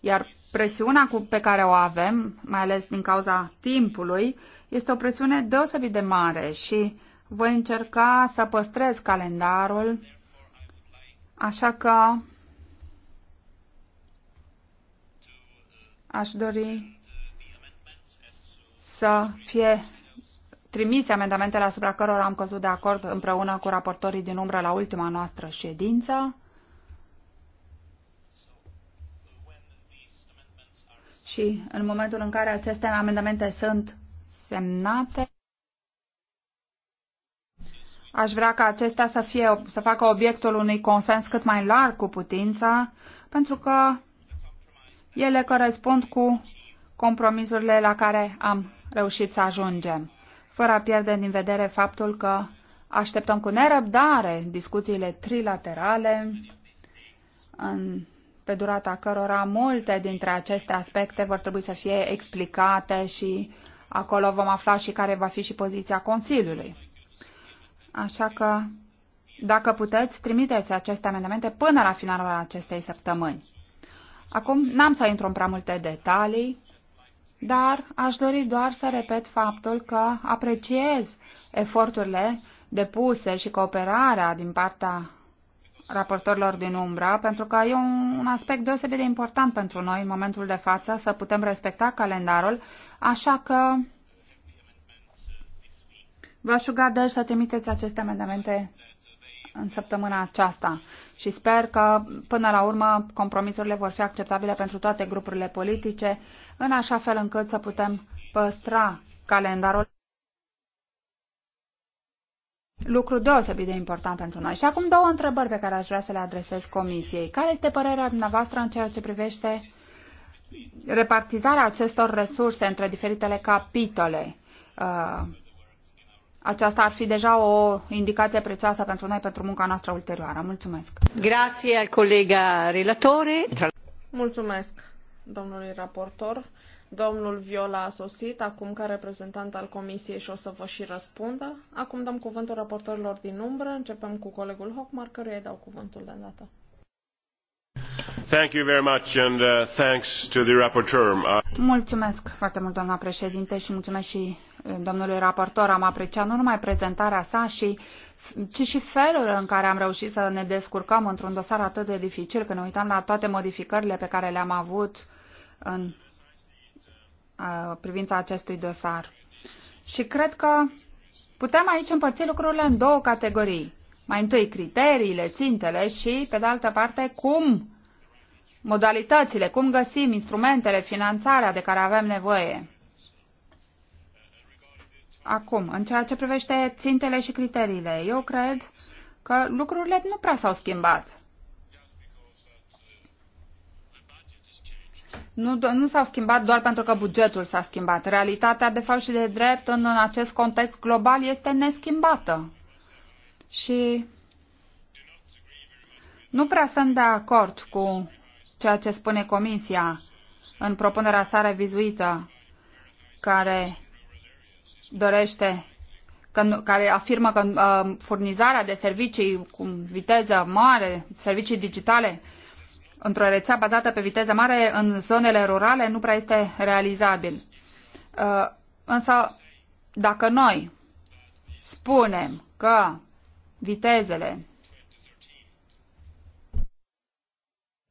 Iar presiunea pe care o avem, mai ales din cauza timpului, este o presiune deosebit de mare și voi încerca să păstrez calendarul, așa că aș dori să fie trimise amendamentele asupra cărora am căzut de acord împreună cu raportorii din umbră la ultima noastră ședință. și în momentul în care aceste amendamente sunt semnate, aș vrea ca acestea să, fie, să facă obiectul unui consens cât mai larg cu putința, pentru că ele corespund cu compromisurile la care am reușit să ajungem, fără a pierde din vedere faptul că așteptăm cu nerăbdare discuțiile trilaterale în pe durata cărora multe dintre aceste aspecte vor trebui să fie explicate și acolo vom afla și care va fi și poziția Consiliului. Așa că, dacă puteți, trimiteți aceste amendamente până la finalul acestei săptămâni. Acum n-am să intru în prea multe detalii, dar aș dori doar să repet faptul că apreciez eforturile depuse și cooperarea din partea raportorilor din umbra, pentru că e un aspect deosebit de important pentru noi în momentul de față să putem respecta calendarul, așa că v-aș ruga deci să trimiteți aceste amendamente în săptămâna aceasta și sper că până la urmă compromisurile vor fi acceptabile pentru toate grupurile politice, în așa fel încât să putem păstra calendarul Lucru deosebit de important pentru noi. Și acum două întrebări pe care aș vrea să le adresez Comisiei. Care este părerea dumneavoastră în ceea ce privește repartizarea acestor resurse între diferitele capitole? Uh, aceasta ar fi deja o indicație prețioasă pentru noi, pentru munca noastră ulterioară. Mulțumesc. Grație al colega relatore. Mulțumesc, domnului raportor. Domnul Viola a sosit acum ca reprezentant al comisiei și o să vă și răspundă. Acum dăm cuvântul raportorilor din umbră. Începem cu colegul Hockmar, căruia îi dau cuvântul de îndată. Thank you very much and uh, thanks to the rapporteur. Uh, mulțumesc foarte mult, doamna președinte, și mulțumesc și uh, domnului raportor. Am apreciat nu numai prezentarea sa, și, ci și felul în care am reușit să ne descurcăm într-un dosar atât de dificil, când ne uitam la toate modificările pe care le-am avut în privința acestui dosar. Și cred că putem aici împărți lucrurile în două categorii. Mai întâi criteriile, țintele și, pe de altă parte, cum modalitățile, cum găsim instrumentele, finanțarea de care avem nevoie. Acum, în ceea ce privește țintele și criteriile, eu cred că lucrurile nu prea s-au schimbat. nu, nu s-au schimbat doar pentru că bugetul s-a schimbat. Realitatea, de fapt și de drept, în, în acest context global, este neschimbată. Și nu prea sunt de acord cu ceea ce spune Comisia în propunerea sa revizuită, care dorește, că, care afirmă că uh, furnizarea de servicii cu viteză mare, servicii digitale, uh, într-o rețea bazată pe viteză mare în zonele rurale nu prea este realizabil. Uh, însă, dacă noi spunem că vitezele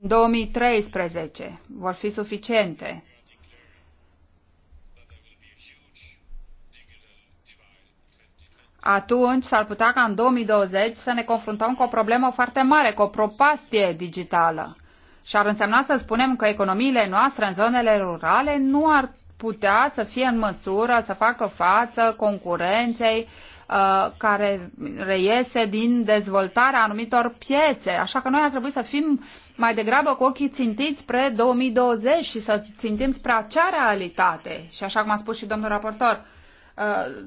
2013 vor fi suficiente. Atunci s-ar putea ca în 2020 să ne confruntăm cu o problemă foarte mare, cu o propastie digitală. Și ar însemna să spunem că economiile noastre în zonele rurale nu ar putea să fie în măsură să facă față concurenței uh, care reiese din dezvoltarea anumitor piețe. Așa că noi ar trebui să fim mai degrabă cu ochii țintiți spre 2020 și să țintim spre acea realitate. Și așa cum a spus și domnul raportor, uh, Uh,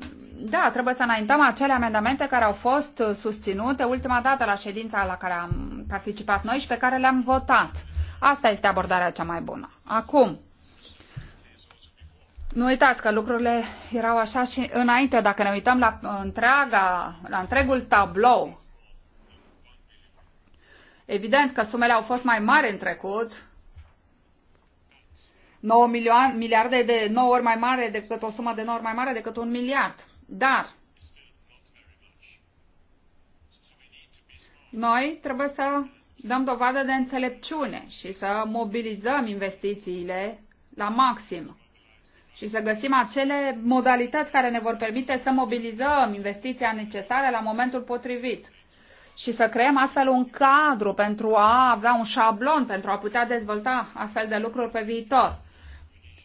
da, trebuie să înaintăm acele amendamente care au fost susținute ultima dată la ședința la care am participat noi și pe care le-am votat. Asta este abordarea cea mai bună. Acum, nu uitați că lucrurile erau așa și înainte. Dacă ne uităm la, întreaga, la întregul tablou, evident că sumele au fost mai mari în trecut, 9 milioane, miliarde de 9 ori mai mare decât o sumă de 9 ori mai mare decât un miliard. Dar noi trebuie să dăm dovadă de înțelepciune și să mobilizăm investițiile la maxim și să găsim acele modalități care ne vor permite să mobilizăm investiția necesară la momentul potrivit și să creăm astfel un cadru pentru a avea un șablon pentru a putea dezvolta astfel de lucruri pe viitor.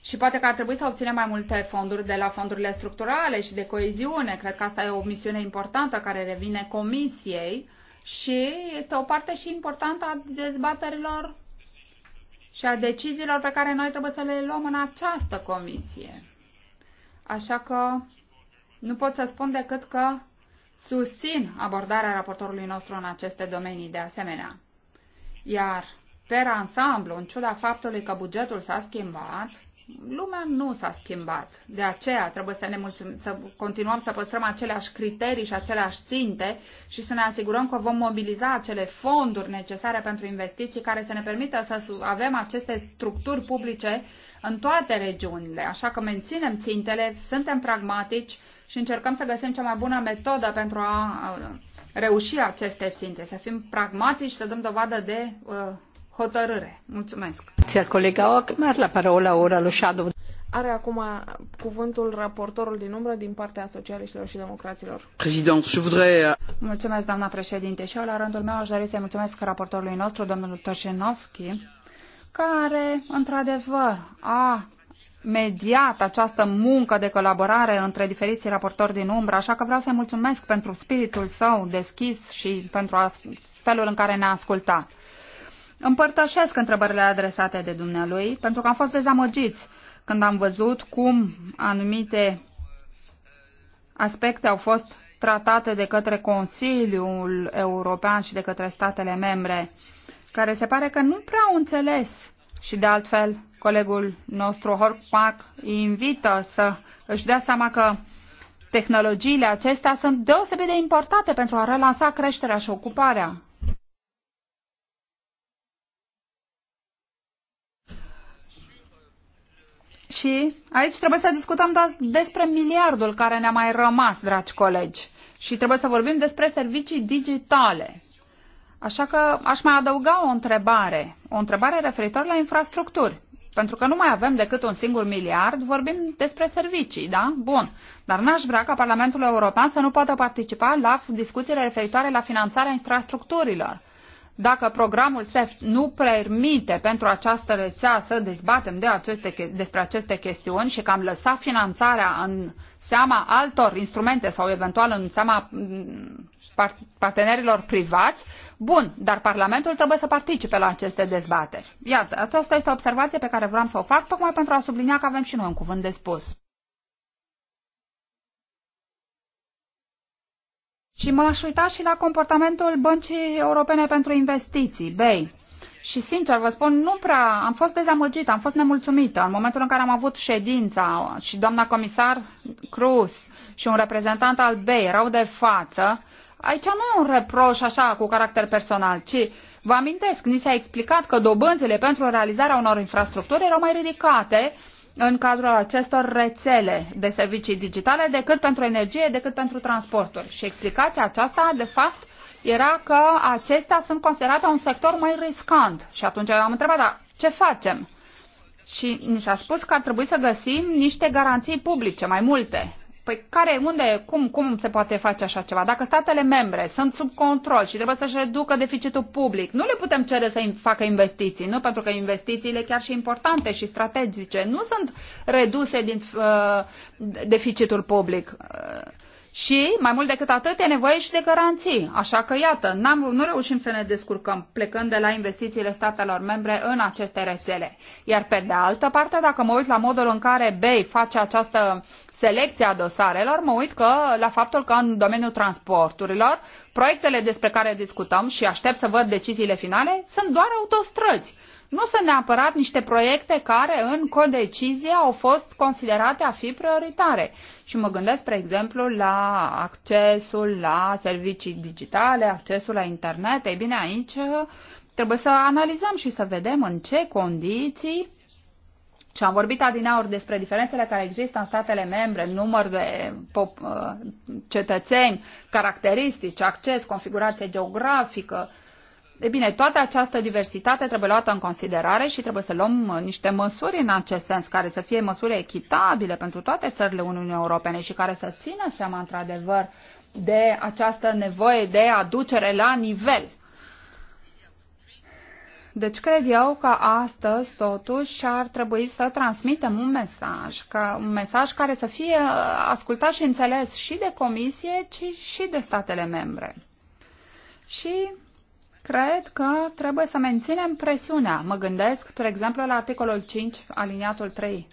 Și poate că ar trebui să obținem mai multe fonduri de la fondurile structurale și de coeziune. Cred că asta e o misiune importantă care revine Comisiei și este o parte și importantă a dezbaterilor și a deciziilor pe care noi trebuie să le luăm în această comisie. Așa că nu pot să spun decât că susțin abordarea raportorului nostru în aceste domenii de asemenea. Iar, per ansamblu, în ciuda faptului că bugetul s-a schimbat, lumea nu s-a schimbat. De aceea trebuie să ne mulțumim, să continuăm să păstrăm aceleași criterii și aceleași ținte și să ne asigurăm că vom mobiliza acele fonduri necesare pentru investiții care să ne permită să avem aceste structuri publice în toate regiunile. Așa că menținem țintele, suntem pragmatici și încercăm să găsim cea mai bună metodă pentru a reuși aceste ținte, să fim pragmatici, să dăm dovadă de uh, hotărâre. Mulțumesc. Ți-a colega Ocmar la parola ora lui Shadow. Are acum cuvântul raportorul din umbră din partea socialiștilor și democraților. Prezident, je voudrais... Euh, mulțumesc, doamna președinte. Și eu, la rândul meu, aș dori să-i mulțumesc raportorului nostru, domnul Toșenovski, care, într-adevăr, a mediat această muncă de colaborare între diferiții raportori din umbră, așa că vreau să-i mulțumesc pentru spiritul său deschis și pentru felul în care ne-a ascultat împărtășesc întrebările adresate de dumnealui, pentru că am fost dezamăgiți când am văzut cum anumite aspecte au fost tratate de către Consiliul European și de către statele membre, care se pare că nu prea au înțeles. Și de altfel, colegul nostru Horkmark invită să își dea seama că tehnologiile acestea sunt deosebit de importante pentru a relansa creșterea și ocuparea Și aici trebuie să discutăm despre miliardul care ne-a mai rămas, dragi colegi. Și trebuie să vorbim despre servicii digitale. Așa că aș mai adăuga o întrebare, o întrebare referitoare la infrastructuri. Pentru că nu mai avem decât un singur miliard, vorbim despre servicii, da? Bun. Dar n-aș vrea ca Parlamentul European să nu poată participa la discuțiile referitoare la finanțarea infrastructurilor. Dacă programul SEF nu permite pentru această rețea să dezbatem de aceste, despre aceste chestiuni și că am lăsat finanțarea în seama altor instrumente sau eventual în seama mm, partenerilor privați, bun, dar Parlamentul trebuie să participe la aceste dezbateri. Iată, aceasta este o observație pe care vreau să o fac tocmai pentru a sublinia că avem și noi un cuvânt de spus. Și m-aș uita și la comportamentul Băncii Europene pentru Investiții, BEI. Și sincer vă spun, nu prea, am fost dezamăgită, am fost nemulțumită în momentul în care am avut ședința și doamna comisar Cruz și un reprezentant al BEI erau de față. Aici nu e un reproș așa cu caracter personal, ci vă amintesc, ni s-a explicat că dobânzile pentru realizarea unor infrastructuri erau mai ridicate în cadrul acestor rețele de servicii digitale decât pentru energie, decât pentru transporturi. Și explicația aceasta, de fapt, era că acestea sunt considerate un sector mai riscant. Și atunci am întrebat, dar ce facem? Și ni s-a spus că ar trebui să găsim niște garanții publice mai multe. Păi care, unde, cum, cum se poate face așa ceva? Dacă statele membre sunt sub control și trebuie să-și reducă deficitul public, nu le putem cere să facă investiții, nu? Pentru că investițiile chiar și importante și strategice nu sunt reduse din uh, deficitul public. Uh, și, mai mult decât atât, e nevoie și de garanții. Așa că, iată, n-am, nu reușim să ne descurcăm plecând de la investițiile statelor membre în aceste rețele. Iar, pe de altă parte, dacă mă uit la modul în care BEI face această selecție a dosarelor, mă uit că la faptul că în domeniul transporturilor, proiectele despre care discutăm și aștept să văd deciziile finale, sunt doar autostrăzi nu sunt neapărat niște proiecte care în codecizie au fost considerate a fi prioritare. Și mă gândesc, spre exemplu, la accesul la servicii digitale, accesul la internet. Ei bine, aici uh, trebuie să analizăm și să vedem în ce condiții și am vorbit adineauri despre diferențele care există în statele membre, număr de uh, cetățeni, caracteristici, acces, configurație geografică, E bine, toată această diversitate trebuie luată în considerare și trebuie să luăm uh, niște măsuri în acest sens, care să fie măsuri echitabile pentru toate țările Uniunii Europene și care să țină seama, într-adevăr, de această nevoie de aducere la nivel. Deci cred eu că astăzi, totuși, ar trebui să transmitem un mesaj, că, un mesaj care să fie uh, ascultat și înțeles și de Comisie, ci și de statele membre. Și Cred că trebuie să menținem presiunea. Mă gândesc, de exemplu, la articolul 5, aliniatul 3.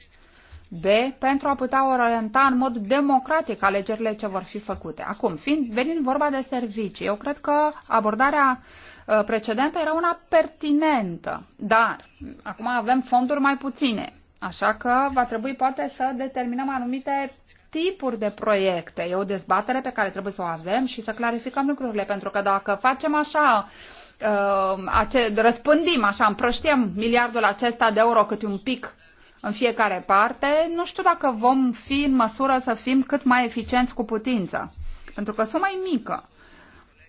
B. Pentru a putea orienta în mod democratic alegerile ce vor fi făcute. Acum, fiind, venind vorba de servicii, eu cred că abordarea uh, precedentă era una pertinentă, dar acum avem fonduri mai puține, așa că va trebui poate să determinăm anumite tipuri de proiecte. E o dezbatere pe care trebuie să o avem și să clarificăm lucrurile, pentru că dacă facem așa, uh, Ehm, ace- răspândim, așa, împrăștiem miliardul acesta de euro câte un pic în fiecare parte, nu știu dacă vom fi în măsură să fim cât mai eficienți cu putință, pentru că suma e mică.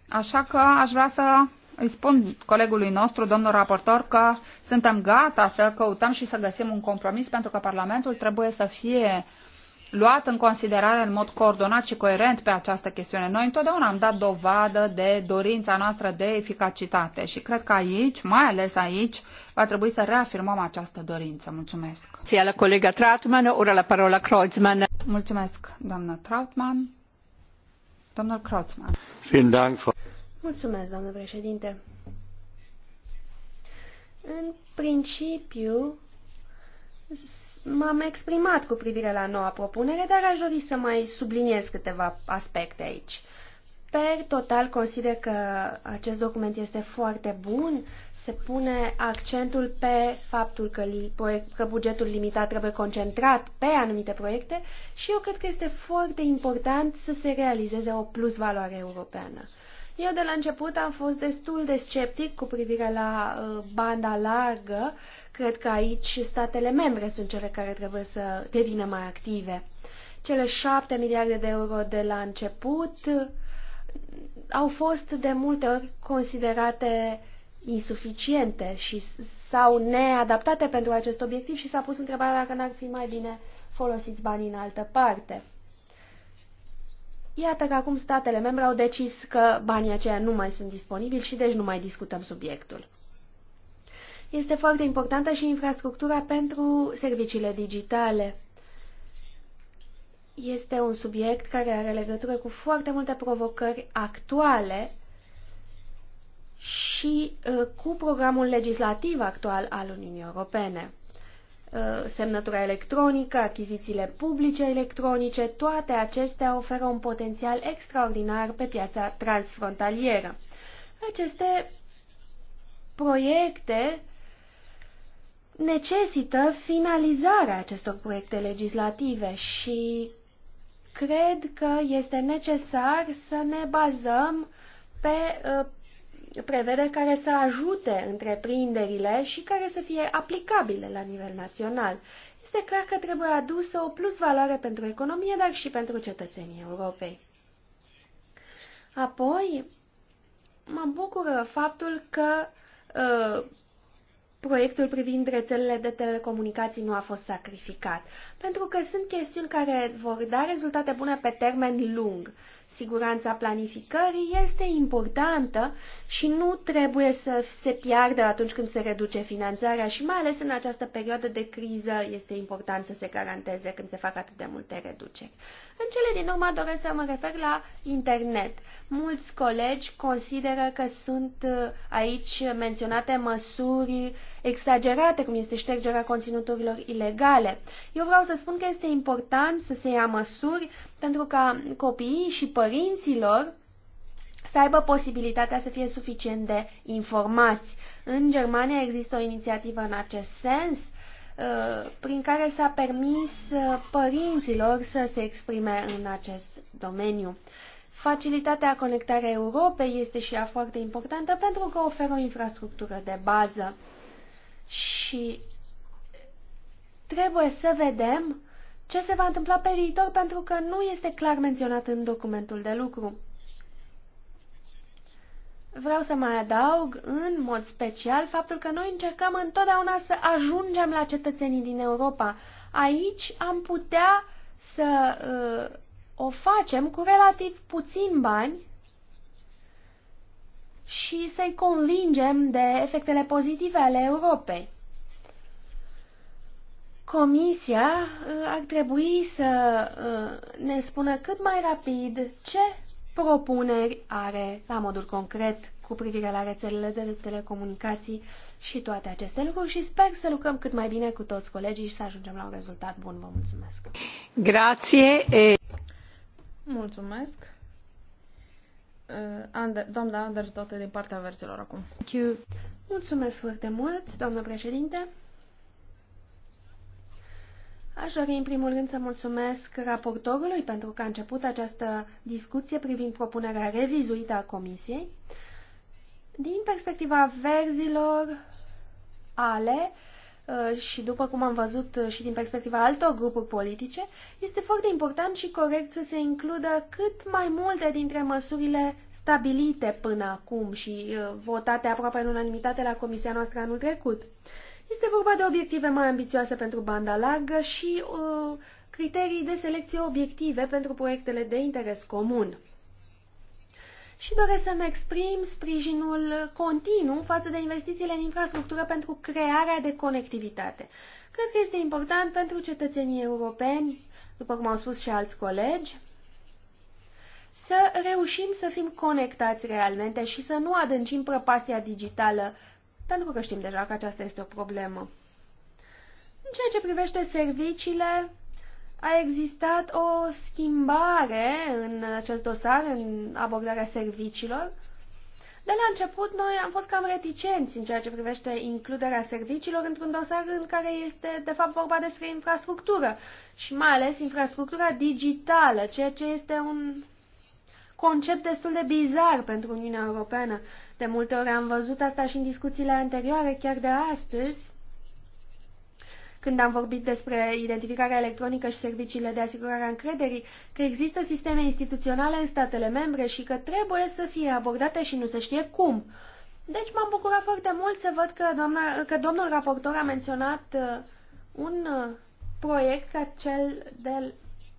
Așa că aș vrea să îi spun colegului nostru, domnul raportor, că suntem gata să căutăm și să găsim un compromis, pentru că Parlamentul trebuie să fie uh, luat în considerare în mod coordonat și coerent pe această chestiune. Noi întotdeauna am dat dovadă de dorința noastră de eficacitate și cred că aici, mai ales aici, va trebui să reafirmăm această dorință. Mulțumesc. la colega Trautmann, ora la parola Kreuzmann. Mulțumesc, doamna Trautmann. Domnul Kreuzmann. Mulțumesc, doamnă președinte. În principiu, M-am exprimat cu privire la noua propunere, dar aș dori să mai subliniez câteva aspecte aici. Per total, consider că acest document este foarte bun. Se pune accentul pe faptul că, că bugetul limitat trebuie concentrat pe anumite proiecte și eu cred că este foarte important să se realizeze o plusvaloare europeană. Eu de la început am fost destul de sceptic cu privire la uh, banda largă. Cred că aici statele membre sunt cele care trebuie să devină mai active. Cele șapte miliarde de euro de la început uh, au fost de multe ori considerate insuficiente și sau neadaptate pentru acest obiectiv și s-a pus întrebarea dacă n-ar fi mai bine folosiți banii în altă parte. Iată că acum statele membre au decis că banii aceia nu mai sunt disponibili și deci nu mai discutăm subiectul. Este foarte importantă și infrastructura pentru serviciile digitale. Este un subiect care are legătură cu foarte multe provocări actuale și uh, cu programul legislativ actual al Uniunii Europene. Uh, semnătura electronică, achizițiile publice electronice, toate acestea oferă un potențial extraordinar pe piața transfrontalieră. Aceste proiecte necesită finalizarea acestor proiecte legislative și cred că este necesar să ne bazăm pe uh, prevederi care să ajute întreprinderile și care să fie aplicabile la nivel național. Este clar că trebuie adusă o plus valoare pentru economie, dar și pentru cetățenii Europei. Apoi, mă bucură faptul că uh, proiectul privind rețelele de telecomunicații nu a fost sacrificat, pentru că sunt chestiuni care vor da rezultate bune pe termen lung Siguranța planificării este importantă și nu trebuie să se piardă atunci când se reduce finanțarea și mai ales în această perioadă de criză este important să se garanteze când se fac atât de multe reduceri. În cele din urmă doresc să mă refer la internet. Mulți colegi consideră că sunt uh, aici menționate măsuri exagerate, cum este ștergerea conținuturilor ilegale. Eu vreau să spun că este important să se ia măsuri pentru ca copiii și părinților să aibă posibilitatea să fie suficient de informați. În Germania există o inițiativă în acest sens uh, prin care s-a permis uh, părinților să se exprime în acest domeniu. Facilitatea conectarea Europei este și ea foarte importantă pentru că oferă o infrastructură de bază. Și trebuie să vedem ce se va întâmpla pe viitor pentru că nu este clar menționat în documentul de lucru. Vreau să mai adaug, în mod special, faptul că noi încercăm întotdeauna să ajungem la cetățenii din Europa. Aici am putea să uh, o facem cu relativ puțin bani și să-i convingem de efectele pozitive ale Europei. Comisia uh, ar trebui să uh, ne spună cât mai rapid ce propuneri are la modul concret cu privire la rețelele de telecomunicații și toate aceste lucruri și sper să lucrăm cât mai bine cu toți colegii și să ajungem la un rezultat bun. Vă mulțumesc! Grație! Mulțumesc! Uh, Ander, doamna Anders, toate din partea verzilor acum. Mulțumesc foarte mult, doamnă președinte! Aș dori în primul rând să mulțumesc raportorului pentru că a început această discuție privind propunerea revizuită a Comisiei. Din perspectiva verzilor ale uh, și după cum am văzut uh, și din perspectiva altor grupuri politice, este foarte important și corect să se includă cât mai multe dintre măsurile stabilite până acum și uh, votate aproape în unanimitate la Comisia noastră anul trecut. Este vorba de obiective mai ambițioase pentru banda largă și uh, criterii de selecție obiective pentru proiectele de interes comun. Și doresc să-mi exprim sprijinul continuu față de investițiile în infrastructură pentru crearea de conectivitate. Cred că este important pentru cetățenii europeni, după cum au spus și alți colegi, să reușim să fim conectați realmente și să nu adâncim prăpastia digitală uh, pentru că știm deja că aceasta este o problemă. În ceea ce privește serviciile, a existat o schimbare în acest dosar, în abordarea serviciilor. De la început, noi am fost cam reticenți în ceea ce privește includerea serviciilor într-un dosar în care este, de fapt, vorba despre infrastructură și mai ales infrastructura digitală, ceea ce este un concept destul de bizar pentru Uniunea Europeană. De multe ori am văzut asta și în discuțiile anterioare, chiar de astăzi, când am vorbit despre identificarea electronică și serviciile de asigurare a încrederii, că există sisteme instituționale în statele membre și că trebuie să fie abordate și nu se știe cum. Deci m-am bucurat foarte mult să văd că, doamna, că domnul raportor a menționat uh, un uh, proiect ca cel de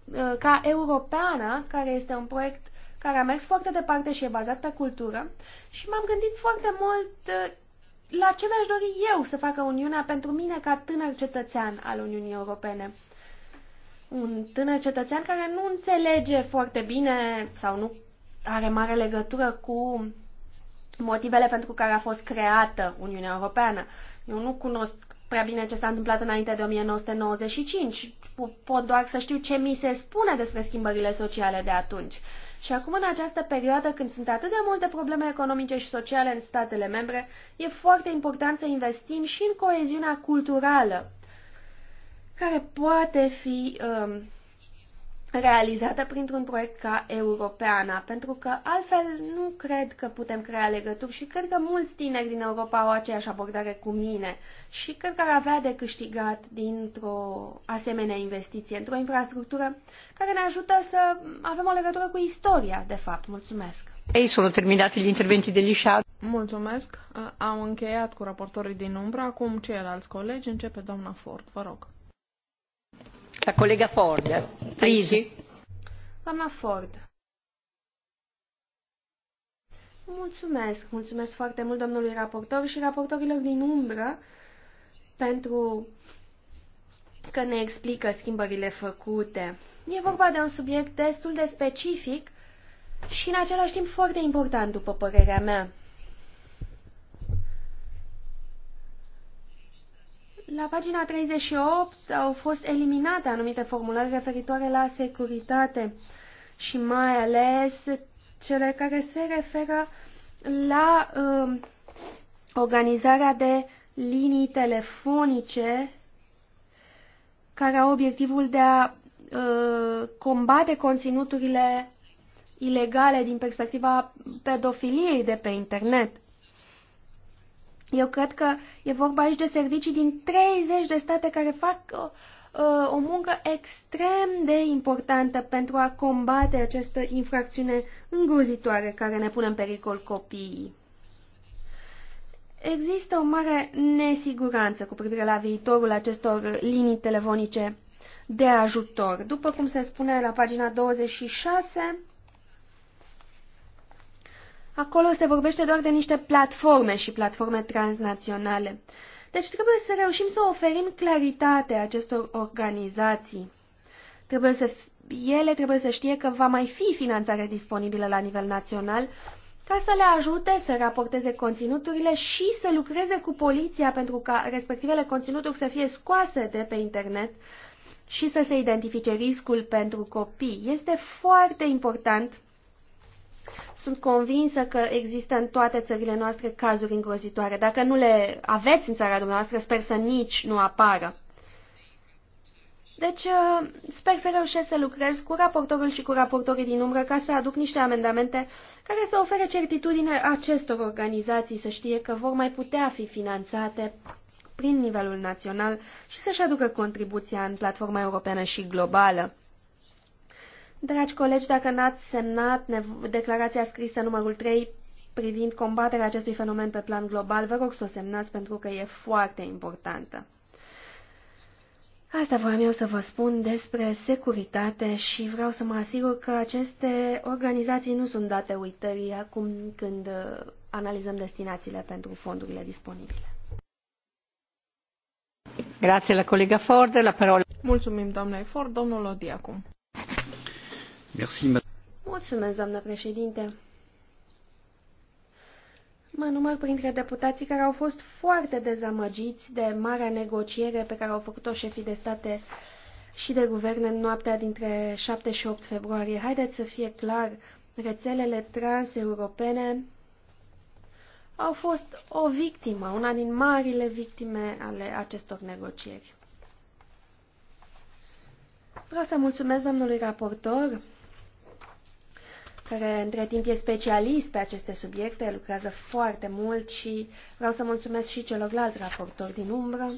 uh, ca Europeana, care este un proiect care a mers foarte departe și e bazat pe cultură și m-am gândit foarte mult uh, la ce mi-aș dori eu să facă Uniunea pentru mine ca tânăr cetățean al Uniunii Europene. Un tânăr cetățean care nu înțelege foarte bine sau nu are mare legătură cu motivele pentru care a fost creată Uniunea Europeană. Eu nu cunosc prea bine ce s-a întâmplat înainte de 1995. Pot doar să știu ce mi se spune despre schimbările sociale de atunci. Și acum, în această perioadă, când sunt atât de multe probleme economice și sociale în statele membre, e foarte important să investim și în coeziunea culturală, care poate fi uh, realizată printr-un proiect ca Europeana, pentru că altfel nu cred că putem crea legături și cred că mulți tineri din Europa au aceeași abordare cu mine și cred că ar avea de câștigat dintr-o asemenea investiție, într-o infrastructură care ne ajută să avem o legătură cu istoria, de fapt. Mulțumesc! Ei, sunt terminati gli interventi degli shadow. Mulțumesc! Am încheiat cu raportorii din umbră. Acum ceilalți colegi. Începe doamna Ford. Vă rog. La colega Doamna Ford. Mulțumesc, mulțumesc foarte mult domnului raportor și raportorilor din umbră pentru că ne explică schimbările făcute. E vorba de un subiect destul de specific și în același timp foarte important, după părerea mea. La pagina 38 au fost eliminate anumite formulări referitoare la securitate și mai ales cele care se referă la uh, organizarea de linii telefonice care au obiectivul de a uh, combate conținuturile ilegale din perspectiva pedofiliei de pe internet. Eu cred că e vorba aici de servicii din 30 de state care fac o, uh, o muncă extrem de importantă pentru a combate această infracțiune îngrozitoare care ne pune în pericol copiii. Există o mare nesiguranță cu privire la viitorul acestor linii telefonice de ajutor. După cum se spune la pagina 26, Acolo se vorbește doar de niște platforme și platforme transnaționale. Deci trebuie să reușim să oferim claritate acestor organizații. Trebuie să, ele trebuie să știe că va mai fi finanțare disponibilă la nivel național ca să le ajute să raporteze conținuturile și să lucreze cu poliția pentru ca respectivele conținuturi să fie scoase de pe internet și să se identifice riscul pentru copii. Este foarte important sunt convinsă că există în toate țările noastre cazuri îngrozitoare. Dacă nu le aveți în țara dumneavoastră, sper să nici nu apară. Deci uh, sper să reușesc să lucrez cu raportorul și cu raportorii din umbră ca să aduc niște amendamente care să ofere certitudine acestor organizații să știe că vor mai putea fi finanțate prin nivelul național și să-și aducă contribuția în platforma europeană și globală. Dragi colegi, dacă n-ați semnat declarația scrisă numărul 3 privind combaterea acestui fenomen pe plan global, vă rog să o semnați pentru că e foarte importantă. Asta voiam eu să vă spun despre securitate și vreau să mă asigur că aceste organizații nu sunt date uitării acum când uh, analizăm destinațiile pentru fondurile disponibile. Grazie la colega Ford, la parola. Mulțumim domnule Ford, domnul Odi acum. Mulțumesc, doamnă președinte. Mă număr printre deputații care au fost foarte dezamăgiți de marea negociere pe care au făcut-o șefii de state și de guverne în noaptea dintre 7 și 8 februarie. Haideți să fie clar, rețelele transeuropene au fost o victimă, una din marile victime ale acestor negocieri. Vreau să mulțumesc domnului raportor care între timp e specialist pe aceste subiecte, lucrează foarte mult și vreau să mulțumesc și celorlalți raportori din umbră.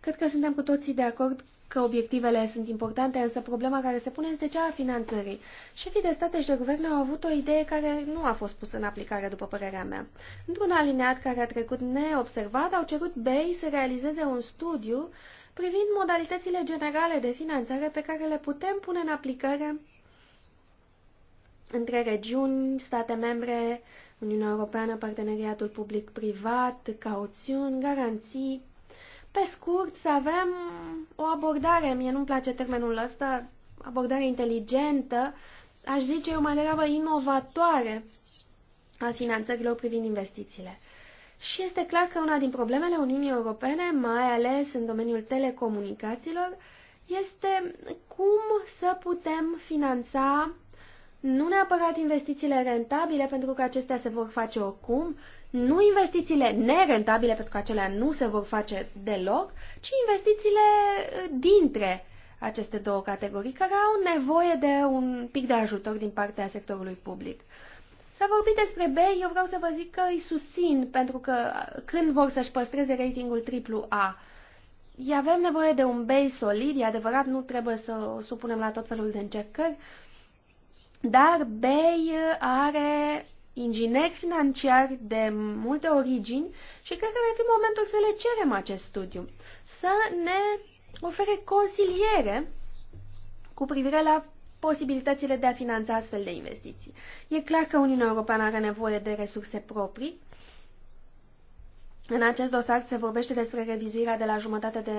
Cred că suntem cu toții de acord că obiectivele sunt importante, însă problema care se pune este cea a finanțării. Șefii de state și de guvern au avut o idee care nu a fost pusă în aplicare, după părerea mea. Într-un alineat care a trecut neobservat, au cerut BEI să realizeze un studiu privind modalitățile generale de finanțare pe care le putem pune în aplicare între regiuni, state membre, Uniunea Europeană, parteneriatul public-privat, cauțiuni, garanții. Pe scurt, să avem o abordare, mie nu-mi place termenul ăsta, abordare inteligentă, aș zice eu mai degrabă inovatoare a finanțărilor privind investițiile. Și este clar că una din problemele Uniunii Europene, mai ales în domeniul telecomunicațiilor, este cum să putem finanța nu neapărat investițiile rentabile, pentru că acestea se vor face oricum, nu investițiile nerentabile, pentru că acelea nu se vor face deloc, ci investițiile eh, dintre aceste două categorii, care au nevoie de un pic de ajutor din partea sectorului public. S-a vorbit despre B, eu vreau să vă zic că îi susțin, pentru că eh, când vor să-și păstreze ratingul triplu A, avem nevoie de un B solid, e adevărat, nu trebuie să o supunem la tot felul de încercări, dar Bay are ingineri financiari de multe origini și cred că ar fi momentul să le cerem acest studiu, să ne ofere consiliere cu privire la posibilitățile de a finanța astfel de investiții. E clar că Uniunea Europeană are nevoie de resurse proprii în acest dosar se vorbește despre revizuirea de la jumătate de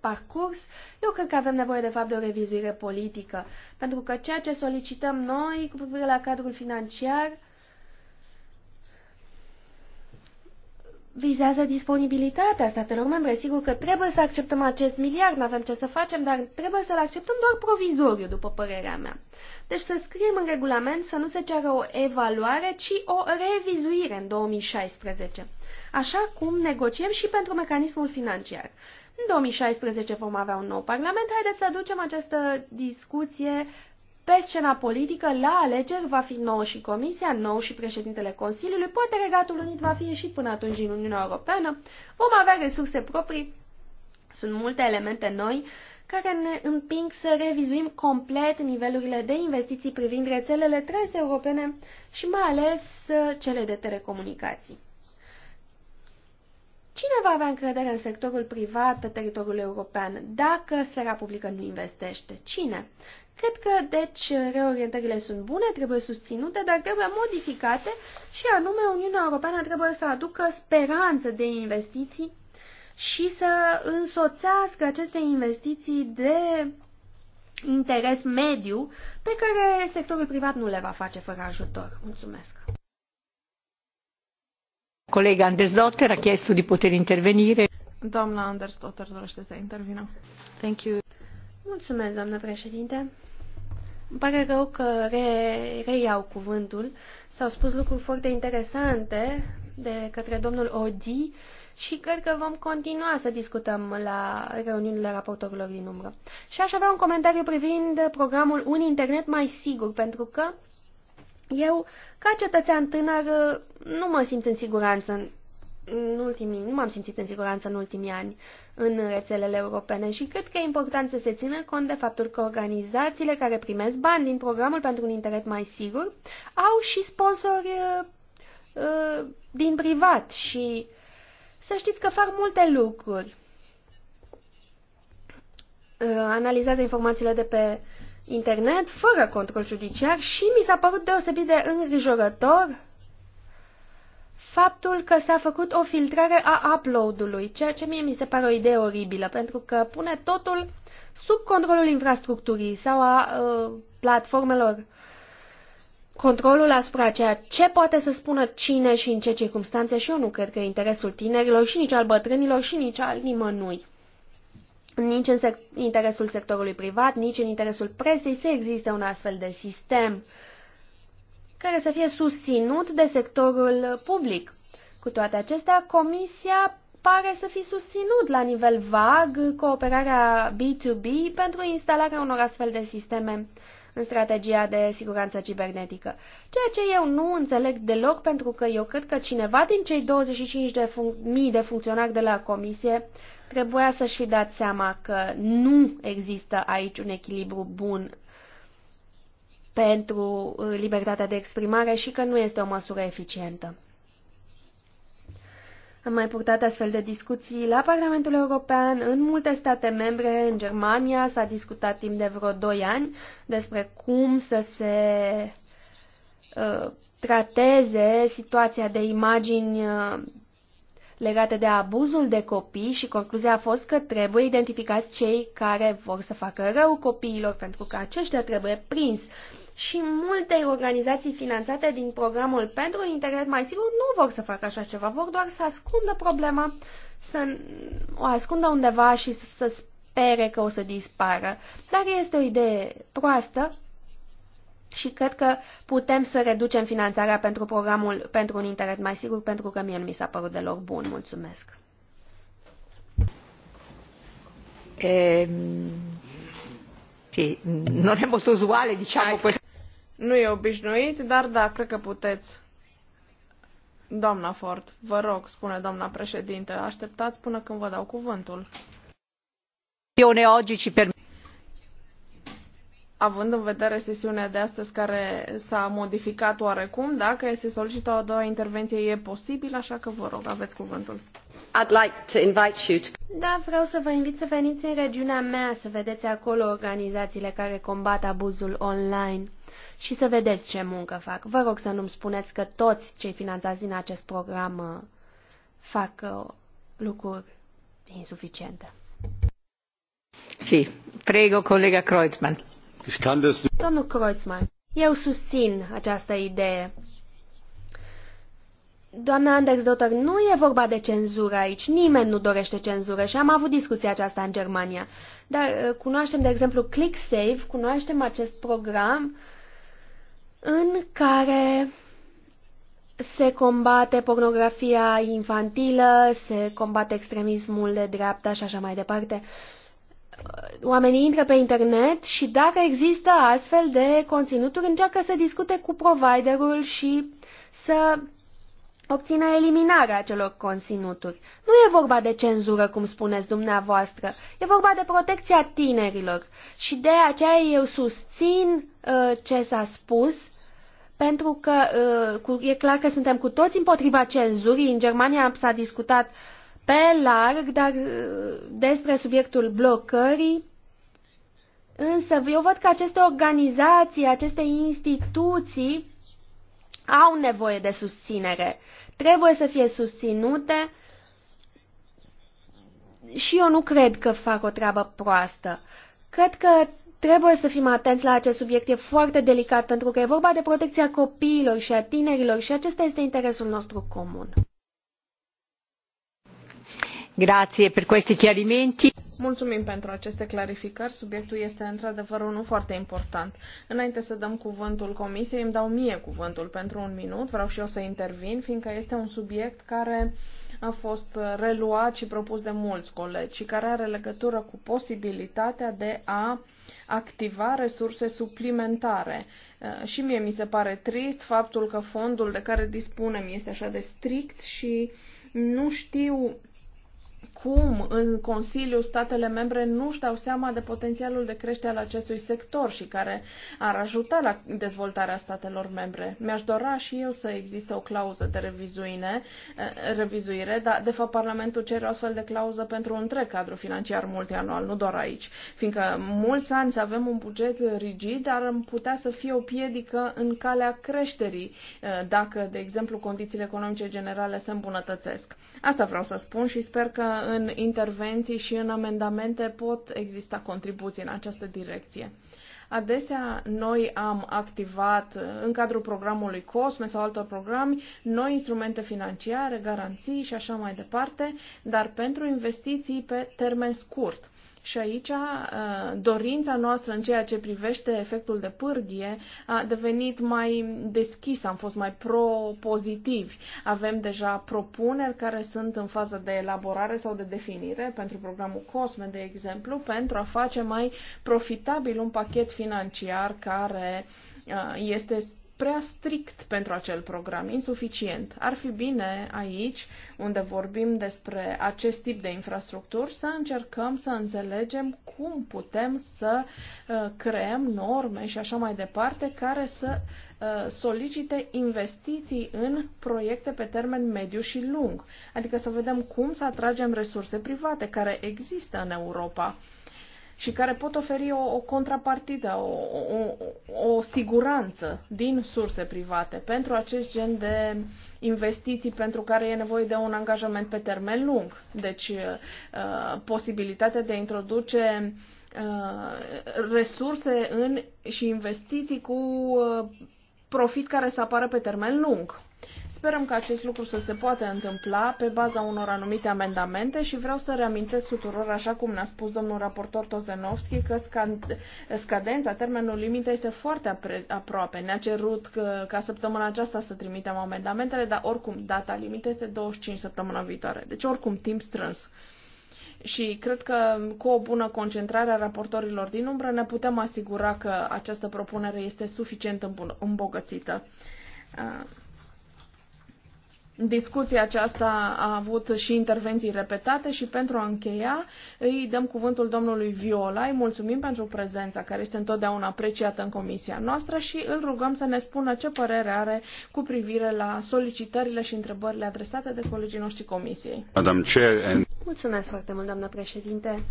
parcurs. Eu cred că avem nevoie, de fapt, de o revizuire politică, pentru că ceea ce solicităm noi cu privire la cadrul financiar vizează disponibilitatea statelor membre. Sigur că trebuie să acceptăm acest miliard, nu avem ce să facem, dar trebuie să-l acceptăm doar provizoriu, după părerea mea. Deci să scriem în regulament să nu se ceară o evaluare, ci o revizuire în 2016 așa cum negociem și pentru mecanismul financiar. În 2016 vom avea un nou parlament, haideți să aducem această discuție pe scena politică, la alegeri va fi nou și Comisia, nou și președintele Consiliului, poate Regatul Unit va fi ieșit până atunci din Uniunea Europeană, vom avea resurse proprii, sunt multe elemente noi care ne împing să revizuim complet nivelurile de investiții privind rețelele transeuropene și mai ales cele de telecomunicații. Cine va avea încredere în sectorul privat pe teritoriul european dacă sfera publică nu investește? Cine? Cred că, deci, reorientările sunt bune, trebuie susținute, dar trebuie modificate și anume Uniunea Europeană trebuie să aducă speranță de investiții și să însoțească aceste investiții de interes mediu pe care sectorul privat nu le va face fără ajutor. Mulțumesc! Colega Andersdotter a chiesto di poter intervenire. Doamna Andersdotter dorește să intervină. Thank you. Mulțumesc, doamnă președinte. Îmi pare rău că re, reiau cuvântul. S-au spus lucruri foarte interesante de către domnul Odi și cred că vom continua să discutăm la reuniunile raportorilor din umbră. Și aș avea un comentariu privind programul Un Internet mai sigur, pentru că eu, ca cetățean tânăr, nu mă simt în siguranță în, în ultimii, nu m-am simțit în siguranță în ultimii ani în rețelele europene și cred că e important să se țină cont de faptul că organizațiile care primesc bani din programul pentru un internet mai sigur au și sponsori uh, uh, din privat și să știți că fac multe lucruri. Uh, analizează informațiile de pe internet fără control judiciar și mi s-a părut deosebit de îngrijorător faptul că s-a făcut o filtrare a upload-ului, ceea ce mie mi se pare o idee oribilă, pentru că pune totul sub controlul infrastructurii sau a uh, platformelor controlul asupra ceea ce poate să spună cine și în ce circunstanțe și eu nu cred că interesul tinerilor și nici al bătrânilor și nici al nimănui nici în sec interesul sectorului privat, nici în interesul presei să existe un astfel de sistem care să fie susținut de sectorul public. Cu toate acestea, Comisia pare să fi susținut la nivel vag cooperarea B2B pentru instalarea unor astfel de sisteme în strategia de siguranță cibernetică. Ceea ce eu nu înțeleg deloc, pentru că eu cred că cineva din cei 25.000 de, func- de funcționari de la Comisie Trebuia să-și fi dat seama că nu există aici un echilibru bun pentru uh, libertatea de exprimare și că nu este o măsură eficientă. Am mai purtat astfel de discuții la Parlamentul European, în multe state membre, în Germania s-a discutat timp de vreo 2 ani despre cum să se uh, trateze situația de imagini uh, legate de abuzul de copii și concluzia a fost că trebuie identificați cei care vor să facă rău copiilor, pentru că aceștia trebuie prins. Și multe organizații finanțate din programul pentru internet mai sigur nu vor să facă așa ceva, vor doar să ascundă problema, să o ascundă undeva și să, să spere că o să dispară. Dar este o idee proastă și cred că putem să reducem finanțarea pentru programul pentru un internet mai sigur, pentru că mie nu mi s-a părut deloc bun. Mulțumesc. E, ehm, sì, non è molto usuale, diciamo, questo. Nu e obișnuit, dar da, cred că puteți. Doamna Ford, vă rog, spune doamna președinte, așteptați până când vă dau cuvântul. oggi ci având în vedere sesiunea de astăzi care s-a modificat oarecum, dacă se solicită o a doua intervenție, e posibil, așa că vă rog, aveți cuvântul. I'd like to invite you to... Da, vreau să vă invit să veniți în regiunea mea, să vedeți acolo organizațiile care combat abuzul online și să vedeți ce muncă fac. Vă rog să nu-mi spuneți că toți cei finanțați din acest program uh, fac uh, lucruri insuficiente. Sì, prego, colega Kreuzmann. Domnul Kreuzmann, eu susțin această idee. Doamna Anders Dotter, nu e vorba de cenzură aici. Nimeni nu dorește cenzură și am avut discuția aceasta în Germania. Dar uh, cunoaștem, de exemplu, ClickSave, cunoaștem acest program în care se combate pornografia infantilă, se combate extremismul de dreapta și așa mai departe oamenii intră pe internet și dacă există astfel de conținuturi, încearcă să discute cu providerul și să obțină eliminarea acelor conținuturi. Nu e vorba de cenzură, cum spuneți dumneavoastră, e vorba de protecția tinerilor și de aceea eu susțin uh, ce s-a spus, pentru că uh, cu, e clar că suntem cu toți împotriva cenzurii. În Germania s-a discutat uh, pe larg, dar uh, despre subiectul blocării. Însă eu văd că aceste organizații, aceste instituții au nevoie de susținere. Trebuie să fie susținute și eu nu cred că fac o treabă proastă. Cred că trebuie să fim atenți la acest subiect, e foarte delicat pentru că e vorba de protecția copiilor și a tinerilor și acesta este interesul nostru comun. Grazie per questi chiarimenti. Mulțumim pentru aceste clarificări. Subiectul este într-adevăr unul foarte important. Înainte să dăm cuvântul comisiei, îmi dau mie cuvântul pentru un minut. Vreau și eu să intervin, fiindcă este un subiect care a fost reluat și propus de mulți colegi și care are legătură cu posibilitatea de a activa resurse suplimentare. Uh, și mie mi se pare trist faptul că fondul de care dispunem este așa de strict și nu știu cum în Consiliu statele membre nu își dau seama de potențialul de creștere al acestui sector și care ar ajuta la dezvoltarea statelor membre. Mi-aș dora și eu să existe o clauză de revizuire, eh, revizuire dar de fapt Parlamentul cere o astfel de clauză pentru un întreg cadru financiar multianual, nu doar aici, fiindcă mulți ani să avem un buget rigid, dar am putea să fie o piedică în calea creșterii eh, dacă, de exemplu, condițiile economice generale se îmbunătățesc. Asta vreau să spun și sper că în intervenții și în amendamente pot exista contribuții în această direcție. Adesea noi am activat în cadrul programului COSME sau altor programe noi instrumente financiare, garanții și așa mai departe, dar pentru investiții pe termen scurt. Și aici uh, dorința noastră în ceea ce privește efectul de pârghie a devenit mai deschis am fost mai propozitivi. Avem deja propuneri care sunt în fază de elaborare sau de definire pentru programul COSME, de exemplu, pentru a face mai profitabil un pachet financiar care uh, este prea strict pentru acel program, insuficient. Ar fi bine aici, unde vorbim despre acest tip de infrastructuri, să încercăm să înțelegem cum putem să uh, creăm norme și așa mai departe care să uh, solicite investiții în proiecte pe termen mediu și lung. Adică să vedem cum să atragem resurse private care există în Europa și care pot oferi o, o contrapartidă, o, o, o siguranță din surse private pentru acest gen de investiții pentru care e nevoie de un angajament pe termen lung. Deci, uh, posibilitatea de a introduce uh, resurse în, și investiții cu uh, profit care să apară pe termen lung. Sperăm că acest lucru să se poată întâmpla pe baza unor anumite amendamente și vreau să reamintesc tuturor, așa cum ne-a spus domnul raportor Tozenovski, că scadența, termenul limită este foarte aproape. Ne-a cerut că, ca săptămâna aceasta să trimitem amendamentele, dar oricum data limită este 25 săptămâna viitoare. Deci oricum timp strâns. Și cred că cu o bună concentrare a raportorilor din umbră ne putem asigura că această propunere este suficient îmbogățită. Ah. Discuția aceasta a avut și intervenții repetate și pentru a încheia îi dăm cuvântul domnului Viola. Îi mulțumim pentru prezența care este întotdeauna apreciată în comisia noastră și îl rugăm să ne spună ce părere are cu privire la solicitările și întrebările adresate de colegii noștri comisiei. Madam Chair and... Mulțumesc foarte mult, doamnă președinte,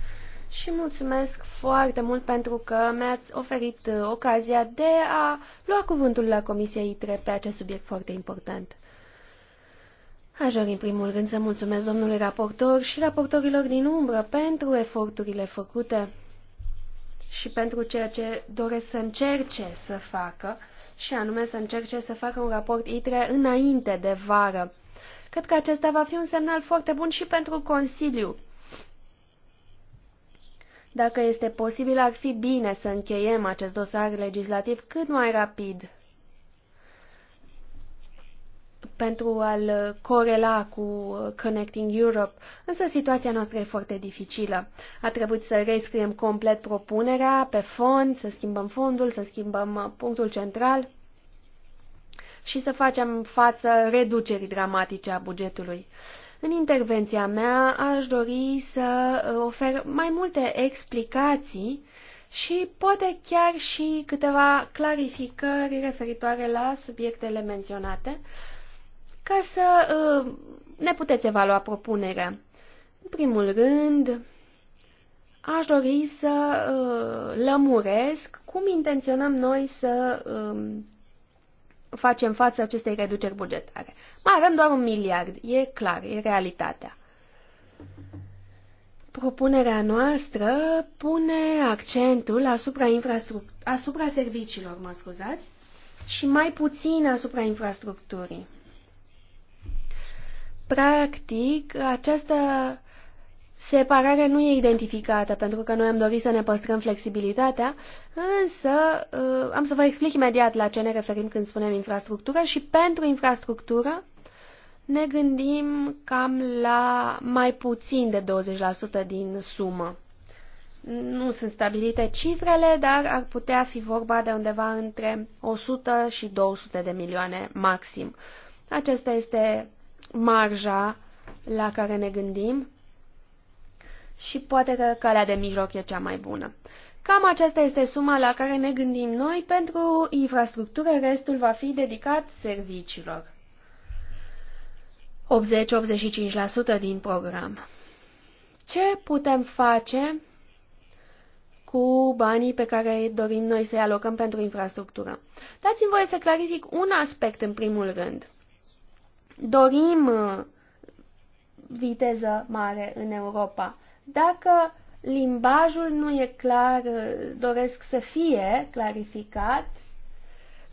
și mulțumesc foarte mult pentru că mi-ați oferit uh, ocazia de a lua cuvântul la Comisia ITRE pe acest subiect foarte important. Aș dori în primul rând să mulțumesc domnului raportor și raportorilor din umbră pentru eforturile făcute și pentru ceea ce doresc să încerce să facă, și anume să încerce să facă un raport ITRE înainte de vară. Cred că acesta va fi un semnal foarte bun și pentru Consiliu. Dacă este posibil, ar fi bine să încheiem acest dosar legislativ cât mai rapid pentru a-l corela cu Connecting Europe, însă situația noastră e foarte dificilă. A trebuit să rescriem complet propunerea pe fond, să schimbăm fondul, să schimbăm uh, punctul central și să facem față reducerii dramatice a bugetului. În intervenția mea aș dori să uh, ofer mai multe explicații și poate chiar și câteva clarificări referitoare la subiectele menționate, ca să uh, ne puteți evalua propunerea. În primul rând, aș dori să uh, lămuresc cum intenționăm noi să uh, facem față acestei reduceri bugetare. Mai avem doar un miliard, e clar, e realitatea. Propunerea noastră pune accentul asupra, asupra serviciilor, mă scuzați, și mai puțin asupra infrastructurii. Practic, această separare nu e identificată, pentru că noi am dorit să ne păstrăm flexibilitatea, însă uh, am să vă explic imediat la ce ne referim când spunem infrastructură și pentru infrastructură ne gândim cam la mai puțin de 20% din sumă. Nu sunt stabilite cifrele, dar ar putea fi vorba de undeva între 100 și 200 de milioane maxim. Acesta este marja la care ne gândim și poate că calea de mijloc e cea mai bună. Cam aceasta este suma la care ne gândim noi pentru infrastructură, restul va fi dedicat serviciilor. 80-85% din program. Ce putem face cu banii pe care dorim noi să-i alocăm pentru infrastructură? Dați-mi voie să clarific un aspect în primul rând dorim uh, viteză mare în Europa. Dacă limbajul nu e clar, uh, doresc să fie clarificat,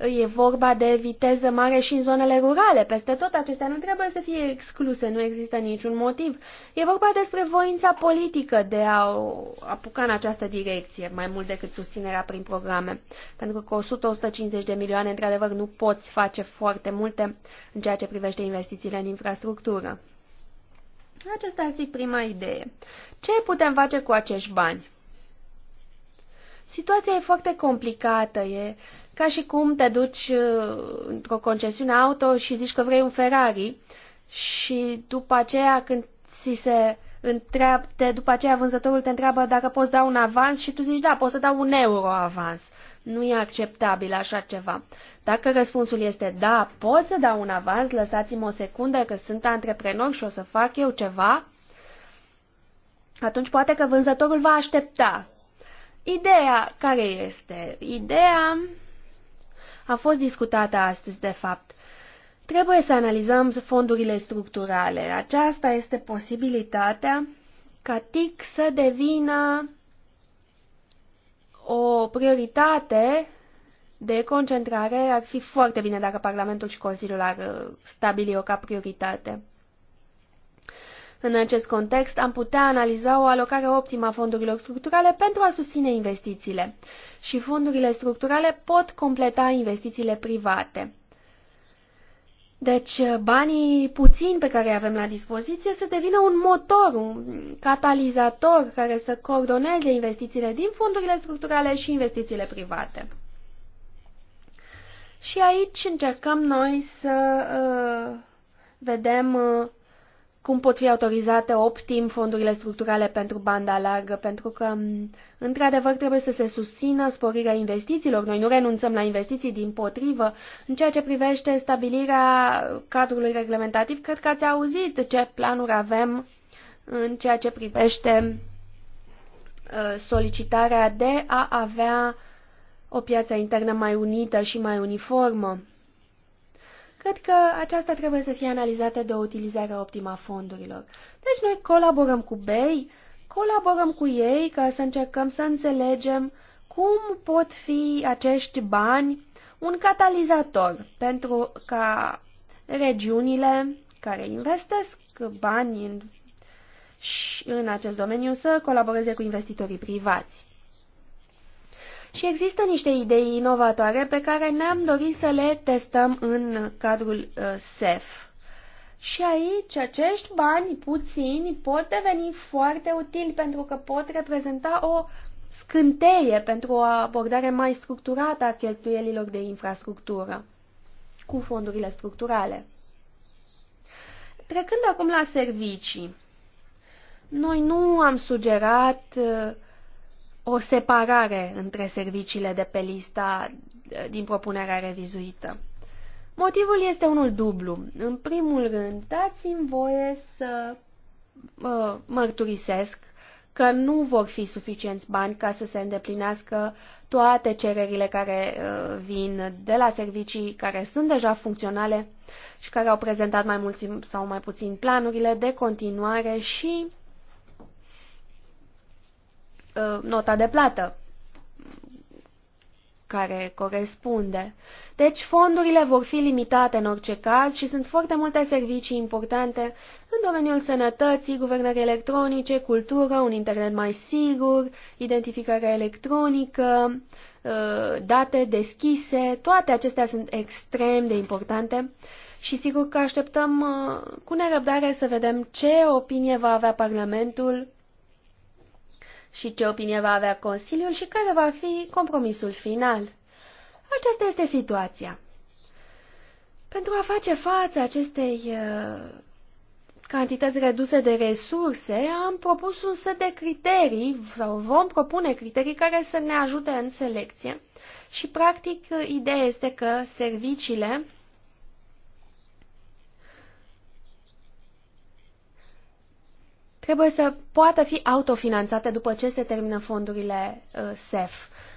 E vorba de viteză mare și în zonele rurale. Peste tot acestea nu trebuie să fie excluse, nu există niciun motiv. E vorba despre voința politică de a apuca în această direcție, mai mult decât susținerea prin programe. Pentru că 100-150 de milioane, într-adevăr, nu poți face foarte multe în ceea ce privește investițiile în infrastructură. Aceasta ar fi prima idee. Ce putem face cu acești bani? Situația e foarte complicată, e ca și cum te duci uh, într-o concesiune auto și zici că vrei un Ferrari și după aceea când ți se întreabă, te, după aceea vânzătorul te întreabă dacă poți da un avans și tu zici da, pot să dau un euro avans. Nu e acceptabil așa ceva. Dacă răspunsul este da, pot să dau un avans, lăsați-mă o secundă că sunt antreprenor și o să fac eu ceva, atunci poate că vânzătorul va aștepta. Ideea care este? Ideea a fost discutată astăzi, de fapt. Trebuie să analizăm fondurile structurale. Aceasta este posibilitatea ca TIC să devină o prioritate de concentrare. Ar fi foarte bine dacă Parlamentul și Consiliul ar stabili-o ca prioritate. În acest context, am putea analiza o alocare optimă a fondurilor structurale pentru a susține investițiile și fondurile structurale pot completa investițiile private. Deci, banii puțini pe care îi avem la dispoziție să devină un motor, un catalizator care să coordoneze investițiile din fondurile structurale și investițiile private. Și aici încercăm noi să uh, vedem uh, cum pot fi autorizate optim fondurile structurale pentru banda largă, pentru că, într-adevăr, trebuie să se susțină sporirea investițiilor. Noi nu renunțăm la investiții, din potrivă. În ceea ce privește stabilirea cadrului reglementativ, cred că ați auzit ce planuri avem în ceea ce privește solicitarea de a avea o piață internă mai unită și mai uniformă. Cred că aceasta trebuie să fie analizată de o utilizare optimă a fondurilor. Deci noi colaborăm cu BEI, colaborăm cu ei ca să încercăm să înțelegem cum pot fi acești bani un catalizator pentru ca regiunile care investesc bani în, și în acest domeniu să colaboreze cu investitorii privați. Și există niște idei inovatoare pe care ne-am dorit să le testăm în cadrul uh, SEF. Și aici acești bani puțini pot deveni foarte utili pentru că pot reprezenta o scânteie pentru o abordare mai structurată a cheltuielilor de infrastructură cu fondurile structurale. Trecând acum la servicii, noi nu am sugerat uh, o separare între serviciile de pe lista eh, din propunerea revizuită. Motivul este unul dublu. În primul rând, dați-mi voie să uh, mărturisesc că nu vor fi suficienți bani ca să se îndeplinească toate cererile care uh, vin de la servicii care sunt deja funcționale și care au prezentat mai mulți sau mai puțin planurile de continuare și Uh, nota de plată care corespunde. Deci fondurile vor fi limitate în orice caz și sunt foarte multe servicii importante în domeniul sănătății, guvernări electronice, cultură, un internet mai sigur, identificarea electronică, uh, date deschise, toate acestea sunt extrem de importante și sigur că așteptăm uh, cu nerăbdare să vedem ce opinie va avea Parlamentul și ce opinie va avea Consiliul și care va fi compromisul final. Aceasta este situația. Pentru a face față acestei uh, cantități reduse de resurse, am propus un set de criterii sau vom propune criterii care să ne ajute în selecție. Și, practic, uh, ideea este că serviciile trebuie să poată fi autofinanțate după ce se termină fondurile uh, SEF.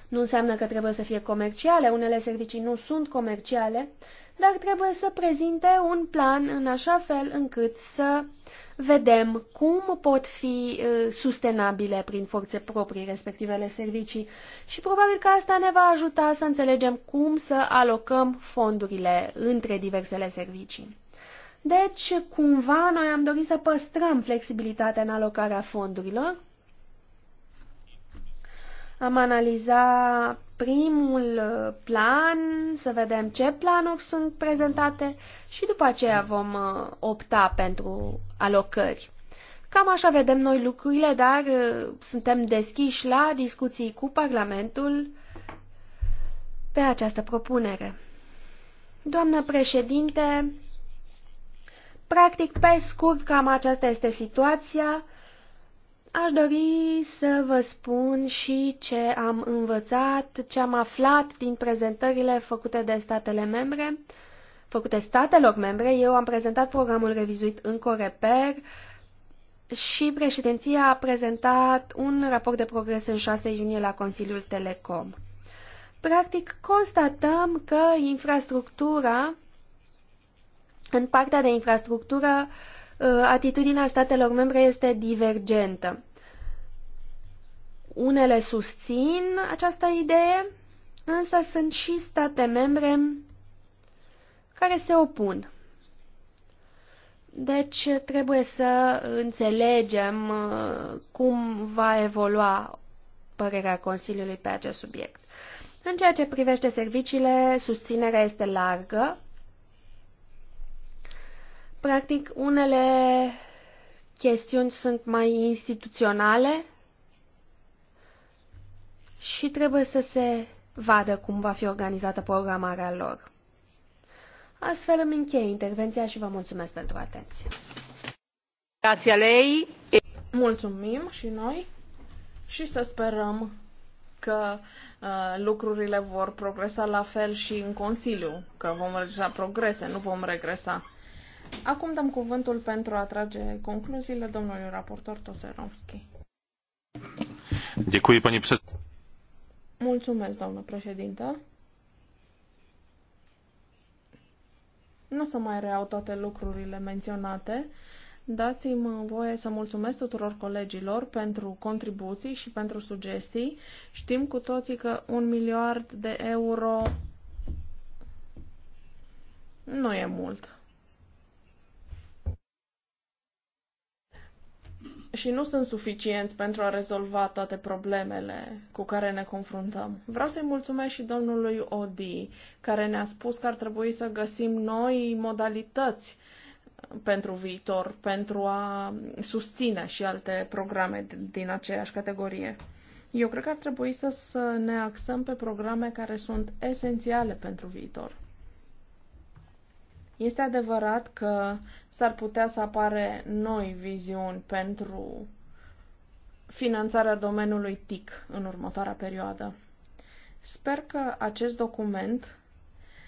Nu înseamnă că trebuie să fie comerciale, unele servicii nu sunt comerciale, dar trebuie să prezinte un plan în așa fel încât să vedem cum pot fi uh, sustenabile prin forțe proprii respectivele servicii și probabil că asta ne va ajuta să înțelegem cum să alocăm fondurile între diversele servicii. Deci, cumva, noi am dorit să păstrăm flexibilitatea în alocarea fondurilor. Am analizat primul uh, plan, să vedem ce planuri sunt prezentate și după aceea vom uh, opta pentru alocări. Cam așa vedem noi lucrurile, dar uh, suntem deschiși la discuții cu Parlamentul pe această propunere. Doamnă președinte, Practic, pe scurt, cam aceasta este situația. Aș dori să vă spun și ce am învățat, ce am aflat din prezentările făcute de statele membre, făcute statelor membre. Eu am prezentat programul revizuit în Coreper și președinția a prezentat un raport de progres în 6 iunie la Consiliul Telecom. Practic, constatăm că infrastructura în partea de infrastructură, uh, atitudinea statelor membre este divergentă. Unele susțin această idee, însă sunt și state membre care se opun. Deci trebuie să înțelegem uh, cum va evolua părerea Consiliului pe acest subiect. În ceea ce privește serviciile, susținerea este largă. Practic, unele chestiuni sunt mai instituționale și trebuie să se vadă cum va fi organizată programarea lor. Astfel îmi încheie intervenția și vă mulțumesc pentru atenție. Grația lei. Mulțumim și noi și să sperăm că uh, lucrurile vor progresa la fel și în Consiliu, că vom regresa progrese, nu vom regresa. Acum dăm cuvântul pentru a trage concluziile domnului raportor Toserovski. Děkuji, paní před... Mulțumesc, doamnă președintă. Nu să mai reau toate lucrurile menționate. Dați-mi voie să mulțumesc tuturor colegilor pentru contribuții și pentru sugestii. Știm cu toții că un miliard de euro nu e mult. și nu sunt suficienți pentru a rezolva toate problemele cu care ne confruntăm. Vreau să-i mulțumesc și domnului Odi, care ne-a spus că ar trebui să găsim noi modalități pentru viitor, pentru a susține și alte programe din aceeași categorie. Eu cred că ar trebui să, ne axăm pe programe care sunt esențiale pentru viitor. Este adevărat că s-ar putea să apare noi viziuni pentru finanțarea domeniului TIC în următoarea perioadă. Sper că acest document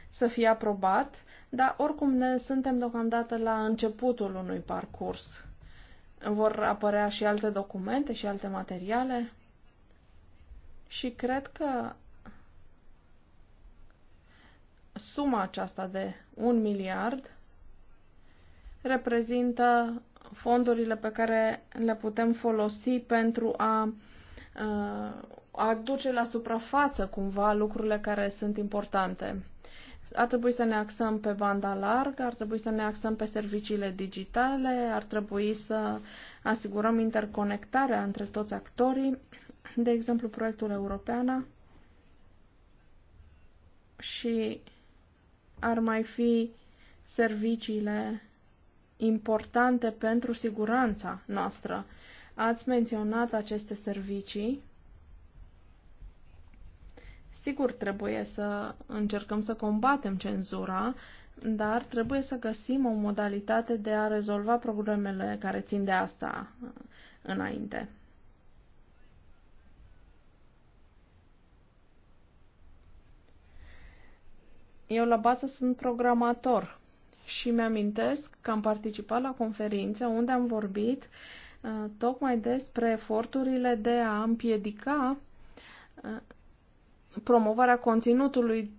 să fie aprobat, dar oricum ne suntem deocamdată la începutul unui parcurs. Vor apărea și alte documente și alte materiale și cred că suma aceasta de 1 miliard reprezintă fondurile pe care le putem folosi pentru a, uh, aduce la suprafață cumva lucrurile care sunt importante. Ar trebui să ne axăm pe banda largă, ar trebui să ne axăm pe serviciile digitale, ar trebui să asigurăm interconectarea între toți actorii, de exemplu proiectul Europeana și ar mai fi serviciile importante pentru siguranța noastră. Ați menționat aceste servicii. Sigur, trebuie să încercăm să combatem cenzura, dar trebuie să găsim o modalitate de a rezolva problemele care țin de asta înainte. Eu la bază sunt programator și mi-amintesc că am participat la conferință, unde am vorbit uh, tocmai despre eforturile de a împiedica uh, promovarea conținutului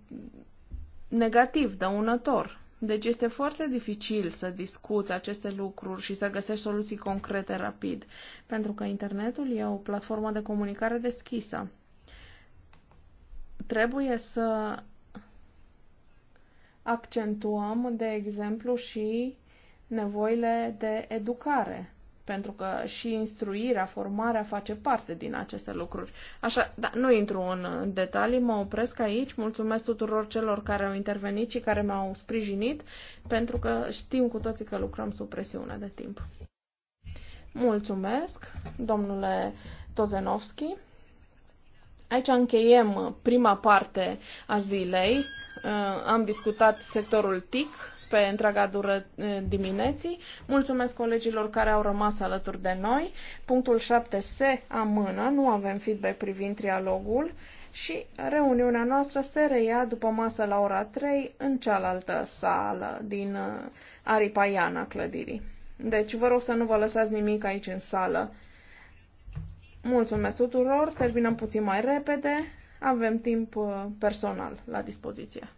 negativ, dăunător. Deci este foarte dificil să discuți aceste lucruri și să găsești soluții concrete rapid, pentru că internetul e o platformă de comunicare deschisă. Trebuie să accentuăm, de exemplu, și nevoile de educare, pentru că și instruirea, formarea face parte din aceste lucruri. Așa, da, nu intru în detalii, mă opresc aici, mulțumesc tuturor celor care au intervenit și care m-au sprijinit, pentru că știm cu toții că lucrăm sub presiune de timp. Mulțumesc, domnule Tozenovski. Aici încheiem uh, prima parte a zilei. Uh, am discutat sectorul TIC pe întreaga dură uh, dimineții. Mulțumesc colegilor care au rămas alături de noi. Punctul 7 se amână, nu avem feedback privind trialogul și reuniunea noastră se reia după masă la ora 3 în cealaltă sală din aripa Iana clădirii. Deci vă rog să nu vă lăsați nimic aici în sală. Mulțumesc tuturor, terminăm puțin mai repede, avem timp uh, personal la dispoziție.